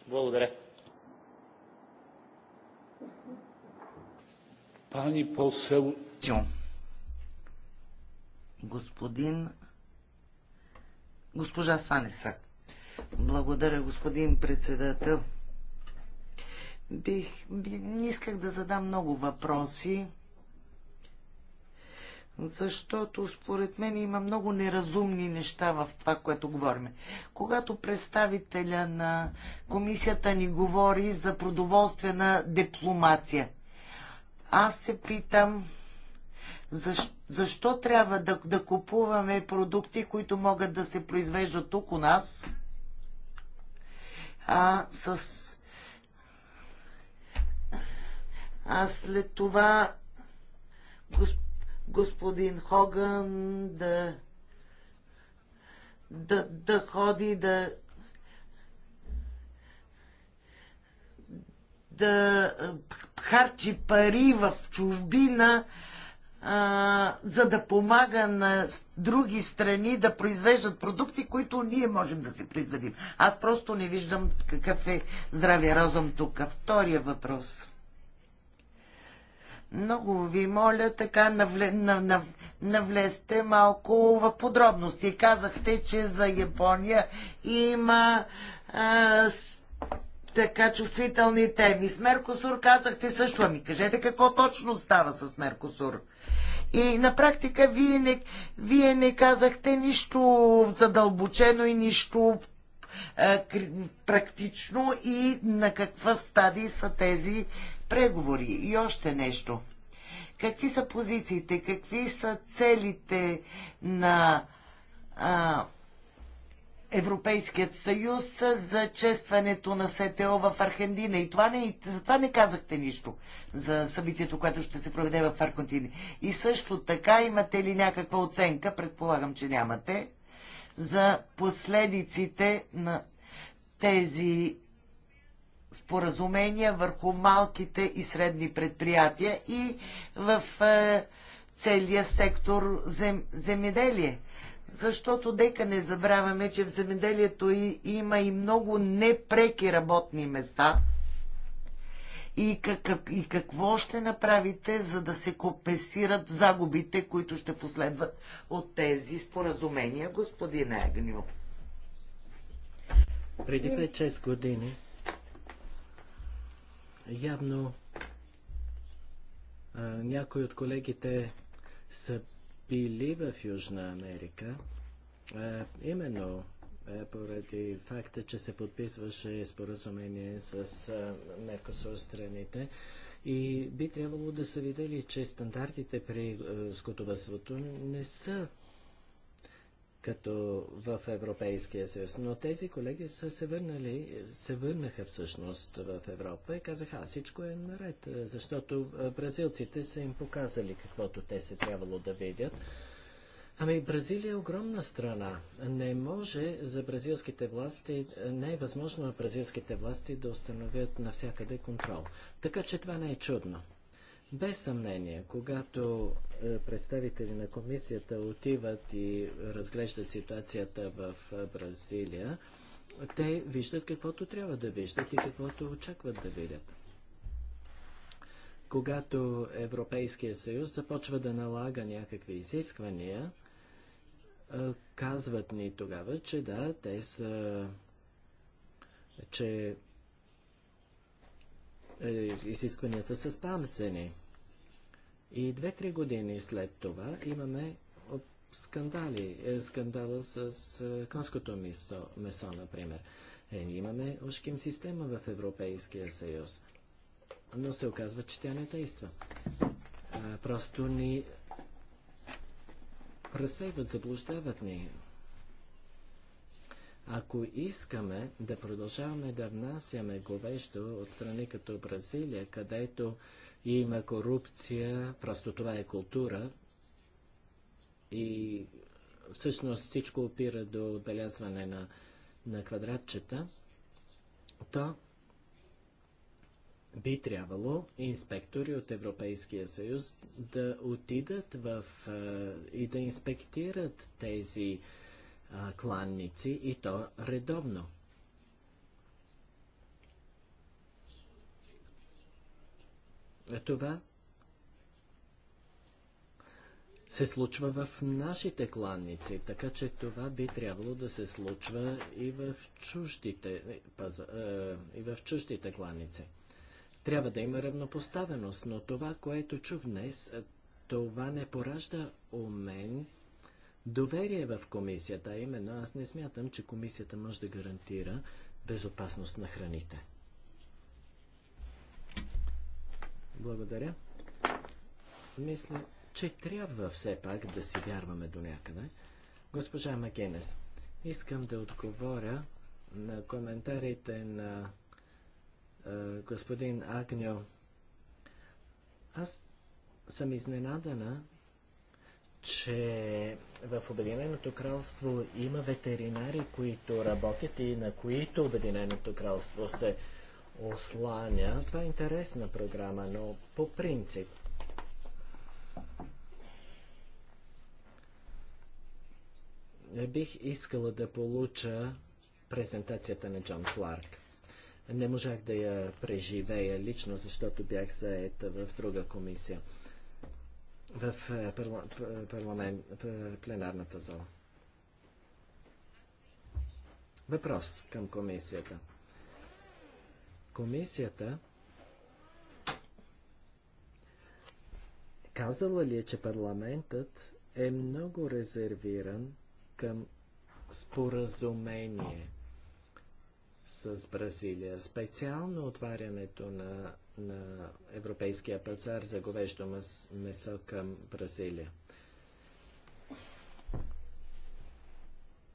Благодаря. Пани посел... Господин... Госпожа Санеса. Благодаря, господин председател. Бих... Исках да задам много въпроси защото според мен има много неразумни неща в това, което говорим. Когато представителя на комисията ни говори за продоволствена дипломация, аз се питам защо, защо трябва да, да купуваме продукти, които могат да се произвеждат тук у нас, а с а след това госп господин Хоган да, да, да ходи да да е, харчи пари в чужбина, а, за да помага на други страни да произвеждат продукти, които ние можем да си произведим. Аз просто не виждам какъв е здравия разум тук. Втория въпрос. Много ви моля, така навле, нав, нав, навлезте малко в подробности. Казахте, че за Япония има а, с, така чувствителни теми. С Меркосур казахте също, ами кажете какво точно става с Меркосур. И на практика вие не, вие не казахте нищо задълбочено и нищо а, практично и на каква стадии са тези преговори. И още нещо. Какви са позициите, какви са целите на а, Европейският съюз за честването на СТО в Аргентина? И това не, за това не казахте нищо за събитието, което ще се проведе в Аргентина. И също така имате ли някаква оценка, предполагам, че нямате, за последиците на тези споразумения върху малките и средни предприятия и в е, целия сектор зем, земеделие. Защото дека не забравяме, че в земеделието и, има и много непреки работни места. И, как, и какво ще направите, за да се компенсират загубите, които ще последват от тези споразумения, господин Агню? Преди 5-6 години Явно а, някои от колегите са били в Южна Америка, а, именно а, поради факта, че се подписваше споразумение с Меркосур страните. И би трябвало да са видели, че стандартите при скотовътството не са като в Европейския съюз. Но тези колеги са се върнали, се върнаха всъщност в Европа и казаха, а всичко е наред, защото бразилците са им показали каквото те се трябвало да видят. Ами Бразилия е огромна страна. Не може за бразилските власти, не е възможно на бразилските власти да установят навсякъде контрол. Така че това не е чудно. Без съмнение, когато е, представители на комисията отиват и разглеждат ситуацията в е, Бразилия, те виждат каквото трябва да виждат и каквото очакват да видят. Когато Европейския съюз започва да налага някакви изисквания, е, казват ни тогава, че да, те са, че изискванията са спамцени. И две-три години след това имаме скандали. Е, скандала с е, конското месо, месо например. Е, имаме ушким система в Европейския съюз. Но се оказва, че тя не действа. А, просто ни пресейват, заблуждават ни. Ако искаме да продължаваме да внасяме говеждо от страни като Бразилия, където има корупция, просто това е култура и всъщност всичко опира до отбелязване на, на квадратчета, то би трябвало инспектори от Европейския съюз да отидат в, и да инспектират тези а, кланници и то редовно. Това се случва в нашите кланници, така че това би трябвало да се случва и в чуждите, паза, е, и в чуждите кланници. Трябва да има равнопоставеност, но това, което чух днес, това не поражда у мен доверие в комисията. Именно аз не смятам, че комисията може да гарантира безопасност на храните. Благодаря. Мисля, че трябва все пак да си вярваме до някъде. Госпожа Макенес, искам да отговоря на коментарите на е, господин Агньо. Аз съм изненадана, че в Обединеното кралство има ветеринари, които работят и на които Обединеното кралство се осланя. Това е интересна програма, но по принцип бих искала да получа презентацията на Джон Кларк. Не можах да я преживея лично, защото бях заета в друга комисия в е, е, парламент, е, пленарната зала. Въпрос към комисията. Комисията казала ли е, че парламентът е много резервиран към споразумение с Бразилия? Специално отварянето на на европейския пазар за говеждо месо към Бразилия.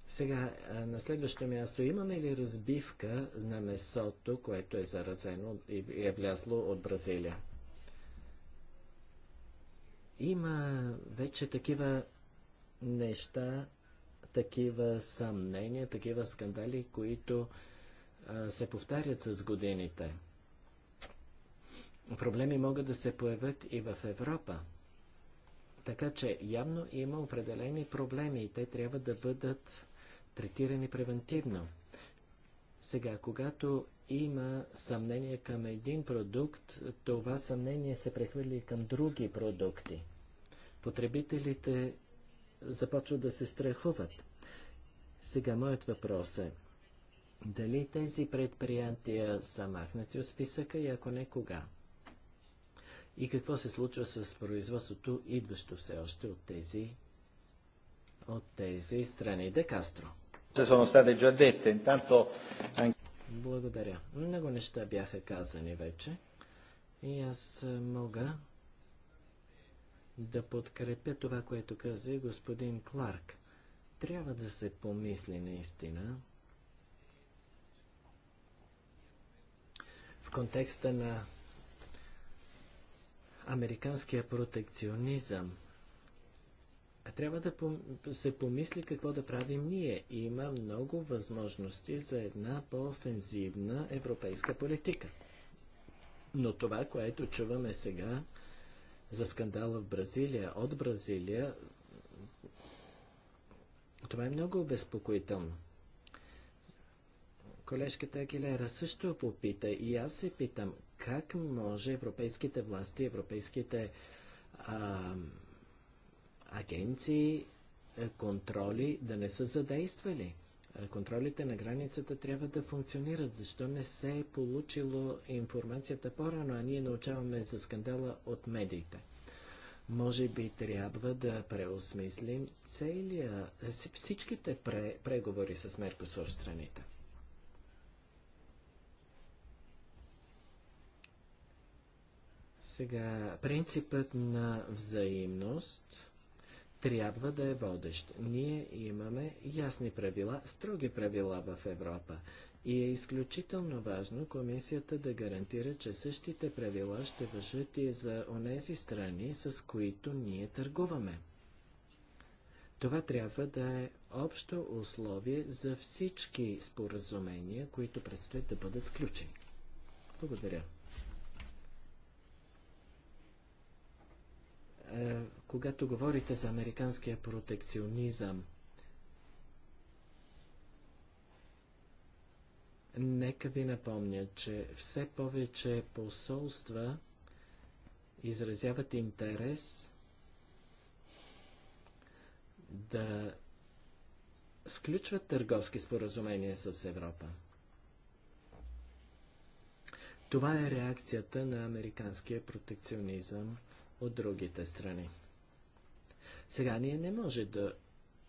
Сега, на следващо място, имаме ли разбивка на месото, което е заразено и е влязло от Бразилия? Има вече такива неща, такива съмнения, такива скандали, които а, се повтарят с годините проблеми могат да се появят и в Европа. Така че явно има определени проблеми и те трябва да бъдат третирани превентивно. Сега, когато има съмнение към един продукт, това съмнение се прехвърли към други продукти. Потребителите започват да се страхуват. Сега моят въпрос е, дали тези предприятия са махнати от списъка и ако не, кога? и какво се случва с производството, идващо все още от тези, от тези страни. Де Кастро. Благодаря. Много неща бяха казани вече. И аз мога да подкрепя това, което каза господин Кларк. Трябва да се помисли наистина в контекста на американския протекционизъм. А трябва да се помисли какво да правим ние. Има много възможности за една по-офензивна европейска политика. Но това, което чуваме сега за скандала в Бразилия, от Бразилия, това е много обезпокоително. Колежката Акилера също попита и аз се питам, как може европейските власти, европейските а, агенции, контроли да не са задействали? контролите на границата трябва да функционират. Защо не се е получило информацията по-рано, а ние научаваме за скандала от медиите? Може би трябва да преосмислим целия, всичките преговори с Меркосур страните. Сега, принципът на взаимност трябва да е водещ. Ние имаме ясни правила, строги правила в Европа. И е изключително важно комисията да гарантира, че същите правила ще въжат и за онези страни, с които ние търгуваме. Това трябва да е общо условие за всички споразумения, които предстоят да бъдат сключени. Благодаря. Е, когато говорите за американския протекционизъм, нека ви напомня, че все повече посолства изразяват интерес да сключват търговски споразумения с Европа. Това е реакцията на американския протекционизъм от другите страни. Сега ние не може да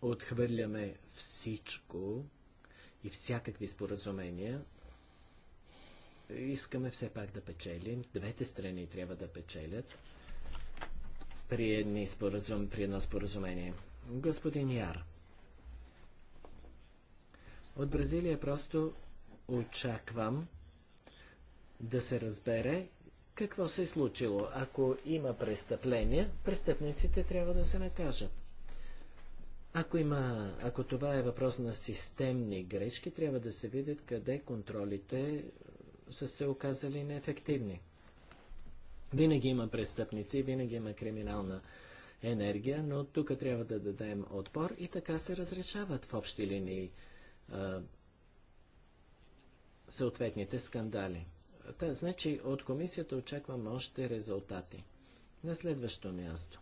отхвърляме всичко и всякакви споразумения. Искаме все пак да печелим. Двете страни трябва да печелят при, едни споразум, при едно споразумение. Господин Яр, от Бразилия просто очаквам да се разбере какво се е случило? Ако има престъпления, престъпниците трябва да се накажат. Ако, има, ако това е въпрос на системни грешки, трябва да се видят къде контролите са се оказали неефективни. Винаги има престъпници, винаги има криминална енергия, но тук трябва да дадем отпор и така се разрешават в общи линии а, съответните скандали. Та, значи от комисията очаквам още резултати. На следващо място.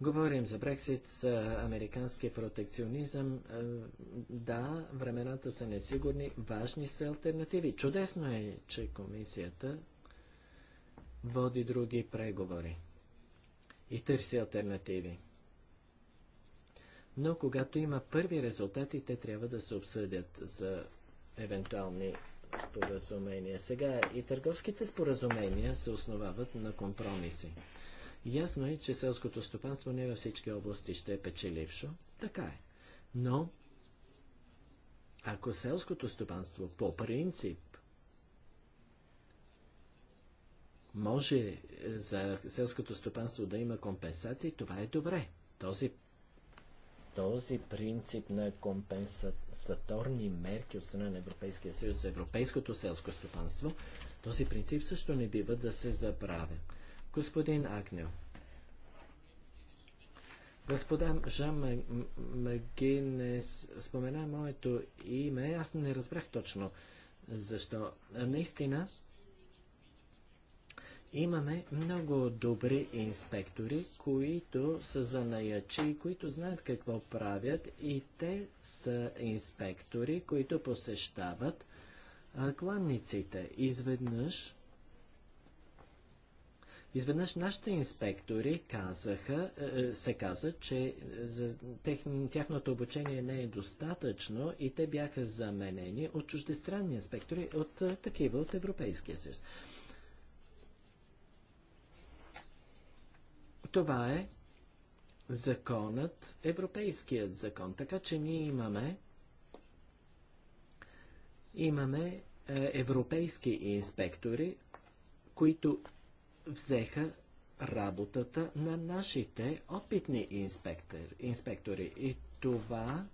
Говорим за Брексит, за американски протекционизъм. Е, да, времената са несигурни, важни са альтернативи. Чудесно е, че комисията води други преговори и търси альтернативи. Но когато има първи резултати, те трябва да се обсъдят за евентуални споразумения. Сега и търговските споразумения се основават на компромиси. Ясно е, че селското стопанство не е във всички области ще е печелившо. Така е. Но, ако селското стопанство по принцип може е, за селското стопанство да има компенсации, това е добре. Този този принцип на компенсаторни мерки от страна на Европейския съюз за европейското селско стопанство, този принцип също не бива да се забравя. Господин Агнел, Господа Жан Магинес спомена моето име. Аз не разбрах точно защо. Наистина, Имаме много добри инспектори, които са занаячи, които знаят какво правят и те са инспектори, които посещават а, Изведнъж Изведнъж нашите инспектори казаха, е, е, се каза, че е, за тех, тяхното обучение не е достатъчно и те бяха заменени от чуждестранни инспектори, от такива от Европейския съюз. Това е законът, европейският закон. Така че ние имаме имаме е, европейски инспектори, които взеха работата на нашите опитни инспектор, инспектори. И това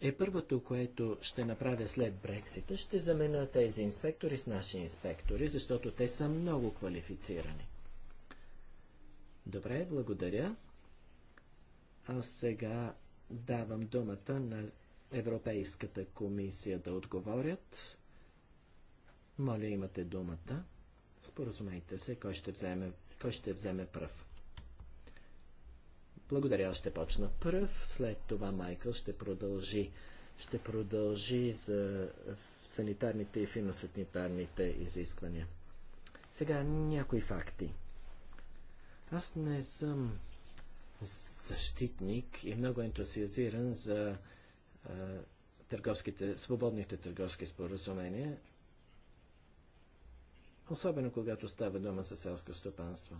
е първото, което ще направя след Брексита. Ще замена тези инспектори с наши инспектори, защото те са много квалифицирани. Добре, благодаря. А сега давам думата на Европейската комисия да отговорят. Моля, имате думата. Споразумейте се, кой ще вземе, кой ще вземе пръв. Благодаря, ще почна пръв. След това Майкъл ще продължи. Ще продължи за санитарните и финосанитарните изисквания. Сега някои факти. Аз не съм защитник и много ентусиазиран за а, търговските, свободните търговски споразумения, особено когато става дума за селско стопанство.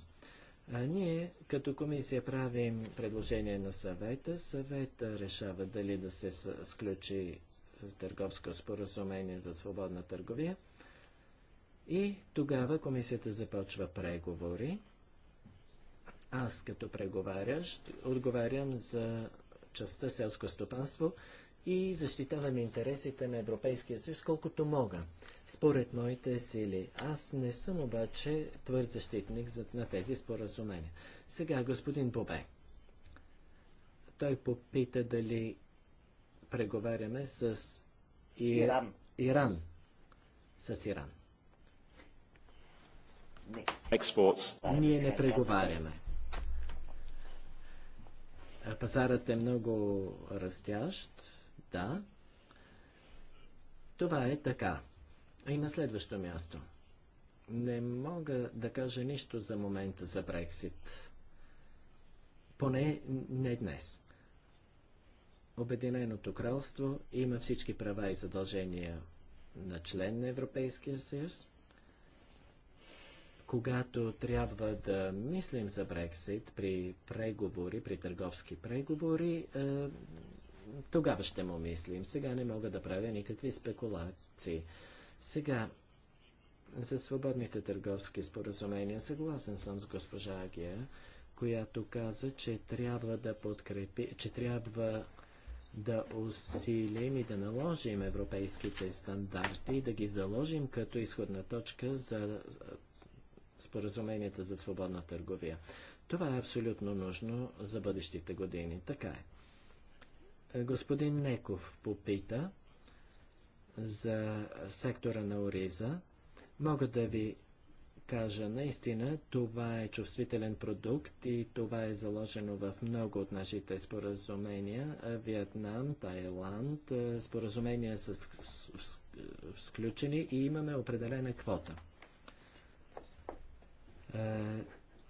А ние, като комисия, правим предложение на съвета. Съвета решава дали да се сключи търговско споразумение за свободна търговия. И тогава комисията започва преговори аз като преговарящ отговарям за частта селско стопанство и защитавам интересите на Европейския съюз колкото мога. Според моите сили. Аз не съм обаче твърд защитник на тези споразумения. Сега господин Бобе. Той попита дали преговаряме с Ир... Иран. Иран. С Иран. Не. Ние не преговаряме. Пазарът е много растящ, да. Това е така. А има следващо място. Не мога да кажа нищо за момента за Брексит. Поне не днес. Обединеното кралство има всички права и задължения на член на Европейския съюз когато трябва да мислим за Брексит при преговори, при търговски преговори, е, тогава ще му мислим. Сега не мога да правя никакви спекулации. Сега, за свободните търговски споразумения, съгласен съм с госпожа Агия, която каза, че трябва да подкрепи, че трябва да усилим и да наложим европейските стандарти и да ги заложим като изходна точка за споразуменията за свободна търговия. Това е абсолютно нужно за бъдещите години. Така е. е. Господин Неков попита за сектора на Ориза. Мога да ви кажа, наистина това е чувствителен продукт и това е заложено в много от нашите споразумения. Е, Виетнам, Тайланд, е, споразумения са в, в, в, включени и имаме определена квота. Е,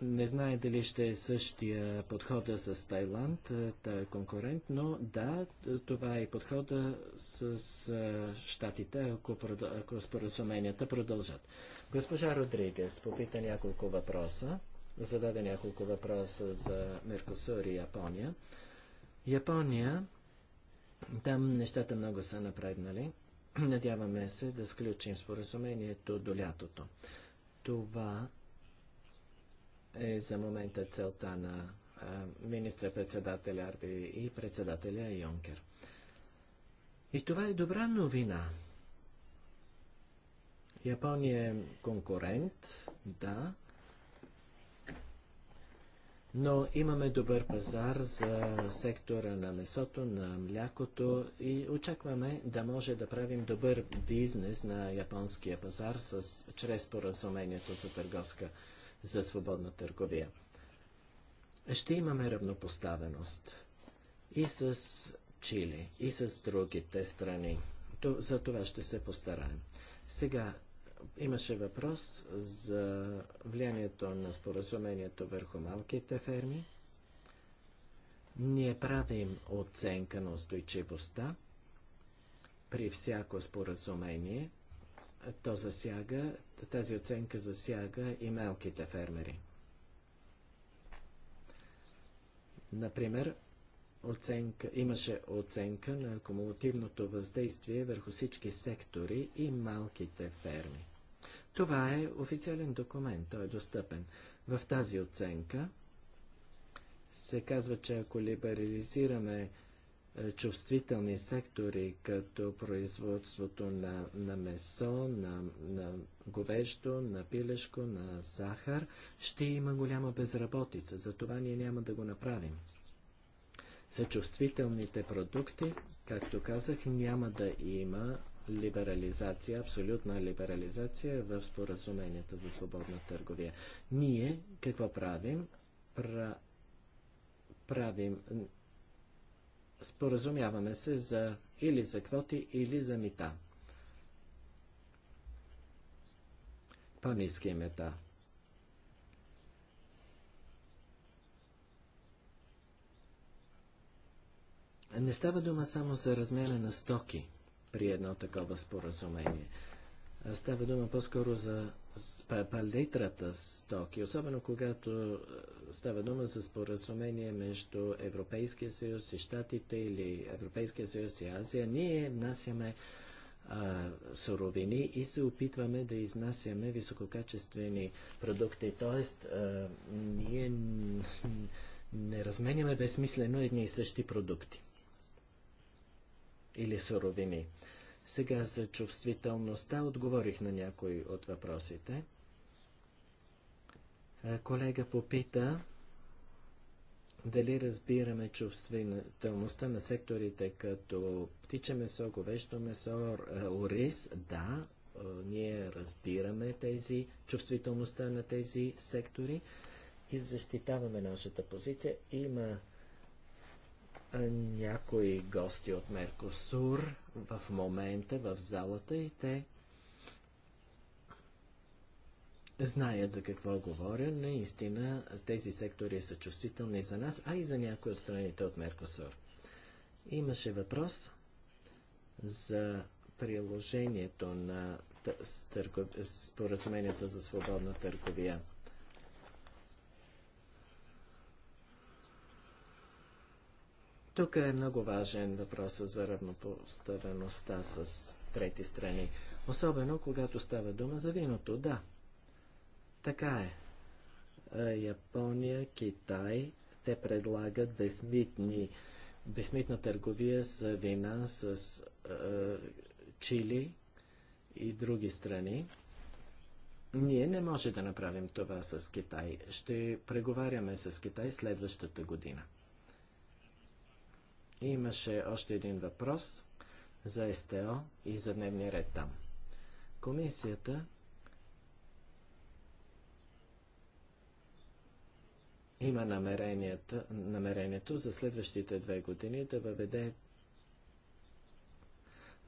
не знае дали ще е същия подхода с Тайланд, да е конкурент, но да, това е подхода с е, щатите, ако, ако споразуменията продължат. Госпожа Родригес попита няколко въпроса, зададе няколко въпроса за Меркосур и Япония. Япония, там нещата много са напреднали. Надяваме се да сключим споразумението до лятото. Това е за момента целта на министър-председателя Арби и председателя Йонкер. И това е добра новина. Япония е конкурент, да, но имаме добър пазар за сектора на месото, на млякото и очакваме да може да правим добър бизнес на японския пазар с, чрез поразумението за търговска за свободна търговия. Ще имаме равнопоставеност и с Чили, и с другите страни. за това ще се постараем. Сега имаше въпрос за влиянието на споразумението върху малките ферми. Ние правим оценка на устойчивостта при всяко споразумение – то засяга, тази оценка засяга и малките фермери. Например, оценка, имаше оценка на кумулативното въздействие върху всички сектори и малките ферми. Това е официален документ, той е достъпен. В тази оценка се казва, че ако либерализираме чувствителни сектори, като производството на, на месо, на, на говеждо, на пилешко, на сахар, ще има голяма безработица. Затова ние няма да го направим. За чувствителните продукти, както казах, няма да има либерализация, абсолютна либерализация в споразуменията за свободна търговия. Ние какво правим? Правим Споразумяваме се за или за квоти, или за мита. По-низки е мета. Не става дума само за размяна на стоки при едно такова споразумение. Става дума по-скоро за палитрата стоки, особено когато е, става дума за споразумение между Европейския съюз и Штатите или Европейския съюз и Азия, ние внасяме а, е, суровини и се опитваме да изнасяме висококачествени продукти. Тоест, а, е, ние не разменяме безсмислено едни и същи продукти или суровини. Сега за чувствителността отговорих на някои от въпросите. Колега попита дали разбираме чувствителността на секторите като птиче месо, говещо месо, ориз. Да, ние разбираме тези, чувствителността на тези сектори и защитаваме нашата позиция. Има някои гости от Меркосур в момента в залата и те знаят за какво говоря. Наистина тези сектори са чувствителни за нас, а и за някои от страните от Меркосур. Имаше въпрос за приложението на търгов... споразуменията за свободна търговия. Тук е много важен въпрос за равнопоставеността с трети страни. Особено когато става дума за виното. Да, така е. Япония, Китай, те предлагат безмитни, безмитна търговия за вина с е, Чили и други страни. Ние не може да направим това с Китай. Ще преговаряме с Китай следващата година. Имаше още един въпрос за СТО и за дневния ред там. Комисията има намерението за следващите две години да въведе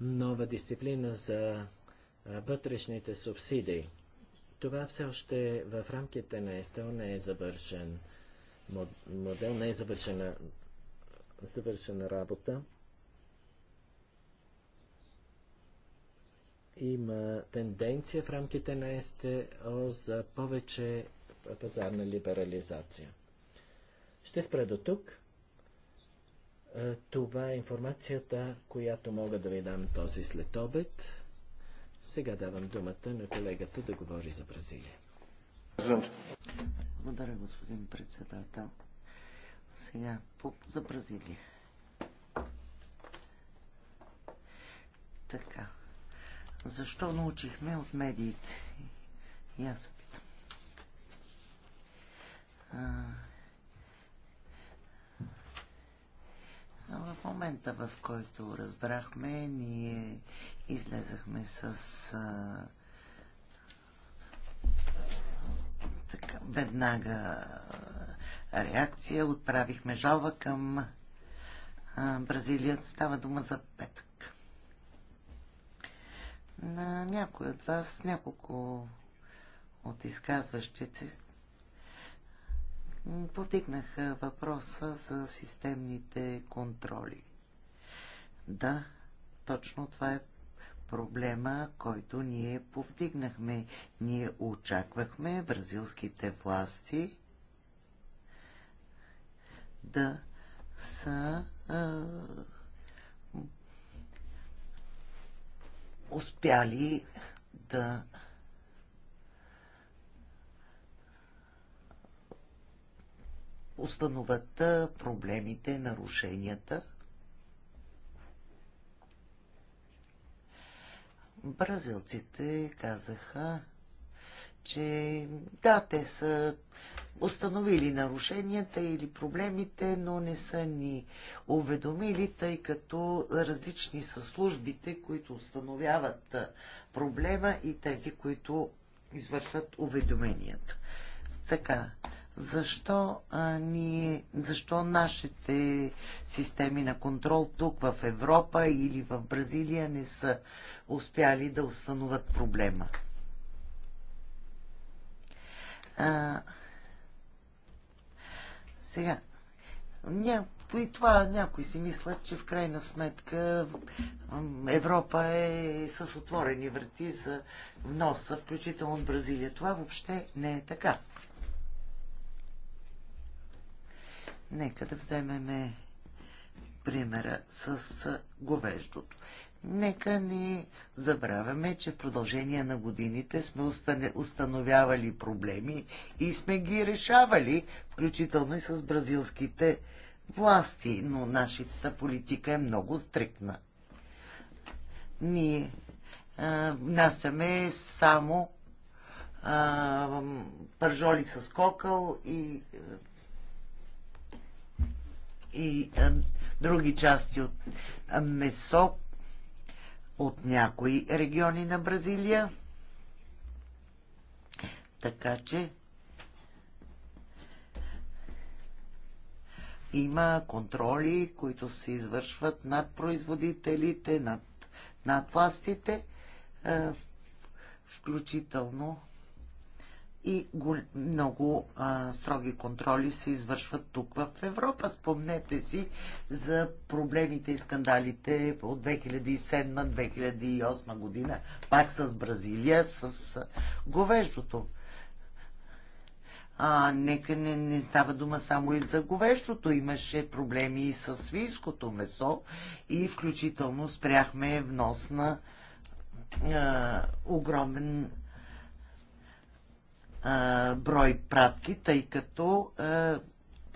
нова дисциплина за вътрешните субсидии. Това все още в рамките на СТО не е завършен модел, не е завършена завършена работа. Има тенденция в рамките на СТО за повече пазарна либерализация. Ще спре до тук. Това е информацията, която мога да ви дам този след обед. Сега давам думата на колегата да говори за Бразилия. Благодаря, господин председател. Сега за Бразилия. Така. Защо научихме от медиите? И аз се питам. А... В момента, в който разбрахме, ние излезахме с а, така, веднага реакция. Отправихме жалба към Бразилия. Става дума за петък. На някой от вас, няколко от изказващите, повдигнаха въпроса за системните контроли. Да, точно това е проблема, който ние повдигнахме. Ние очаквахме бразилските власти да са успяли да установят проблемите, нарушенията. Бразилците казаха, че да, те са установили нарушенията или проблемите, но не са ни уведомили, тъй като различни са службите, които установяват проблема и тези, които извършват уведоменията. Така, защо, а, ние, защо нашите системи на контрол тук в Европа или в Бразилия не са успяли да установят проблема? А, сега, ня... и това някои си мислят, че в крайна сметка Европа е с отворени врати за вноса, включително от Бразилия. Това въобще не е така. Нека да вземеме примера с говеждото. Нека не забравяме, че в продължение на годините сме установявали проблеми и сме ги решавали, включително и с бразилските власти, но нашата политика е много стрикна. Ние внасяме само а, пържоли с кокъл и, и а, други части от месок от някои региони на Бразилия. Така че има контроли, които се извършват над производителите, над, над властите, включително и много а, строги контроли се извършват тук в Европа. Спомнете си за проблемите и скандалите от 2007-2008 година, пак с Бразилия, с говеждото. А, нека не, не става дума само и за говещото. Имаше проблеми и с свинското месо и включително спряхме внос на а, огромен брой пратки, тъй като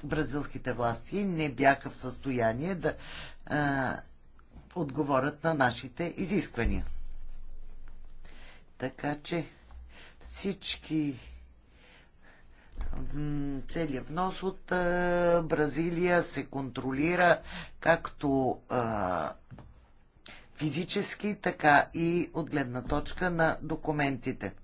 бразилските власти не бяха в състояние да отговорят на нашите изисквания. Така че всички целият внос от Бразилия се контролира както физически, така и от гледна точка на документите.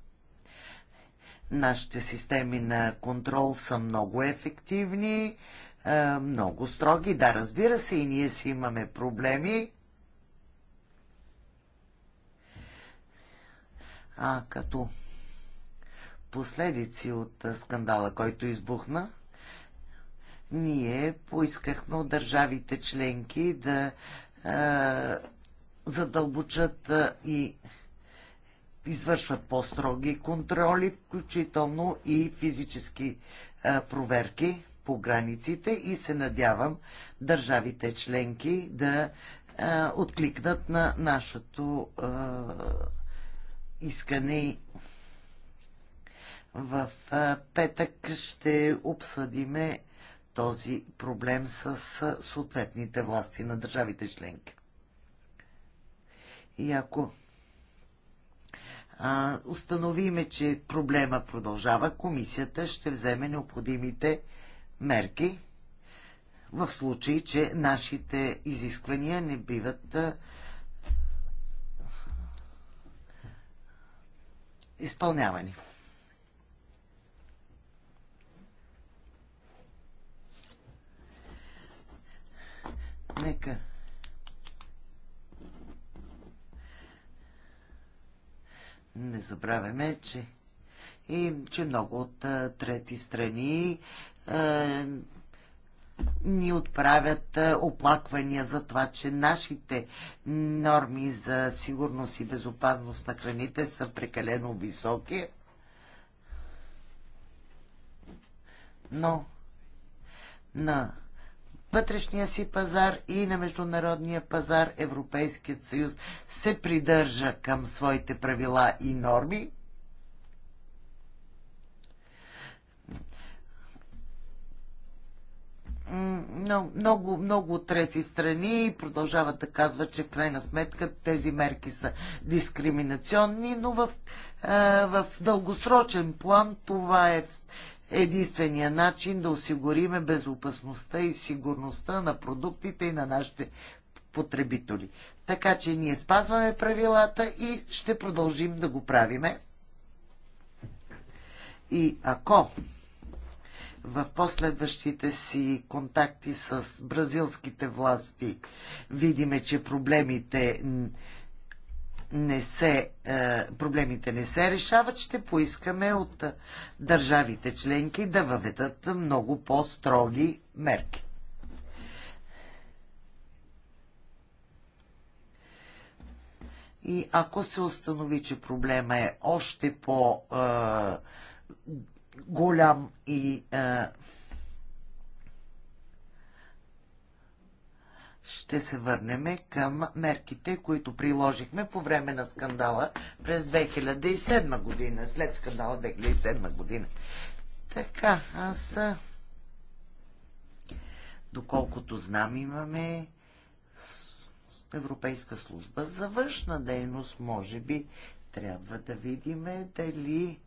Нашите системи на контрол са много ефективни, е, много строги. Да, разбира се, и ние си имаме проблеми. А като последици от скандала, който избухна, ние поискахме от държавите членки да е, задълбочат е, и извършват по-строги контроли, включително и физически проверки по границите и се надявам държавите членки да откликнат на нашето искане. В петък ще обсъдиме този проблем с съответните власти на държавите членки. И ако а, установиме, че проблема продължава, комисията ще вземе необходимите мерки в случай, че нашите изисквания не биват а, изпълнявани. Нека не забравяме, че и че много от а, трети страни а, ни отправят а, оплаквания за това, че нашите норми за сигурност и безопасност на храните са прекалено високи. Но на вътрешния си пазар и на международния пазар Европейският съюз се придържа към своите правила и норми. Много, много от трети страни продължават да казват, че в крайна сметка тези мерки са дискриминационни, но в, в дългосрочен план това е единствения начин да осигуриме безопасността и сигурността на продуктите и на нашите потребители. Така че ние спазваме правилата и ще продължим да го правиме. И ако в последващите си контакти с бразилските власти видиме, че проблемите не се, е, проблемите не се решават, ще поискаме от е, държавите членки да въведат много по-строги мерки. И ако се установи, че проблема е още по-голям е, и ще се върнем към мерките, които приложихме по време на скандала през 2007 година, след скандала 2007 година. Така, аз доколкото знам, имаме Европейска служба за външна дейност. Може би трябва да видим дали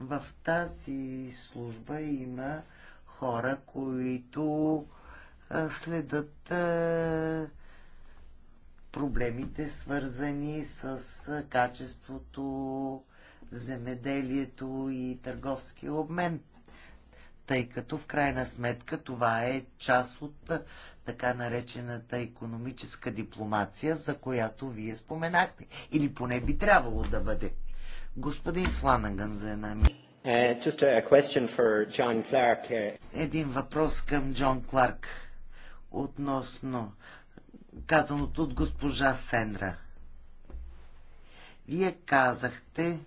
в тази служба има хора, които следат проблемите, свързани с качеството, земеделието и търговски обмен. Тъй като в крайна сметка това е част от така наречената економическа дипломация, за която вие споменахте. Или поне би трябвало да бъде. Господин Фланаган за една минута. Uh, Един въпрос към Джон Кларк относно казаното от госпожа Сенра. Вие казахте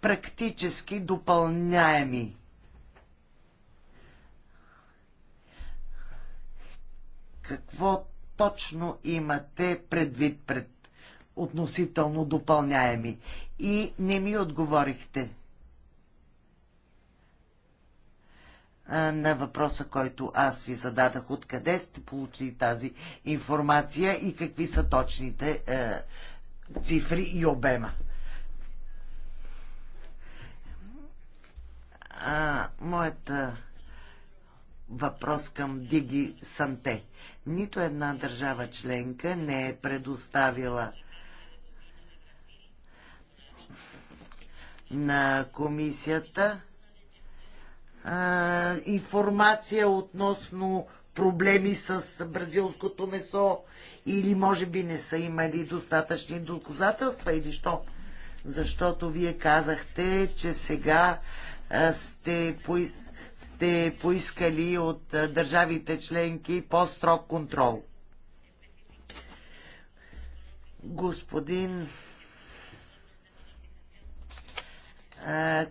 практически допълняеми. Какво точно имате предвид пред относително допълняеми? И не ми отговорихте. на въпроса, който аз ви зададах. Откъде сте получили тази информация и какви са точните е, цифри и обема? А, моята въпрос към Диги Санте. Нито една държава членка не е предоставила на комисията информация относно проблеми с бразилското месо или може би не са имали достатъчни доказателства или що? Защото вие казахте, че сега сте, поис... сте поискали от държавите членки по-строг контрол. Господин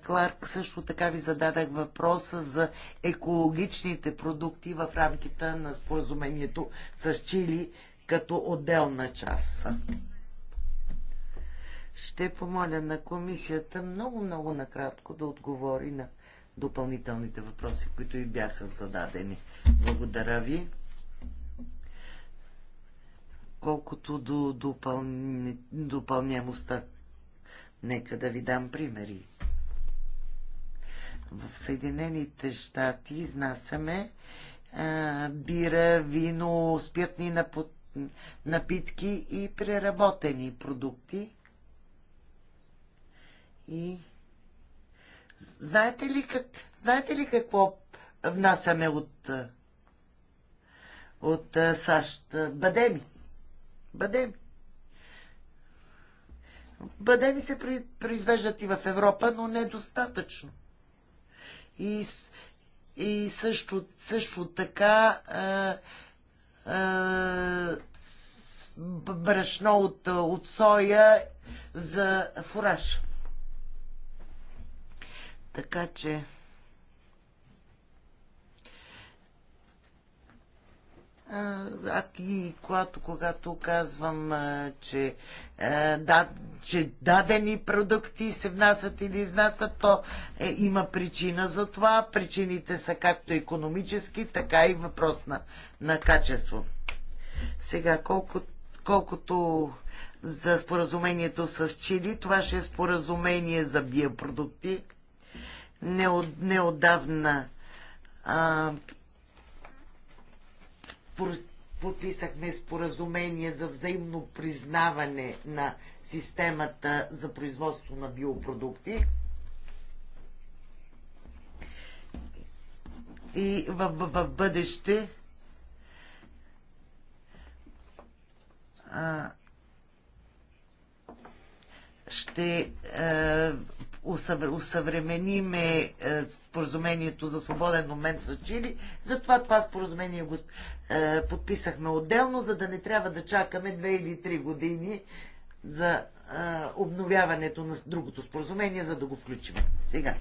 Кларк, също така ви зададах въпроса за екологичните продукти в рамките на споразумението с Чили като отделна част. Ще помоля на комисията много-много накратко да отговори на допълнителните въпроси, които и бяха зададени. Благодаря ви. Колкото до допълнямостта. допълняемостта Нека да ви дам примери. В Съединените щати изнасяме а, бира, вино, спиртни напот... напитки и преработени продукти. И знаете ли, как... знаете ли какво внасяме от, от САЩ? Бадеми. Бадеми. Бъдени се произвеждат и в Европа, но недостатъчно. И, и също, също така а, а, брашно от, от соя за фураж. Така че. а и когато, когато казвам, че, да, че дадени продукти се внасят или изнасят, то е, има причина за това. Причините са както економически, така и въпрос на, на качество. Сега, колко, колкото за споразумението с Чили, това ще е споразумение за биопродукти. Неодавна а, подписахме споразумение за взаимно признаване на системата за производство на биопродукти. И в, в, в бъдеще а, ще а, е споразумението за свободен момент с Чили. Затова това споразумение го е, подписахме отделно, за да не трябва да чакаме две или три години за е, обновяването на другото споразумение, за да го включим. Сега.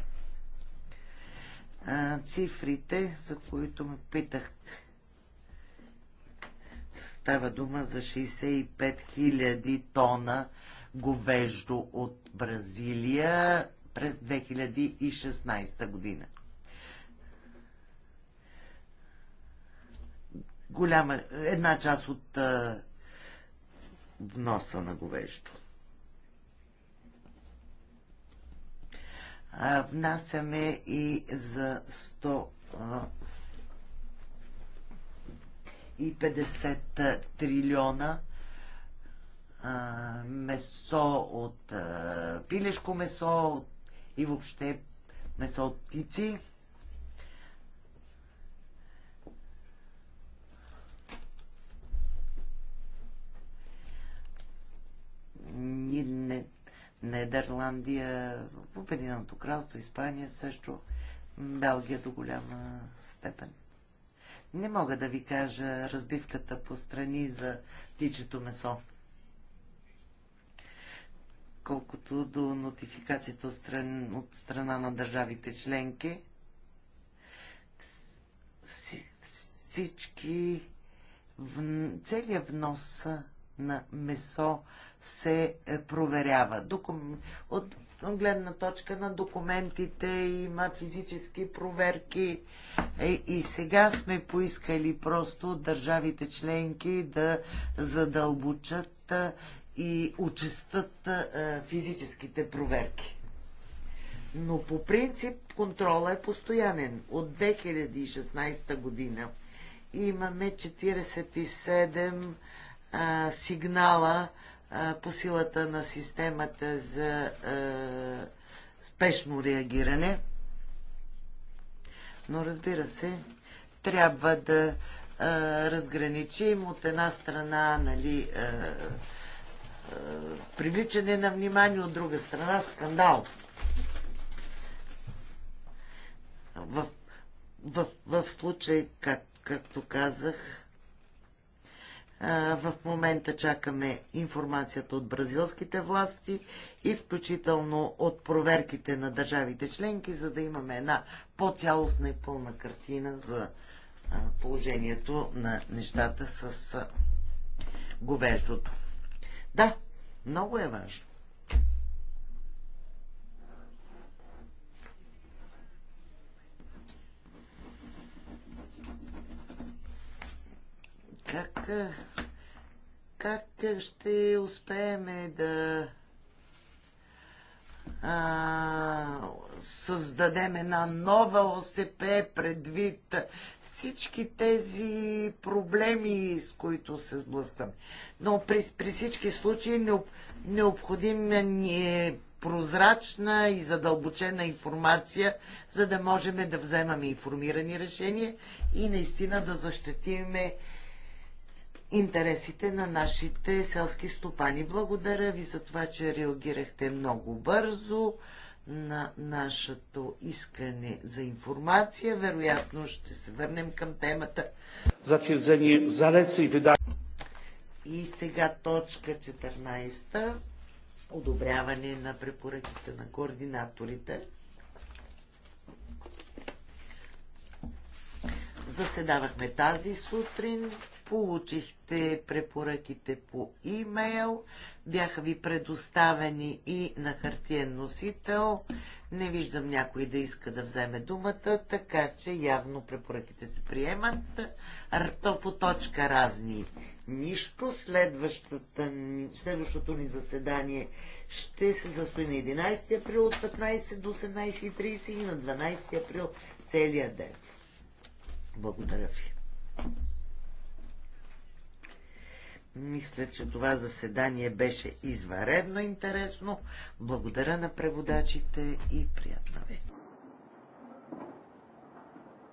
Е, цифрите, за които ме питахте. Става дума за 65 000 тона говеждо от Бразилия през 2016 година. Голяма, една част от а, вноса на говеждо. А, внасяме и за 100 а, и 50 трилиона месо от пилешко месо, от и въобще месо от птици. Нидерландия, Обединеното кралство, Испания също, Белгия до голяма степен. Не мога да ви кажа разбивката по страни за птичето месо колкото до нотификацията от, стран, от страна на държавите членки. Всички, целият внос на месо се е, проверява. Докум... От гледна точка на документите има физически проверки е, и сега сме поискали просто държавите членки да задълбочат е, и участат физическите проверки. Но по принцип контрола е постоянен. От 2016 година имаме 47 а, сигнала а, по силата на системата за а, спешно реагиране. Но разбира се, трябва да а, разграничим от една страна нали, а, е, привличане на внимание, от друга страна скандал. В, в, в случай, как, както казах, е, в момента чакаме информацията от бразилските власти и включително от проверките на държавите членки, за да имаме една по-цялостна и пълна картина за е, положението на нещата с говеждото. Да, много е важно. Как, как ще успеем да създадем една нова ОСП предвид всички тези проблеми, с които се сблъскваме. Но при, при всички случаи необ, необходима ни е прозрачна и задълбочена информация, за да можем да вземаме информирани решения и наистина да защитиме интересите на нашите селски стопани. Благодаря ви за това, че реагирахте много бързо на нашето искане за информация. Вероятно ще се върнем към темата. Затвърдение леца и вида. И сега точка 14. Одобряване на препоръките на координаторите. Заседавахме тази сутрин. Получихте препоръките по имейл, бяха ви предоставени и на хартиен носител. Не виждам някой да иска да вземе думата, така че явно препоръките се приемат. То по точка разни нищо. следващото ни заседание ще се застои на 11 април от 15 до 18.30 и на 12 април целия ден. Благодаря ви. Мисля, че това заседание беше изваредно интересно. Благодаря на преводачите и приятна вечер.